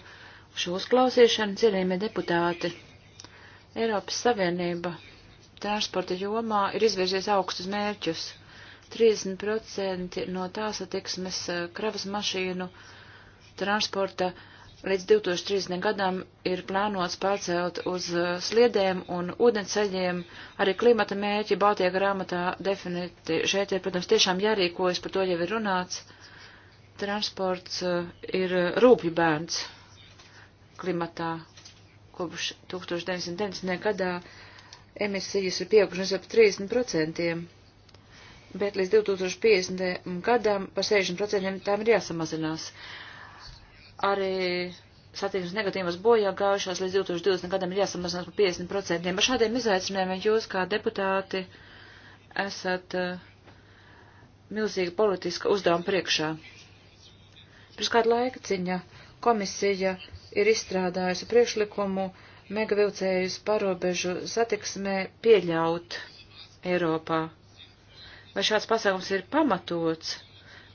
Speaker 2: šo uzklausīšanu, cienījamie deputāti. Eiropas Savienība transporta jomā ir izvirzies augstus mērķus. 30% no tā satiksmes eh, kravas mašīnu transporta uh, līdz 2030. gadam ir plānots pārcelt uz uh, sliedēm un ūdenceļiem. Arī klimata mērķi Baltijā grāmatā definēti. Šeit ir, protams, tiešām jārīkojas, par to jau ir runāts. Transports uh, ir rūpju bērns klimatā. Kopš 1990. gadā emisijas ir pieaugušas ap 30%, bet līdz 2050. gadam par 60% tām ir jāsamazinās. Uh, arī satiksmes negadījumos bojā gājušās līdz 2020 gadam ir jāsamazinās par 50%. Ar šādiem izaicinājumiem jūs kā deputāti esat uh, milzīga politiska uzdevuma priekšā. Pirms kādu laiku ciņa komisija ir izstrādājusi priekšlikumu megavilcējus parobežu satiksmē pieļaut Eiropā. Vai šāds pasākums ir pamatots,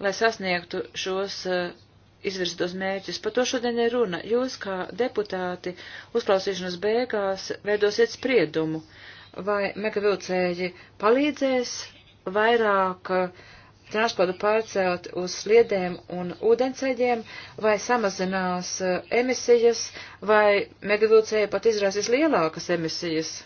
Speaker 2: lai sasniegtu šos uh, izvirzītos mērķus. Par to šodien ir runa. Jūs, kā deputāti, uzklausīšanas beigās veidosiet spriedumu, vai megavilcēji palīdzēs vairāk eh, transportu pārcelt uz sliedēm un ūdenceļiem, vai samazinās eh, emisijas, vai megavilcēji pat izrāsīs lielākas emisijas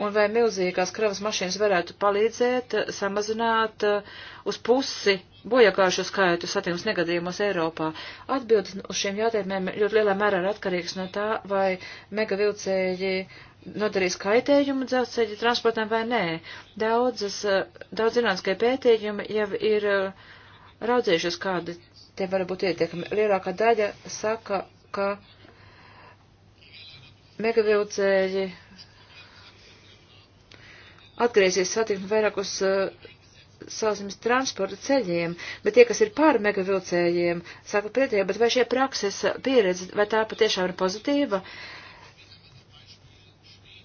Speaker 2: un vai milzīgās kravas mašīnas varētu palīdzēt eh, samazināt eh, uz pusi bojakāšu skaitu satiksmes negadījumos Eiropā. Atbildes uz šiem jautājumiem ļoti lielā mērā ir atkarīgs no tā, vai megavilcēji nodarīs kaitējumu dzelzceļa transportam vai nē. Daudzas, eh, daudz zinātniskie pētījumi jau ir raudzējušies, kādi tie var būt ietekmi. Lielākā daļa saka, ka megavilcēji atgriezies satiksmi vairāk uz uh, eh, sauszemes transporta ceļiem, bet tie, kas ir pār megavilcējiem, saka pretēji, bet vai šie prakses pieredze, vai tā patiešām ir pozitīva?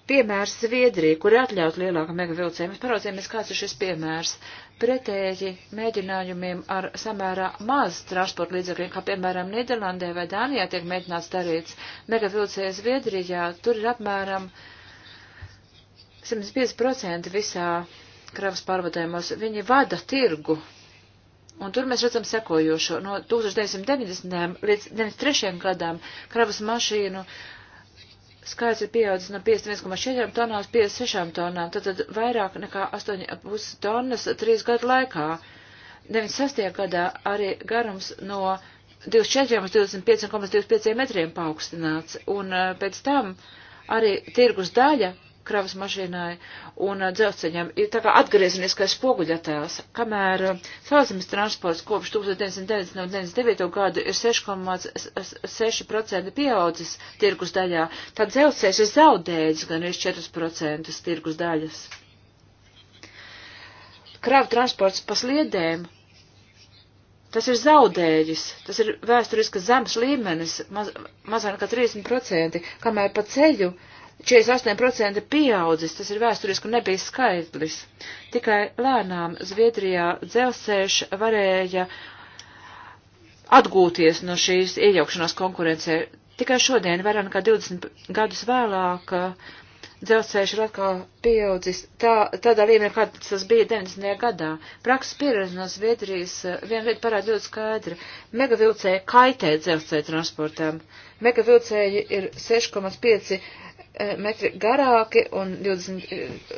Speaker 2: Piemērs Zviedrija, kur ir atļaut lielāka megavilcēja. Mēs paraudzījāmies, kāds ir šis piemērs. Pretēji mēģinājumiem ar samērā maz transporta līdzekļiem, kā piemēram Nīderlandē vai Dānijā tiek mēģināts darīts, megavilcēja Zviedrijā, tur ir apmēram uh, 75% visā kravas pārvadājumos, viņi vada tirgu. Un tur mēs redzam sekojošo. No 1990. līdz 93. gadam kravas mašīnu skaits ir pieaudzis no 51,4 tonām uz 56 tonām, tātad vairāk nekā 8,5 tonnas trīs gadu laikā. 96. gadā arī garums no 24 līdz 25,25 metriem paaugstināts, un eh, pēc tam arī tirgus daļa kravas mašīnai un dzelzceļam ir tā kā atgriezeniskais spoguļatēls, kamēr sauszemes transports kopš 1999. gada ir 6,6% pieaudzis tirgus daļā, tad dzelzceļš ir zaudējis gan ir 4% tirgus daļas. Kravu transports pa sliedēm. Tas ir zaudējis, tas ir vēsturiski zems līmenis, maz, mazāk nekā 30%, kamēr pa ceļu uh, 48% pieaudzis, tas ir vēsturiski nebija skaidrs. Tikai lēnām Zviedrijā dzelzceļš varēja atgūties no šīs iejaukšanās konkurencē. Tikai šodien, vairāk nekā 20 gadus vēlāk, dzelzceļš ir atkal pieaudzis tā, tādā līmenī, kā tas bija 90. gadā. Prakses pieredze no Zviedrijas eh, viena lieta parāda ļoti skaidri. Megavilcēji kaitē dzelzceļa transportam. Megavilcēji ir 6,5 Eh, metri garāki un 20 eh,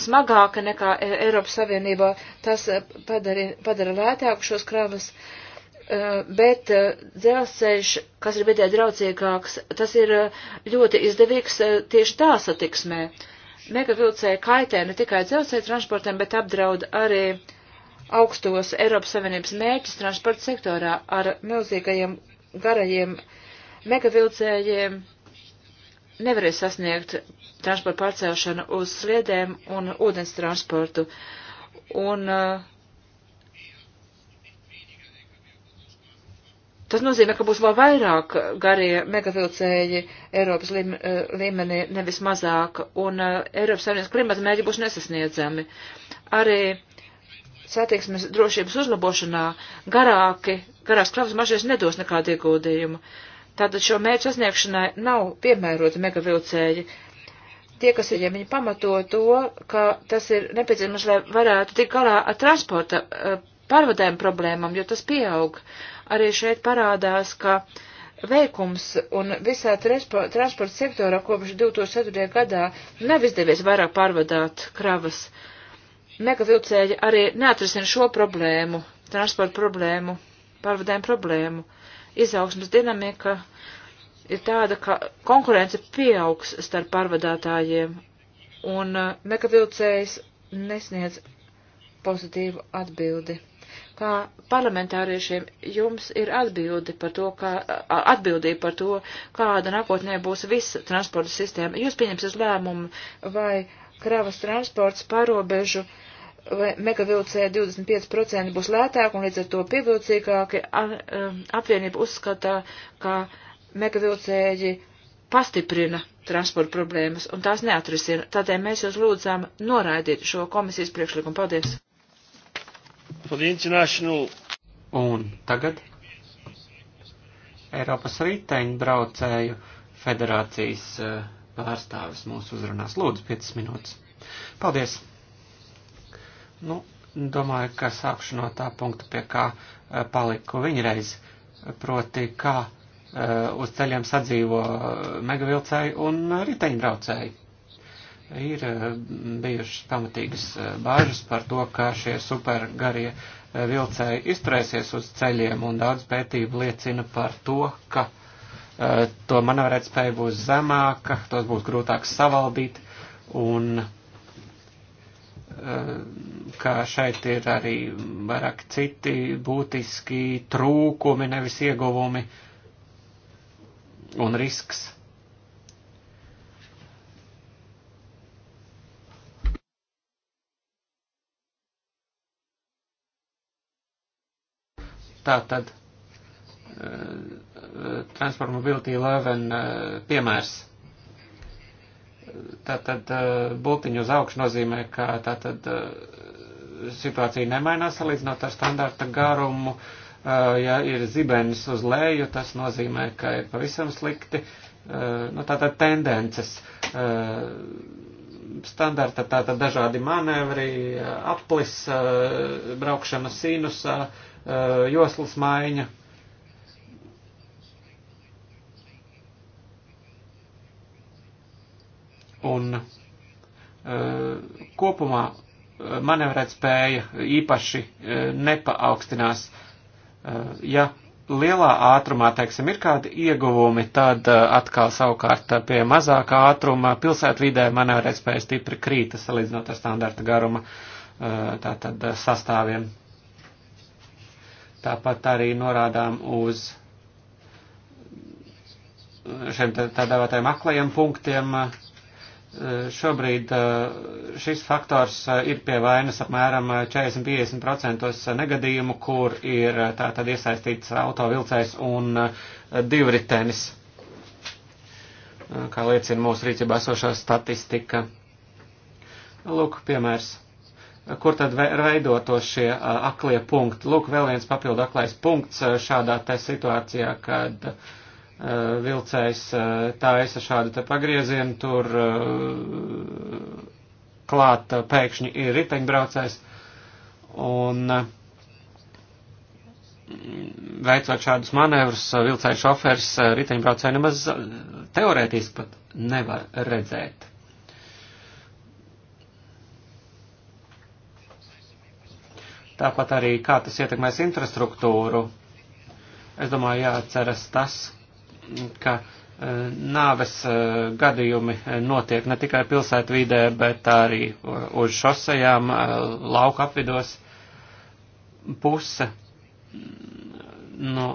Speaker 2: smagāka nekā e- Eiropas Savienībā. Tas eh, padara, padara lētāku šos kravas, bet dzelzceļš, kas ir vidē draudzīgāks, tas ir ļoti izdevīgs tieši tā satiksmē. Megavilcēji kaitē ne tikai dzelzceļa transportam, bet apdraud arī augstos Eiropas Savienības mērķus transporta sektorā ar milzīgajiem garajiem uh, Megavilcējiem nevarēs sasniegt transporta pārcelšanu uz sliedēm un ūdens transportu. Un, eh, Tas nozīmē, ka būs vēl vairāk garie megavilcēji Eiropas lim, eh, līmenī, nevis mazāk, un eh, Eiropas Savienības klimata mērķi būs nesasniedzami. Arī satiksmes drošības uzlabošanā garāki, garās kravas mašīnas nedos nekādu ieguldījumu. Uh, Tātad šo mērķu sasniegšanai nav piemērota megavilcēji. Tie, kas viņiem viņi pamato to, ka tas ir nepieciešams, lai varētu tikt galā ar transporta eh, pārvadēm problēmām, jo tas pieaug. Arī šeit parādās, ka veikums un visā transporta sektorā kopš 2004. gadā nav izdevies vairāk pārvadāt kravas. Megavilcēji arī neatrisina šo problēmu, transporta problēmu, pārvadēm problēmu izaugsmas dinamika ir tāda, ka konkurence pieaugs starp pārvadātājiem un mekavilcējs eh, nesniedz pozitīvu atbildi. Kā parlamentāriešiem jums ir atbildi par to, kā, atbildība par to, kāda nākotnē būs visa transporta sistēma. Jūs pieņemsiet lēmumu, vai kravas transports pārobežu uh, megavilcēji 25% būs lētāk un līdz ar to pievilcīgāki. Um, apvienība uzskata, ka megavilcēji pastiprina transporta problēmas un tās neatrisina. Tādēļ mēs jūs lūdzām noraidīt šo komisijas priekšlikumu. Paldies!
Speaker 3: International... Un tagad Eiropas riteņbraucēju federācijas eh, pārstāvis mūsu uzrunās. Lūdzu, 5 minūtes. Paldies! Nu, domāju, ka sākšu no tā punkta, pie kā eh, paliku viņa reizi, proti, kā eh, uz ceļiem sadzīvo eh, megavilcēji un riteņbraucēji. Ir bijušas pamatīgas bāžas par to, kā šie super garie vilcēji izturēsies uz ceļiem, un daudz pētību liecina par to, ka to manevrēt spēja būs zemāka, tos būs grūtāk savaldīt, un ka šeit ir arī vairāk citi būtiski trūkumi, nevis ieguvumi un risks. Tātad eh, Transport Mobility 11 eh, piemērs. Tātad eh, bultiņu uz augšu nozīmē, ka tātad situācija nemainās salīdzinot ar standarta garumu. Uh, ja ir zibenis uz leju, tas nozīmē, ka ir pavisam slikti. Uh, nu, tātad tendences uh, standarta tātad dažādi manevri, aplis, braukšana sinusā, joslas maiņa. Un kopumā manevrēt spēja īpaši e, nepaaugstinās. E, ja lielā ātrumā, teiksim, ir kādi ieguvumi, tad e, atkal savukārt pie mazākā ātruma pilsētvidē manevrēt spēja stipri krītas, salīdzinot ar standarta garuma tātad sastāviem. Tāpat arī norādām uz šiem tādāvātajiem aklajiem punktiem, uh, Eh, šobrīd eh, šis faktors eh, ir pie vainas apmēram 40-50% negadījumu, kur ir tātad iesaistīts autovilcējs un divritenis, kā liecina mūsu rīcībā esošā statistika. Lūk, piemērs. Kur tad veidoto šie aklie punkti? Lūk, vēl viens papildu aklais punkts šādā te situācijā, kad uh, Eh, vilcējs eh, taisa šādu te pagriezienu, tur eh, klāt pēkšņi ir riteņbraucējs. Un veicot šādus manevrus, vilcēja šofers riteņbraucēju nemaz teorētiski pat nevar redzēt. Tāpat arī, kā tas ietekmēs infrastruktūru, es domāju, jāatceras tas, ka e, nāves e, gadījumi e, notiek ne tikai pilsētvidē, bet arī uz šosejām, lauka apvidos. Puse no nu,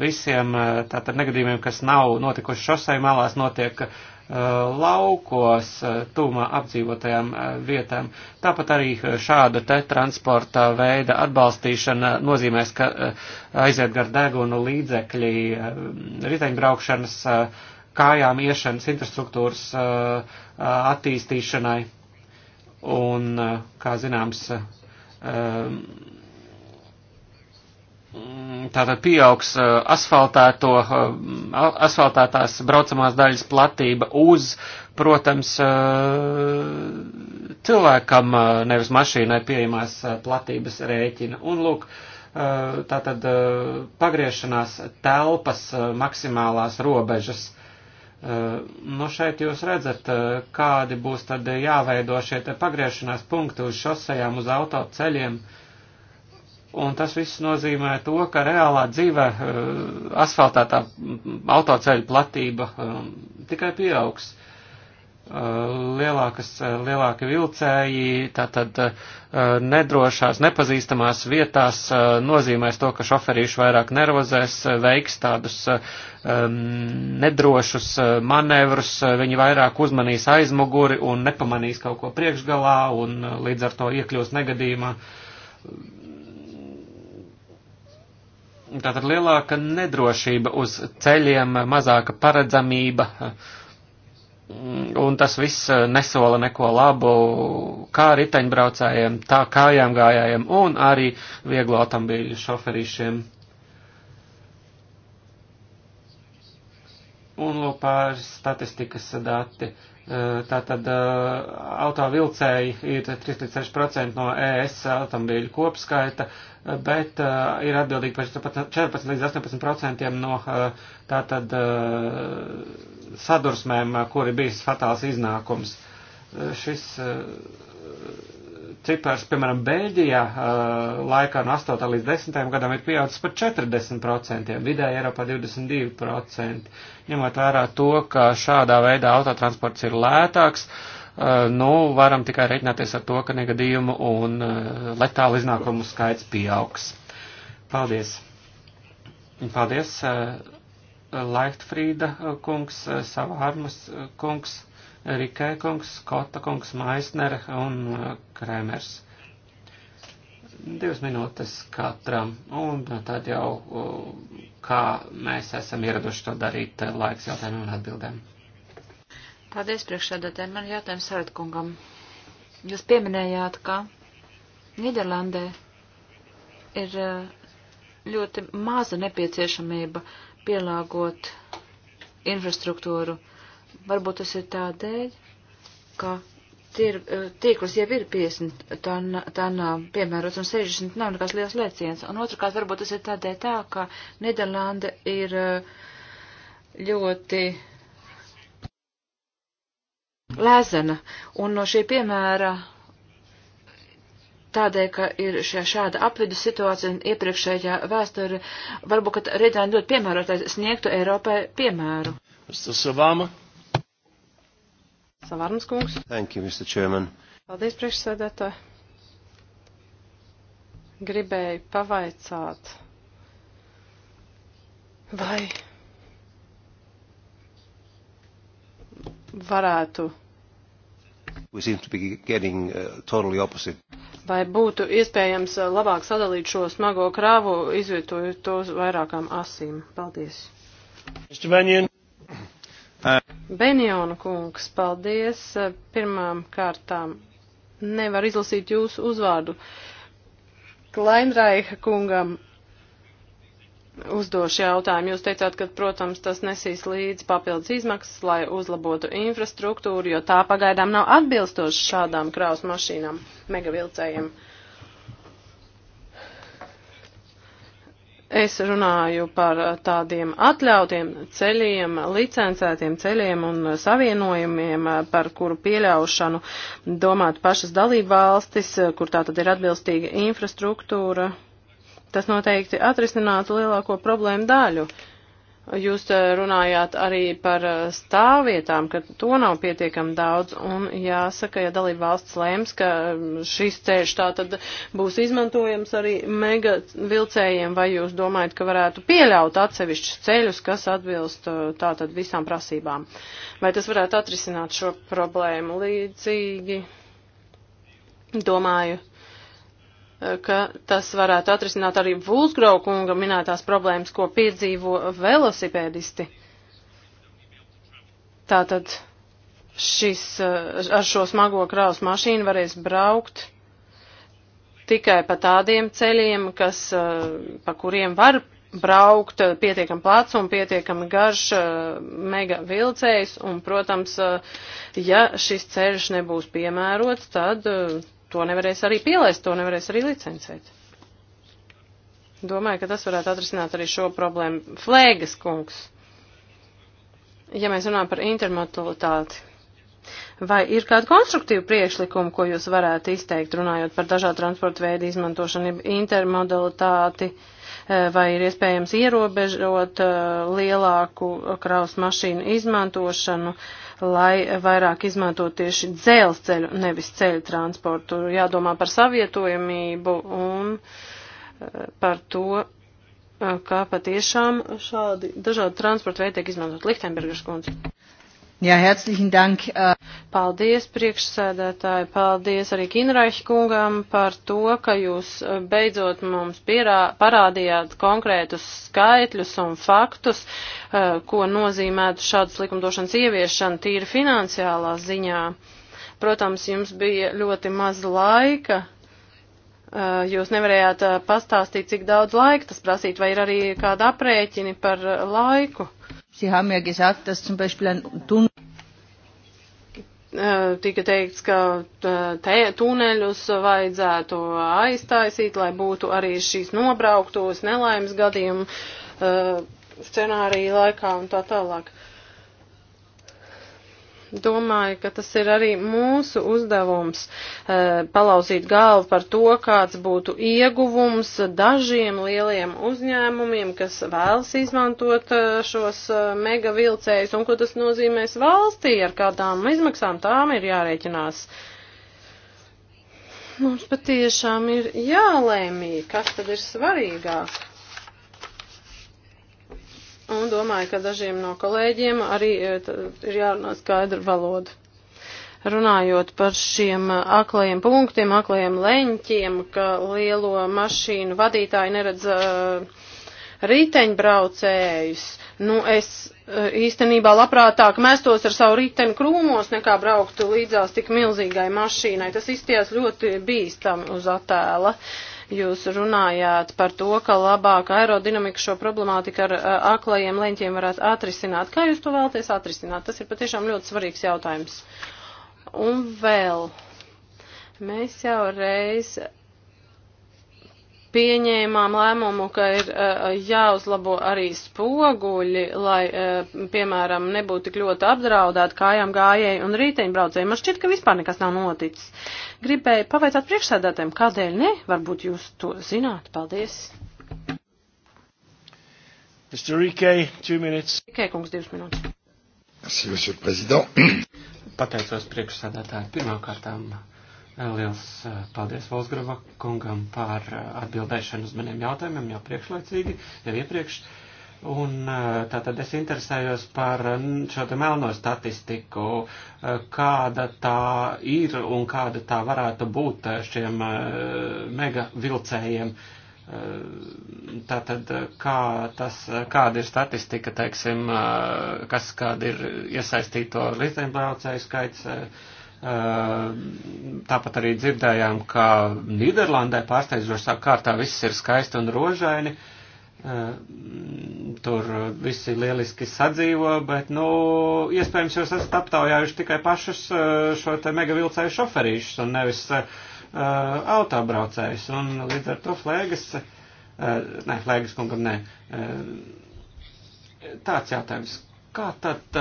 Speaker 3: visiem tātad negadījumiem, kas nav notikuši šosei malās, notiek uh, Uh, laukos, uh, tūmā apdzīvotajām uh, vietām. Tāpat arī šāda te transporta veida atbalstīšana nozīmēs, ka aiziet gar degunu līdzekļi riteņbraukšanas, kājām iešanas infrastruktūras attīstīšanai. Un, kā zināms, um, Mm, tātad pieaugs uh, asfaltēto, uh, asfaltētās braucamās daļas platība uz, protams, uh, cilvēkam nevis mašīnai pieejamās platības rēķina. Un lūk, tātad pagriešanās telpas maksimālās robežas. Nu šeit jūs redzat, kādi būs tad jāveido šie te pagriešanās punkti uz šosejām, uz autoceļiem. ceļiem Un tas viss nozīmē to, ka reālā dzīvē eh, asfaltētā autoceļa platība eh, tikai pieaugs. Eh, lielākas, lielāki vilcēji, tātad nedrošās, nepazīstamās vietās nozīmēs to, ka šoferīši vairāk nervozēs, veiks tādus nedrošus manevrus, viņi vairāk uzmanīs aizmuguri un nepamanīs kaut ko priekšgalā un līdz ar to iekļūs negadījumā Tātad lielāka nedrošība uz ceļiem, mazāka paredzamība, un tas viss nesola neko labu kā riteņbraucējiem, tā kājām gājējiem un arī vieglo automobīļu šoferīšiem. Un lūk pāris statistikas dati. Uh, Tātad autovilcēji ir 3 līdz 6% no ES automobīļu kopskaita, bet ir atbildīgi par 14 līdz 18% no tātad sadursmēm, kuri bijis fatāls iznākums. Šis cipars, piemēram, Bēļģijā laikā no 8. līdz 10. gadam ir pieaudzis par 40%, vidēji Eiropā 22%, ņemot vērā to, ka šādā veidā autotransports ir lētāks. Nu, varam tikai reiķināties ar to, ka negadījumu un letālu iznākumu skaits pieaugs. Paldies! Paldies, Laichtfrīda kungs, Savārmas kungs. Rikē kungs, Skota kungs, Maisner un uh, Krēmers. Divas minūtes katram, un tad jau uh, kā mēs esam ieraduši to darīt uh, laiks jautājumiem un atbildēm.
Speaker 2: Paldies priekšsēdētājiem. Man jautājums Saratkungam. Jūs pieminējāt, ka Nīderlandē ir ļoti maza nepieciešamība pielāgot infrastruktūru uh, Varbūt tas ir tādēļ, ka tir, eh, tīklus jau ir 50 tonnā, ton, piemērots, un 60 nav nekas liels lēciens. Un otrkārt, varbūt tas ir tādēļ tā, ka Nederlanda ir eh, ļoti lēzana, un no šī piemēra tādēļ, ka ir šā, šāda apvidu situācija un iepriekšējā vēsture, varbūt, ka Rītāni ļoti piemērotais
Speaker 1: sniegtu Eiropai piemēru. Mr. Savama. Savārnas kungs. Thank you, Mr. Chairman. Paldies, priekšsēdētāji. Gribēju pavaicāt, vai varētu
Speaker 3: Getting, uh, totally
Speaker 1: Vai būtu iespējams uh, labāk sadalīt šo smago krāvu, izvietojot tos vairākām asīm? Paldies. Benjona kungs, paldies. Pirmām kārtām nevar izlasīt jūsu uzvārdu. Kleinraiha kungam uzdošu jautājumu. Jūs teicāt, ka, protams, tas nesīs līdzi papildus izmaksas, lai uzlabotu infrastruktūru, jo tā pagaidām nav atbilstoša šādām kraus mašīnām, megavilcējiem. Uh, Es runāju par tādiem atļautiem ceļiem, licencētiem ceļiem un savienojumiem, par kuru pieļaušanu domāt pašas dalību valstis, kur tā tad ir atbilstīga infrastruktūra. Tas noteikti atrisinātu lielāko problēmu daļu. Uh, Jūs eh, runājāt arī par eh, stāvvietām, ka to nav pietiekami daudz, un jāsaka, ja dalība valsts lēms, ka mm, šis ceļš tā tad būs izmantojams arī mega vilcējiem, vai jūs domājat, ka varētu pieļaut atsevišķus ceļus, kas atbilst eh, tā tad visām prasībām? Vai tas varētu atrisināt šo problēmu līdzīgi? Domāju ka tas varētu atrisināt arī Vulsgrau kunga minētās problēmas, ko piedzīvo velosipēdisti. Tātad šis, eh, ar šo smago kraus mašīnu varēs braukt tikai pa tādiem ceļiem, kas, eh, pa kuriem var braukt eh, pietiekami plats un pietiekami garš mega vilcējs, un, protams, ja šis ceļš nebūs piemērots, tad to nevarēs arī pielaist, to nevarēs arī licencēt. Domāju, ka tas varētu atrisināt arī šo problēmu. Flēgas kungs, ja mēs runājam par intermodalitāti, vai ir kādi konstruktīvi priekšlikumi, ko jūs varētu izteikt, runājot par dažādu transporta veidu izmantošanu, intermodalitāti, eh, vai ir iespējams ierobežot eh, lielāku kraus mašīnu izmantošanu? Uh, lai vairāk izmantot tieši dzelzceļu, nevis ceļu transportu. Jādomā par savietojamību un eh, par to, eh, kā patiešām šādi dažādi transporta veidi tiek izmantot. Lichtenbergers kundze.
Speaker 2: Jā, herzlichen dank. Äh,
Speaker 1: paldies, priekšsēdētāji, paldies arī Kinraiša kungam par to, ka jūs äh, beidzot mums pierā, parādījāt konkrētus skaitļus un faktus, äh, ko nozīmētu šādas likumdošanas ieviešana tīri finansiālā ziņā. Protams, jums bija ļoti maz laika, Eh, jūs nevarējāt eh, pastāstīt, cik daudz laika tas prasīt, vai ir arī kāda aprēķini par eh, laiku? Tika teikts, ka te, tuneļus vajadzētu aiztaisīt, lai būtu arī šīs nobrauktos nelaimes gadījumu scenāriju laikā un tā tālāk. Uh, domāju, ka tas ir arī mūsu uzdevums e, palauzīt galvu par to, kāds būtu ieguvums dažiem lieliem uzņēmumiem, kas vēlas izmantot eh, šos eh, mega vilcējus un ko tas nozīmēs valstī, ar kādām izmaksām tām ir jārēķinās. Mums patiešām ir jālēmī, kas tad ir svarīgāk un domāju, ka dažiem no kolēģiem arī e, ir jārunā skaidra valoda. Runājot par šiem e, aklajiem punktiem, aklajiem leņķiem, ka lielo mašīnu vadītāji neredz uh, riteņbraucējus, nu es uh, īstenībā labprātāk mestos ar savu riteni krūmos, nekā brauktu līdzās tik milzīgai mašīnai. Tas izties ļoti bīstami uz attēla. Uh, Jūs runājāt par to, ka labāk aerodinamika šo problemātiku ar uh, aklajiem leņķiem varētu atrisināt. Kā jūs to vēlaties atrisināt? Tas ir patiešām ļoti svarīgs jautājums. Un vēl. Mēs jau reiz pieņēmām lēmumu, ka ir eh, jāuzlabo arī spoguļi, lai, eh, piemēram, nebūtu tik ļoti apdraudēti kājām gājēji un riteņbraucēji. Man šķiet, ka vispār nekas nav noticis. Gribēju pavaicāt priekšsēdētājiem, kādēļ ne? Varbūt jūs to zināt. Paldies.
Speaker 3: Mr. Rike, two minutes.
Speaker 1: Rike, kungs, divas minūtes.
Speaker 3: Merci, monsieur le président. Pateicos priekšsēdētāji pirmkārtām Eh, liels eh, paldies Volsgrava kungam par eh, atbildēšanu uz maniem jautājumiem jau priekšlaicīgi, jau iepriekš. Un tātad es interesējos par šo te melno statistiku, kāda tā ir un kāda tā varētu būt šiem mega vilcējiem. Tātad, kā tas, kāda ir statistika, teiksim, kas, kāda ir iesaistīto līdzēmbraucēju skaits, Ehm, tāpat arī dzirdējām, ka Nīderlandē pārsteidzošā kārtā viss ir skaisti un rožaini. Ehm, tur visi lieliski sadzīvo, bet, nu, iespējams, jūs esat aptaujājuši tikai pašus ehm, šo te megavilcēju šoferīšus un nevis uh, autobraucējus. Un līdz ar to flēgas, uh, nē, flēgas kungam, nē. Uh, tāds jautājums. Kā tad,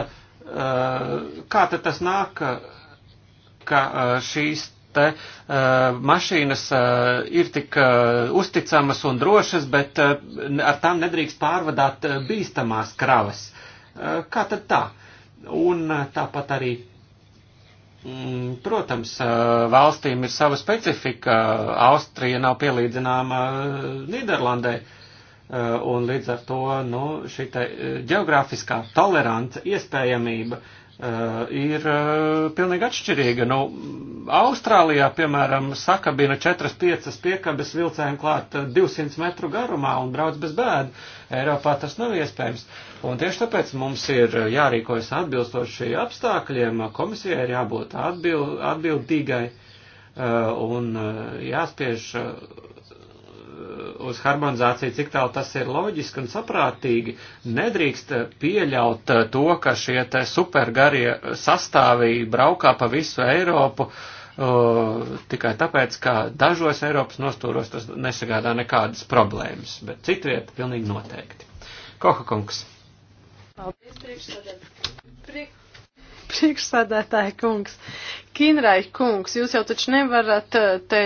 Speaker 3: kā tad tas nāk? ka e, šīs te e, mašīnas e, ir tik uzticamas un drošas, bet ar tām nedrīkst pārvadāt bīstamās kravas. Kā tad tā? Un tāpat arī, mm, protams, valstīm ir sava specifika. Austrija nav pielīdzināma Nīderlandē. Un līdz ar to nu, šī geogrāfiskā toleranta, iespējamība uh, Eh, ir eh, pilnīgi atšķirīga. Nu, Austrālijā, piemēram, sakabina 4-5 piekabes vilcēm klāt 200 eh, metru garumā un brauc bez bēda. Eiropā tas nav iespējams. Un tieši tāpēc mums ir jārīkojas atbilstoši apstākļiem, komisijai ir jābūt atbild, atbildīgai un jāspiež uz harmonizāciju, cik tālu tas ir loģiski un saprātīgi, nedrīkst pieļaut eh, to, ka šie te supergarie sastāvī braukā pa visu Eiropu uh, tikai tāpēc, ka dažos Eiropas nostūros tas nesagādā nekādas problēmas, bet citviet pilnīgi noteikti. Koha kungs.
Speaker 1: Paldies, priekšsēdētāji priekšsādātāja kungs. Kinrai kungs, jūs jau taču nevarat eh, te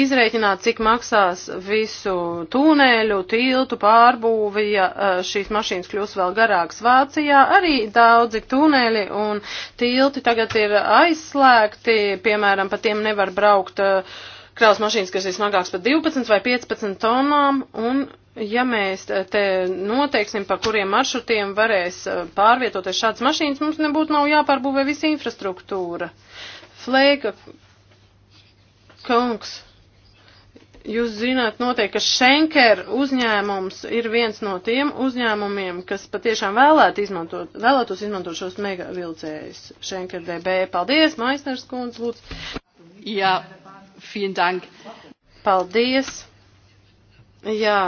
Speaker 1: izreikināt, cik maksās visu tūnēļu, tiltu pārbūvi, ja eh, šīs mašīnas kļūs vēl garākas Vācijā. Arī daudzi tūnēļi un tilti tagad ir aizslēgti, piemēram, pa tiem nevar braukt. Uh, eh, kravas mašīnas, kas ir smagāks par 12 vai 15 tonām, un Ja mēs te noteiksim, pa kuriem maršrutiem varēs eh, pārvietoties šāds mašīnas, mums nebūtu nav jāpārbūvē visa infrastruktūra. Flēga kungs, jūs zināt noteikti, ka Schenker uzņēmums ir viens no tiem uzņēmumiem, kas patiešām vēlētu izmantot, vēlētos izmantot šos mega vilcējus. Schenker DB, paldies, Maisners kundz, lūdzu. Jā, vielen dank. Paldies. Jā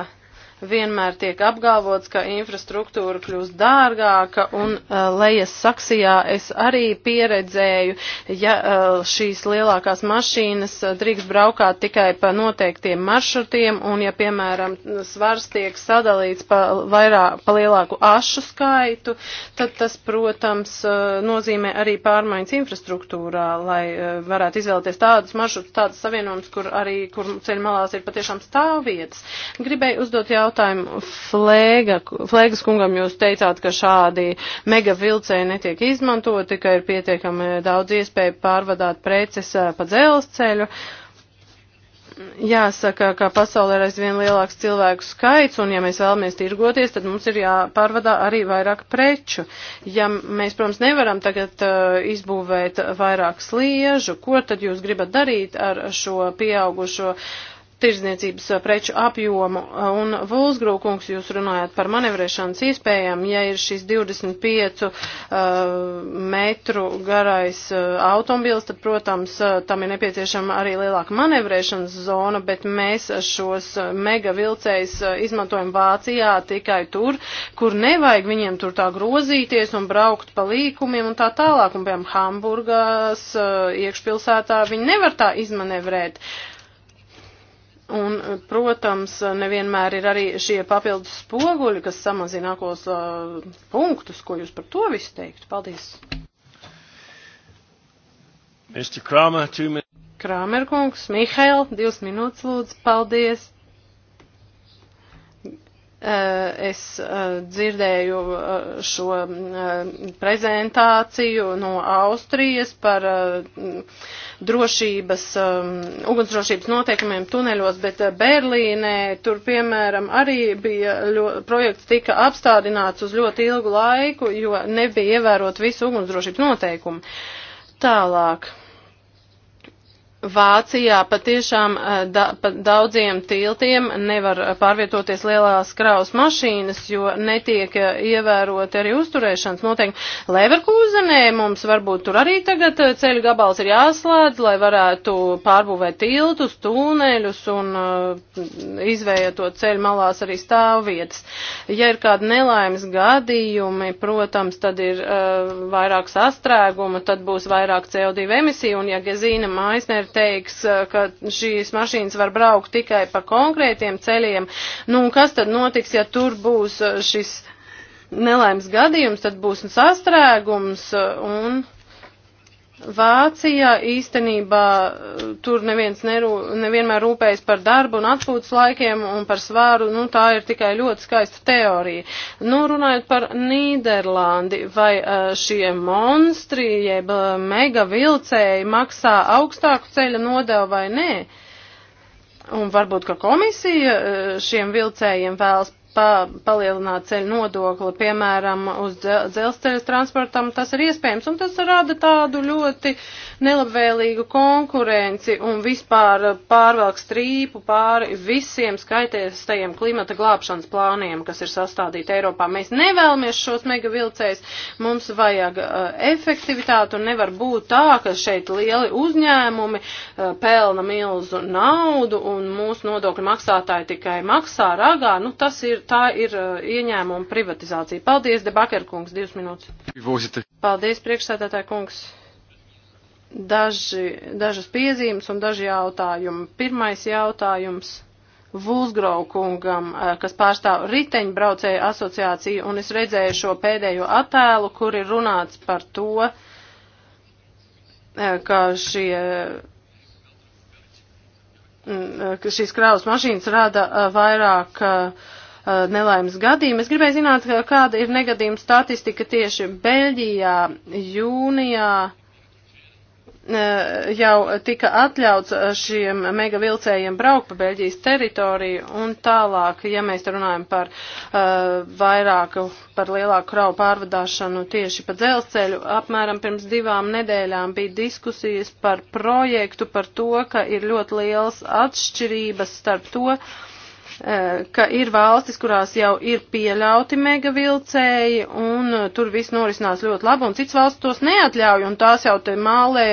Speaker 1: vienmēr tiek apgalvots, ka infrastruktūra kļūst dārgāka, un uh, lejas saksijā es arī pieredzēju, ja uh, šīs lielākās mašīnas uh, drīkst braukāt tikai pa noteiktiem maršrutiem, un ja, piemēram, svars tiek sadalīts pa, vairāk, pa lielāku ašu skaitu, tad tas, protams, uh, nozīmē arī pārmaiņas infrastruktūrā, lai uh, varētu izvēlēties tādus maršrutus, tādus savienojumus, kur arī, kur ceļu malās ir patiešām stāvvietas. Gribēju uzdot jautājumu jautājumu Flēga, Flēgas kungam. Jūs teicāt, ka šādi mega vilcēji netiek izmantoti, ka ir pietiekami daudz iespēju pārvadāt preces eh, pa dzelzceļu jāsaka, ka pasaulē ir aizvien lielāks cilvēku skaits, un ja mēs vēlamies tirgoties, tad mums ir jāpārvadā arī vairāk preču. Ja mēs, protams, nevaram tagad uh, izbūvēt vairāk sliežu, ko tad jūs gribat darīt ar šo pieaugušo uh, tirzniecības preču apjomu. Un Volsgrūkungs, jūs runājat par manevrēšanas iespējām, ja ir šis 25 uh, metru garais uh, automobils, tad, protams, uh, tam ir nepieciešama arī lielāka manevrēšanas zona, bet mēs šos mega vilcējs uh, izmantojam Vācijā tikai tur, kur nevajag viņiem tur tā grozīties un braukt pa līkumiem un tā tālāk. Un, piemēram, Hamburgās, uh, iekšpilsētā viņi nevar tā izmanevrēt. Uh, Un, protams, nevienmēr ir arī šie papildus spoguļi, kas samazina nākos uh, punktus, ko jūs par to visu teiktu. Paldies. Mr. Kramer, two minutes. Krāmerkungs, Mihail, divas minūtes lūdzu, paldies. Eh, es eh, dzirdēju eh, šo prezentāciju no Austrijas par drošības, ugunsdrošības noteikumiem tuneļos, bet Berlīnē tur, piemēram, arī bija ļo, projekts tika apstādināts uz ļoti ilgu laiku, jo nebija ievērot visu ugunsdrošības noteikumu. Tālāk. Vācijā patiešām eh, da, pa daudziem tiltiem nevar eh, pārvietoties lielās kraus mašīnas, jo netiek eh, ievēroti arī uzturēšanas noteikti. Leverkūzenē mums varbūt tur arī tagad ceļu gabals ir jāslēdz, lai varētu pārbūvēt tiltus, tūneļus un uh, izvējot ceļu malās arī stāvvietas. Ja ir kādi nelaimes gadījumi, protams, tad ir uh, vairāk sastrēguma, tad būs vairāk CO2 emisiju un ja Gezīna Maisner neteiks, eh, ka šīs mašīnas var braukt tikai pa konkrētiem ceļiem. Nu, un kas tad notiks, ja tur būs eh, šis nelaimes gadījums, tad būs sastrēgums eh, un. Vācijā īstenībā eh, tur neviens nerū, nevienmēr rūpējas par darbu un atpūtas laikiem un par svāru, nu tā ir tikai ļoti skaista teorija. Nu, runājot par Nīderlandi, vai eh, šie monstri, jeb eh, mega vilcēji maksā augstāku ceļa nodevu vai nē? Un varbūt, ka komisija šiem vilcējiem vēlas pa, palielināt ceļu nodokli, piemēram, uz dzel dzelzceļa transportam, tas ir iespējams, un tas rada tādu ļoti nelabvēlīgu konkurenci un vispār pārvelk strīpu pāri visiem skaitēstajiem klimata glābšanas plāniem, kas ir sastādīti Eiropā. Mēs nevēlamies šos megavilcējus, mums vajag uh, efektivitāti un nevar būt tā, ka šeit lieli uzņēmumi uh, pelna milzu naudu un mūsu nodokļu maksātāji tikai maksā ragā. Nu, tas ir tā ir uh, ieņēmuma privatizācija. Paldies, Debaker kungs, divas minūtes. Būsite. Paldies, priekšsēdētāji kungs. Daži, dažas piezīmes un daži jautājumi. Pirmais jautājums. Vulsgrau kungam, uh, kas pārstāv riteņbraucēju asociāciju, un es redzēju šo pēdējo attēlu, kur ir runāts par to, uh, ka šie mm, uh, ka šīs kravas mašīnas rada vairāk uh, Uh, nelaimes gadījumi. Es gribēju zināt, kāda ir negadījuma statistika tieši Beļģijā jūnijā uh, jau tika atļauts uh, šiem mega vilcējiem braukt pa Beļģijas teritoriju un tālāk, ja mēs runājam par uh, vairāku, par lielāku kravu pārvadāšanu tieši pa dzelzceļu, apmēram pirms divām nedēļām bija diskusijas par projektu, par to, ka ir ļoti liels atšķirības starp to, uh, Eh, ka ir valstis, kurās jau ir pieļauti megavilcēji, un eh, tur viss norisinās ļoti labi, un cits valsts tos neatļauj, un tās jau te mālē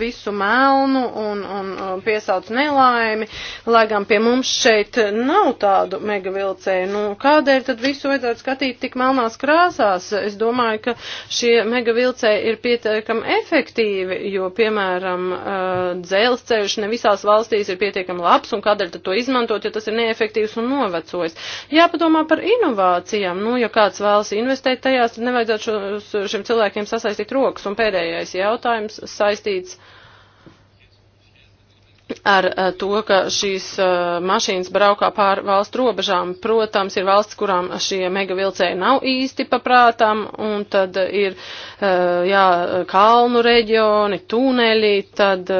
Speaker 1: visu melnu un, un piesauc nelaimi, lai gan pie mums šeit nav tādu megavilcēju. Nu, kādēļ tad visu vajadzētu skatīt tik melnās krāsās? Es domāju, ka šie megavilcēji ir pietiekami efektīvi, jo, piemēram, eh, dzelzceļš ne visās valstīs ir pietiekami labs, un kādēļ tad to izmantot, ja tas ir neefektīvi? neefektīvs un novecojis. Jāpadomā par inovācijām. Nu, ja kāds vēlas investēt tajās, tad nevajadzētu šos, šiem cilvēkiem sasaistīt rokas. Un pēdējais jautājums saistīts ar eh, to, ka šīs eh, mašīnas braukā pār valstu robežām. Protams, ir valsts, kurām šie megavilcēji nav īsti paprātām, un tad ir eh, jā, kalnu reģioni, tuneļi, tad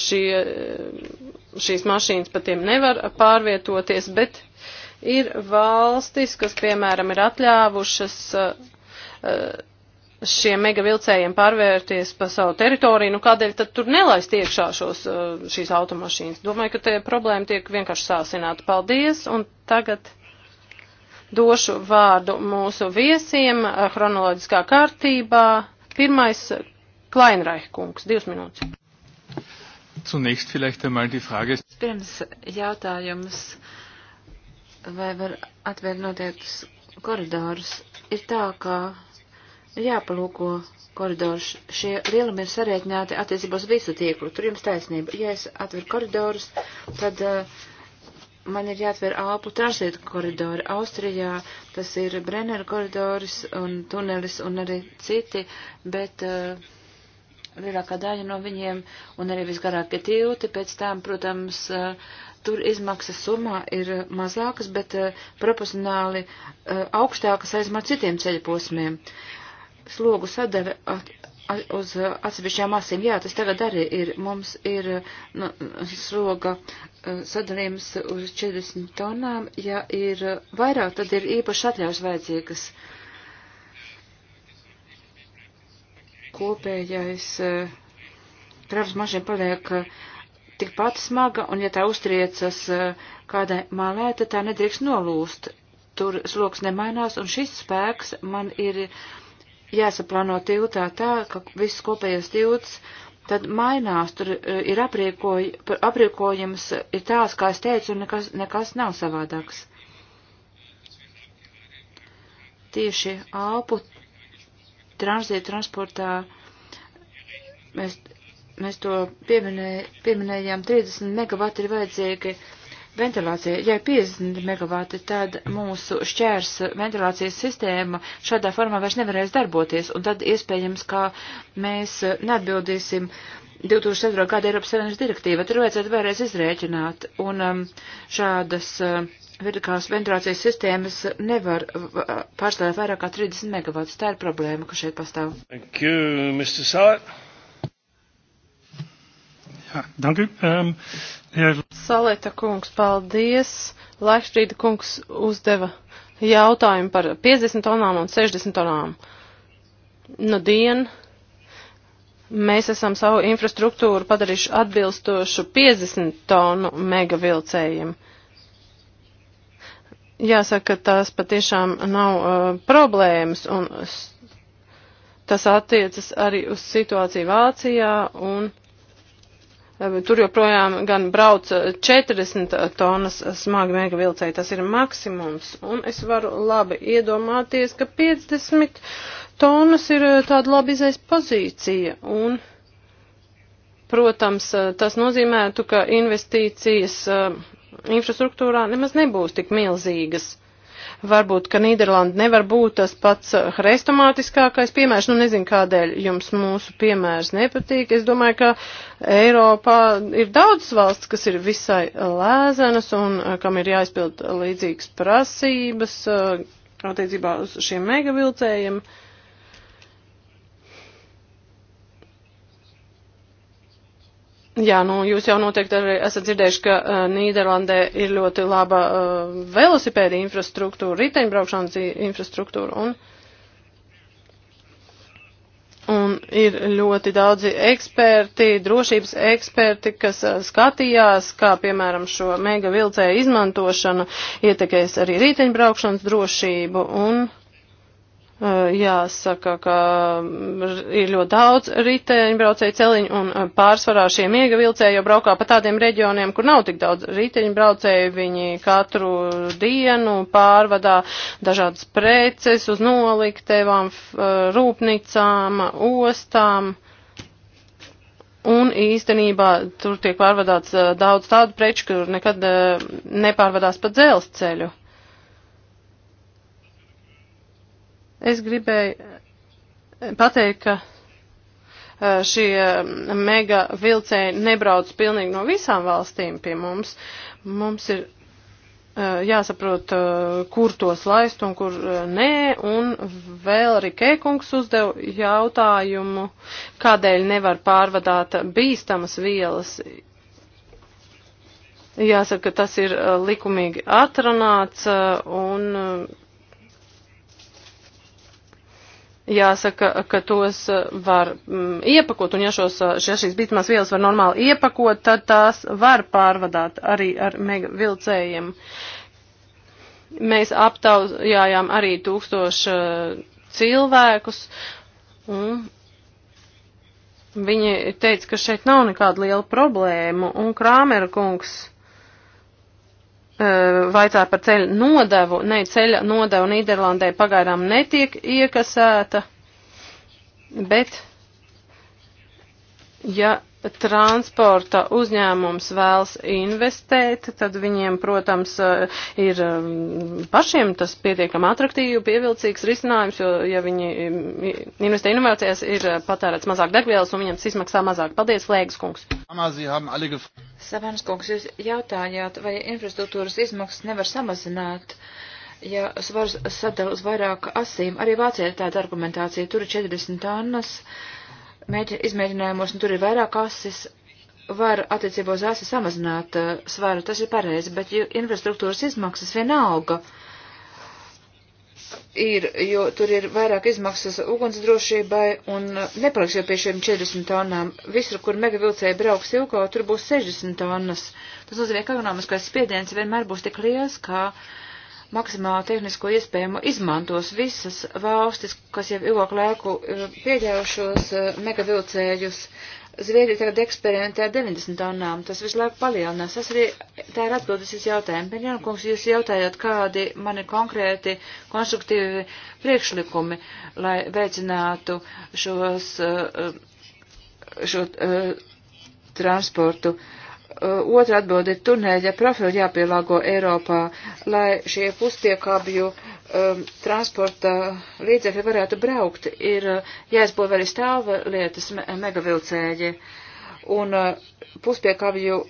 Speaker 1: šie šīs mašīnas pa tiem nevar pārvietoties, bet ir valstis, kas, piemēram, ir atļāvušas eh, eh, šiem megavilcējiem pārvērties pa savu teritoriju, nu kādēļ tad tur nelaist iekšā šos, eh, šīs automašīnas? Domāju, ka te problēma tiek vienkārši sāsināta. Paldies, un tagad došu vārdu mūsu viesiem chronoloģiskā kārtībā. Pirmais Kleinreich kungs, divas minūtes.
Speaker 3: Zunächst vielleicht einmal die Frage.
Speaker 1: Pirms jautājums,
Speaker 2: vai var atvērt noteiktus koridorus, ir tā, ka jāpalūko koridors. Šie lielumi ir sarēķināti attiecībā uz visu tieklu. Tur jums taisnība. Ja es atveru koridorus, tad uh, man ir jāatver Alpu translietu koridori. Austrijā tas ir Brenner koridors un tunelis un arī citi, bet. Uh, lielākā daļa no viņiem un arī visgarākie tilti. Pēc tam, protams, eh, tur izmaksas summā ir eh, mazākas, bet eh, proporcionāli augstākas aizmā citiem ceļposmiem. Slogu sadeve uz atsevišķām asīm. Jā, tas tagad arī ir. Mums ir nu, sloga sadalījums uz 40 tonām. Ja ir vairāk, tad ir īpaši atļaus vajadzīgas. Uh, kopējais kravas eh, mašīna paliek eh, tikpat smaga, un ja tā uztriecas eh, kādai malē, tad tā nedrīkst nolūst. Tur sloks nemainās, un šis spēks man ir jāsaplāno tiltā tā, ka viss kopējais tilts tad mainās, tur ir apriekoj, apriekojums, ir tās, kā es teicu, un nekas, nekas nav savādāks. Tieši Alpu tranzītu transportā. Mēs, mēs to pieminē, pieminējām, 30 megavati ir vajadzīgi ventilācija. Ja ir 50 megavati, tad mūsu šķērs ventilācijas sistēma šādā formā vairs nevarēs darboties, un tad iespējams, ka mēs neatbildīsim 2004. gada Eiropas Savienības direktīva. Tur vajadzētu vēlreiz izrēķināt, un um, šādas. Uh, vertikālās ventilācijas sistēmas nevar pārstāvēt vairāk kā 30 megavatus. Tā ir problēma, kas šeit pastāv.
Speaker 1: Thank you, Mr. Sār. Ja, dank u. Um, her... Saleta kungs, paldies. Laikšķrīda kungs uzdeva jautājumu par 50 tonām un 60 tonām. Nu, dien. Mēs esam savu infrastruktūru padarījuši atbilstošu 50 tonu megavilcējiem. vilcējiem. Jāsaka, tās patiešām nav uh, problēmas, un tas attiecas arī uz situāciju Vācijā, un uh, tur joprojām gan brauc 40 uh, tonas smagi mēga vilcēji, tas ir maksimums, un es varu labi iedomāties, ka 50 tonas ir uh, tāda labi izais pozīcija, un protams, uh, tas nozīmētu, ka investīcijas infrastruktūrā nemaz nebūs tik milzīgas. Varbūt, ka Nīderlanda nevar būt tas pats hrestomātiskākais piemērs. Nu, nezinu, kādēļ jums mūsu piemērs nepatīk. Es domāju, ka Eiropā ir daudz valsts, kas ir visai lēzenas un eh, kam ir jāizpild līdzīgas prasības eh, attiecībā uz šiem megavilcējiem. Uh, Jā, nu jūs jau noteikti arī esat dzirdējuši, ka uh, Nīderlandē ir ļoti laba uh, velosipēda infrastruktūra, riteņbraukšanas infrastruktūra un, un ir ļoti daudzi eksperti, drošības eksperti, kas uh, skatījās, kā piemēram šo mega vilcēju izmantošana ietekēs arī riteņbraukšanas drošību un. Uh, Eh, jāsaka, ka mm, ir ļoti daudz riteņbraucēju celiņu un eh, pārsvarā šie miega vilcēji, jo braukā pa tādiem reģioniem, kur nav tik daudz riteņbraucēju, viņi katru dienu pārvadā dažādas preces uz noliktevām, eh, rūpnīcām, ostām. Un īstenībā tur tiek pārvadāts daudz tādu preču, kur nekad nepārvadās pa dzelzceļu. Es gribēju eh, pateikt, ka eh, šie mm, mega vilcēji nebrauc pilnīgi no visām valstīm pie mums. Mums ir eh, jāsaprot, kur tos laist un kur nē, un vēl arī Kēkungs uzdev jautājumu, kādēļ nevar pārvadāt bīstamas vielas. Jāsaka, tas ir likumīgi atrunāts un jāsaka, ka tos eh, var mm, iepakot, un ja, šos, ja eh, šīs bīstamās vielas var normāli iepakot, tad tās var pārvadāt arī ar mega vilcējiem. Mēs aptaujājām arī tūkstošu eh, cilvēkus, un viņi teica, ka šeit nav nekāda liela problēma, un Krāmera kungs Eh, vaicā par ceļu nodevu. Nē, ceļa nodeva Nīderlandē pagaidām netiek iekasēta, bet ja transporta uzņēmums vēlas investēt, tad viņiem, protams, eh, ir eh, pašiem tas pietiekami atraktīvi, pievilcīgs risinājums, jo, ja viņi mm, investē inovācijās, ir eh, patērēts mazāk degvielas un viņiem tas izmaksā mazāk. Paldies, Lēgas kungs!
Speaker 2: Savans kungs, jūs jautājāt, vai infrastruktūras izmaksas nevar samazināt? Ja svars sadal uz vairāk asīm, arī Vācijā ir tāda argumentācija, tur ir 40 tonnas, uh, izmēģinājumos, un tur ir vairāk asis, var attiecībā uz asi samazināt uh, svaru, tas ir pareizi, bet infrastruktūras izmaksas vienalga ir, jo tur ir vairāk izmaksas ugunsdrošībai un uh, nepaliks jau pie šiem 40 tonām. Visur, kur megavilcēji brauks ilgā, tur būs 60 tonnas. Tas nozīmē, ka ekonomiskais spiediens vienmēr būs tik liels, kā. Ka maksimāli tehnisko iespējamo izmantos visas valstis, kas jau ilgāku laiku eh, pieļaujušos eh, megavilcējus. Zviedrija tagad eksperimentē 90 tonnām, tas visu laiku palielinās. Tas arī tā ir atbildes uz jautājumu. Pēļņēma kungs, jūs jautājat, kādi mani konkrēti konstruktīvi priekšlikumi, lai veicinātu šos, eh, šo transportu. Uh, Uh, otra atbilde ir tuneļa profili jāpielāgo Eiropā, lai šie pustiekābju um, transporta līdzekļi varētu braukt. Ir uh, jāizbūvē arī stāva lietas me megavilcēji un uh, pustiekābju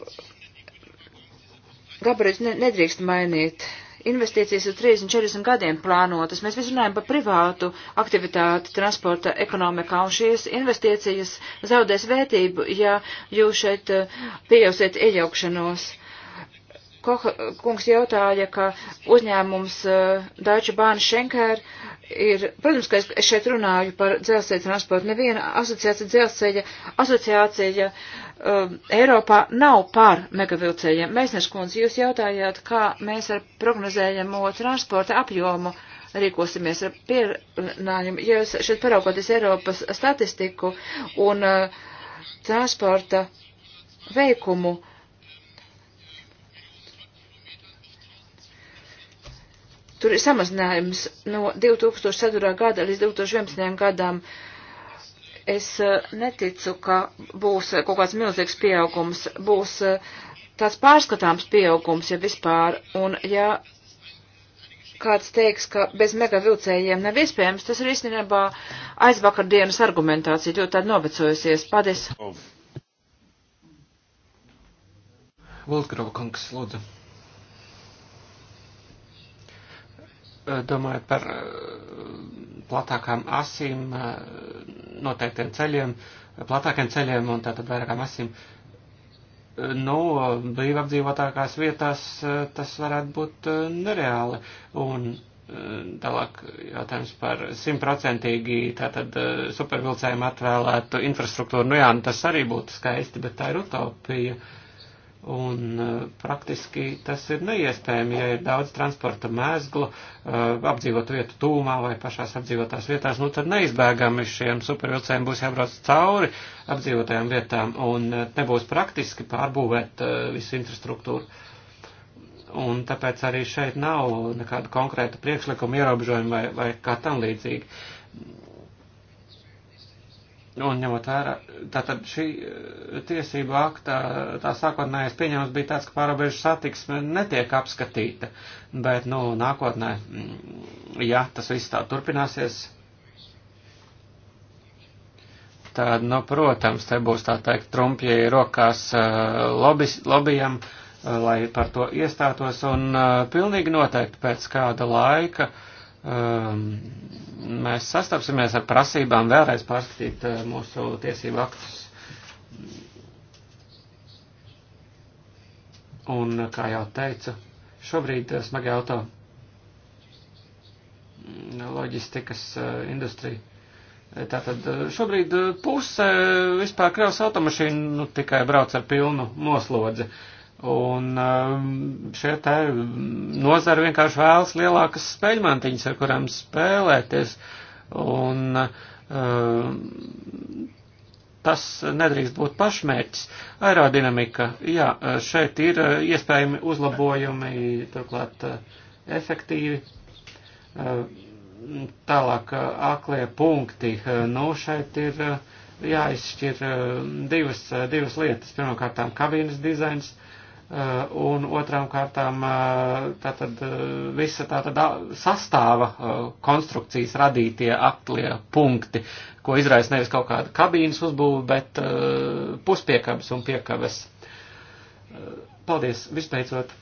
Speaker 2: gabarits ne nedrīkst mainīt. Uh, investīcijas uz 30-40 gadiem plānotas. Mēs visi runājam par privātu aktivitāti transporta ekonomikā, un šīs investīcijas zaudēs vērtību, ja jūs šeit eh, pieļausiet iejaukšanos. Koha kungs jautāja, ka uzņēmums uh, Deutsche Bahn Schenker ir, protams, ka es šeit runāju par dzelzceļa transportu. Neviena asociācija dzelzceļa asociācija uh, Eiropā nav par megavilcējiem. Mēsnes kundze, jūs jautājāt, kā mēs ar prognozējamo transporta apjomu rīkosimies ar pierunājumu. Ja jūs šeit paraugoties Eiropas statistiku un uh, transporta veikumu, uh, Tur ir samazinājums no 2004. gada līdz 2011. gadam. Es e, neticu, ka būs e, kaut kāds milzīgs pieaugums, būs e, tāds pārskatāms pieaugums, ja vispār, un ja kāds teiks, ka bez mega vilcējiem nav iespējams, tas ir īstenībā aizvakardienas argumentācija, ļoti tāda novecojusies. Paldies!
Speaker 3: Viltgrava kungs, lūdzu. Eh, domājot par eh, platākām asīm, eh, noteiktiem ceļiem, platākiem ceļiem un tātad vairākām asīm, nu, brīvi apdzīvotākās vietās tas varētu būt nereāli. Un tālāk jautājums par simtprocentīgi tātad supervilcējiem atvēlētu infrastruktūru. Nu jā, nu tas arī būtu skaisti, bet tā ir utopija. Uh, Un e, praktiski tas ir neiespējami, ja ir daudz transporta mēzglu, e, apdzīvotu vietu tūmā vai pašās apdzīvotās vietās, nu tad neizbēgami šiem supervilcējiem būs jābrauc cauri apdzīvotajām vietām un e, nebūs praktiski pārbūvēt visu infrastruktūru. Un tāpēc arī šeit nav nekāda konkrēta priekšlikuma ierobežojuma vai, vai kā tam līdzīgi Nu, un ņemot vērā, tātad šī eh, tiesība akta, tā sākotnējais pieņemums bija tāds, ka pārobežu satiksme netiek apskatīta, bet, nu, nākotnē, mm, ja tas viss tā turpināsies, tad, nu, protams, te būs tā teikt trumpji rokās lobis, eh, lobijam, eh, lai par to iestātos, un pilnīgi noteikti pēc kāda laika. Uh, Um, mēs sastapsimies ar prasībām vēlreiz pārskatīt uh, mūsu tiesību aktus. Un, uh, kā jau teicu, šobrīd uh, smagi auto mm, loģistikas industrija. Tātad šobrīd puse vispār kravas automašīnu nu, tikai brauc ar pilnu noslodzi. Uh, Un um, šie te nozara vienkārši vēlas lielākas spēļmantiņas, ar kurām spēlēties. Un um, tas nedrīkst būt pašmērķis. Aerodinamika, jā, šeit ir uh, iespējami uzlabojumi, turklāt uh, efektīvi. Uh, tālāk aklie punkti. Nu, šeit ir jāizšķir divas, divas lietas. Pirmkārt, kabīnes dizains Eh, un otrām kārtām eh, tātad eh, visa tātad sastāva konstrukcijas radītie aklie punkti, ko izraisa nevis kaut kāda kabīnes uzbūve, bet puspiekabes un piekabes. Paldies, vispēcot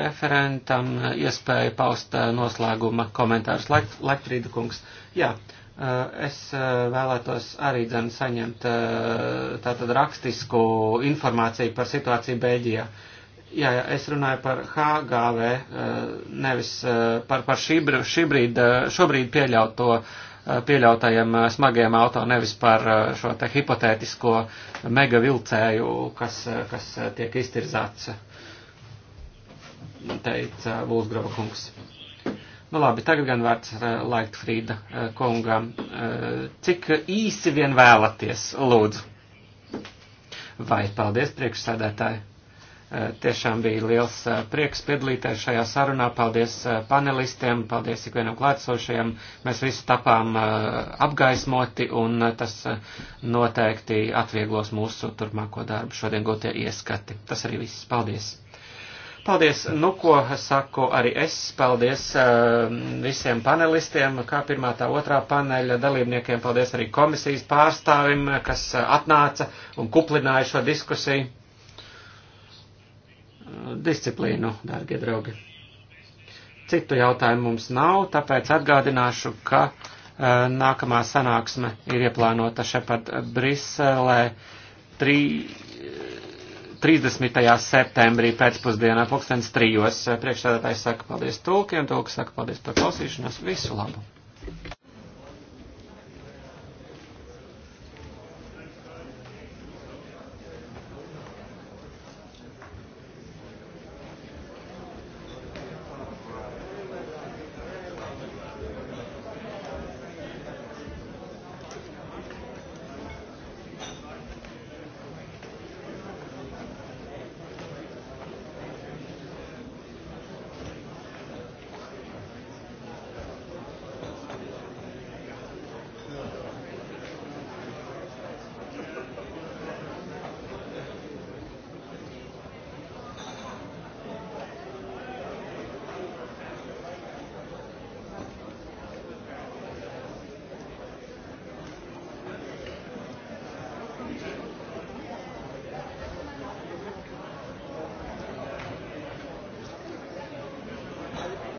Speaker 3: referentam iespēju paust noslēguma komentārus. Lektrīda kungs, jā, Eh, es eh, vēlētos arī dzen saņemt eh, tātad rakstisku informāciju par situāciju Beļģijā. Jā, jā, es runāju par HGV, nevis par, par šī, šī brīd, šobrīd pieļauto, pieļautajiem smagajiem auto, nevis par šo te hipotētisko mega vilcēju, kas, kas tiek iztirzāts, teica Vulsgrava kungs. Nu labi, tagad gan vārds eh, laikt Frīda eh, kungam. Eh, cik īsi vien vēlaties, lūdzu? Vai paldies, priekšsēdētāji? Tiešām bija liels prieks piedalīties šajā sarunā. Paldies panelistiem, paldies ikvienam klātsošajam. Mēs visi tapām apgaismoti un tas noteikti atvieglos mūsu turpmāko darbu šodien gotie ieskati. Tas arī viss. Paldies! Paldies, nu ko saku arī es, paldies uh, visiem panelistiem, kā pirmā tā otrā paneļa dalībniekiem, paldies arī komisijas pārstāvim, kas eh, atnāca un kuplināja šo diskusiju. Disciplīnu, dārgie draugi. Citu jautājumu mums nav, tāpēc atgādināšu, ka eh, nākamā sanāksme ir ieplānota šepat Briselē 3. 30. septembrī pēcpusdienā pulkstens trijos. Priekšstādātājs saka paldies tulkiem, tulks saka paldies par klausīšanos. Visu labu!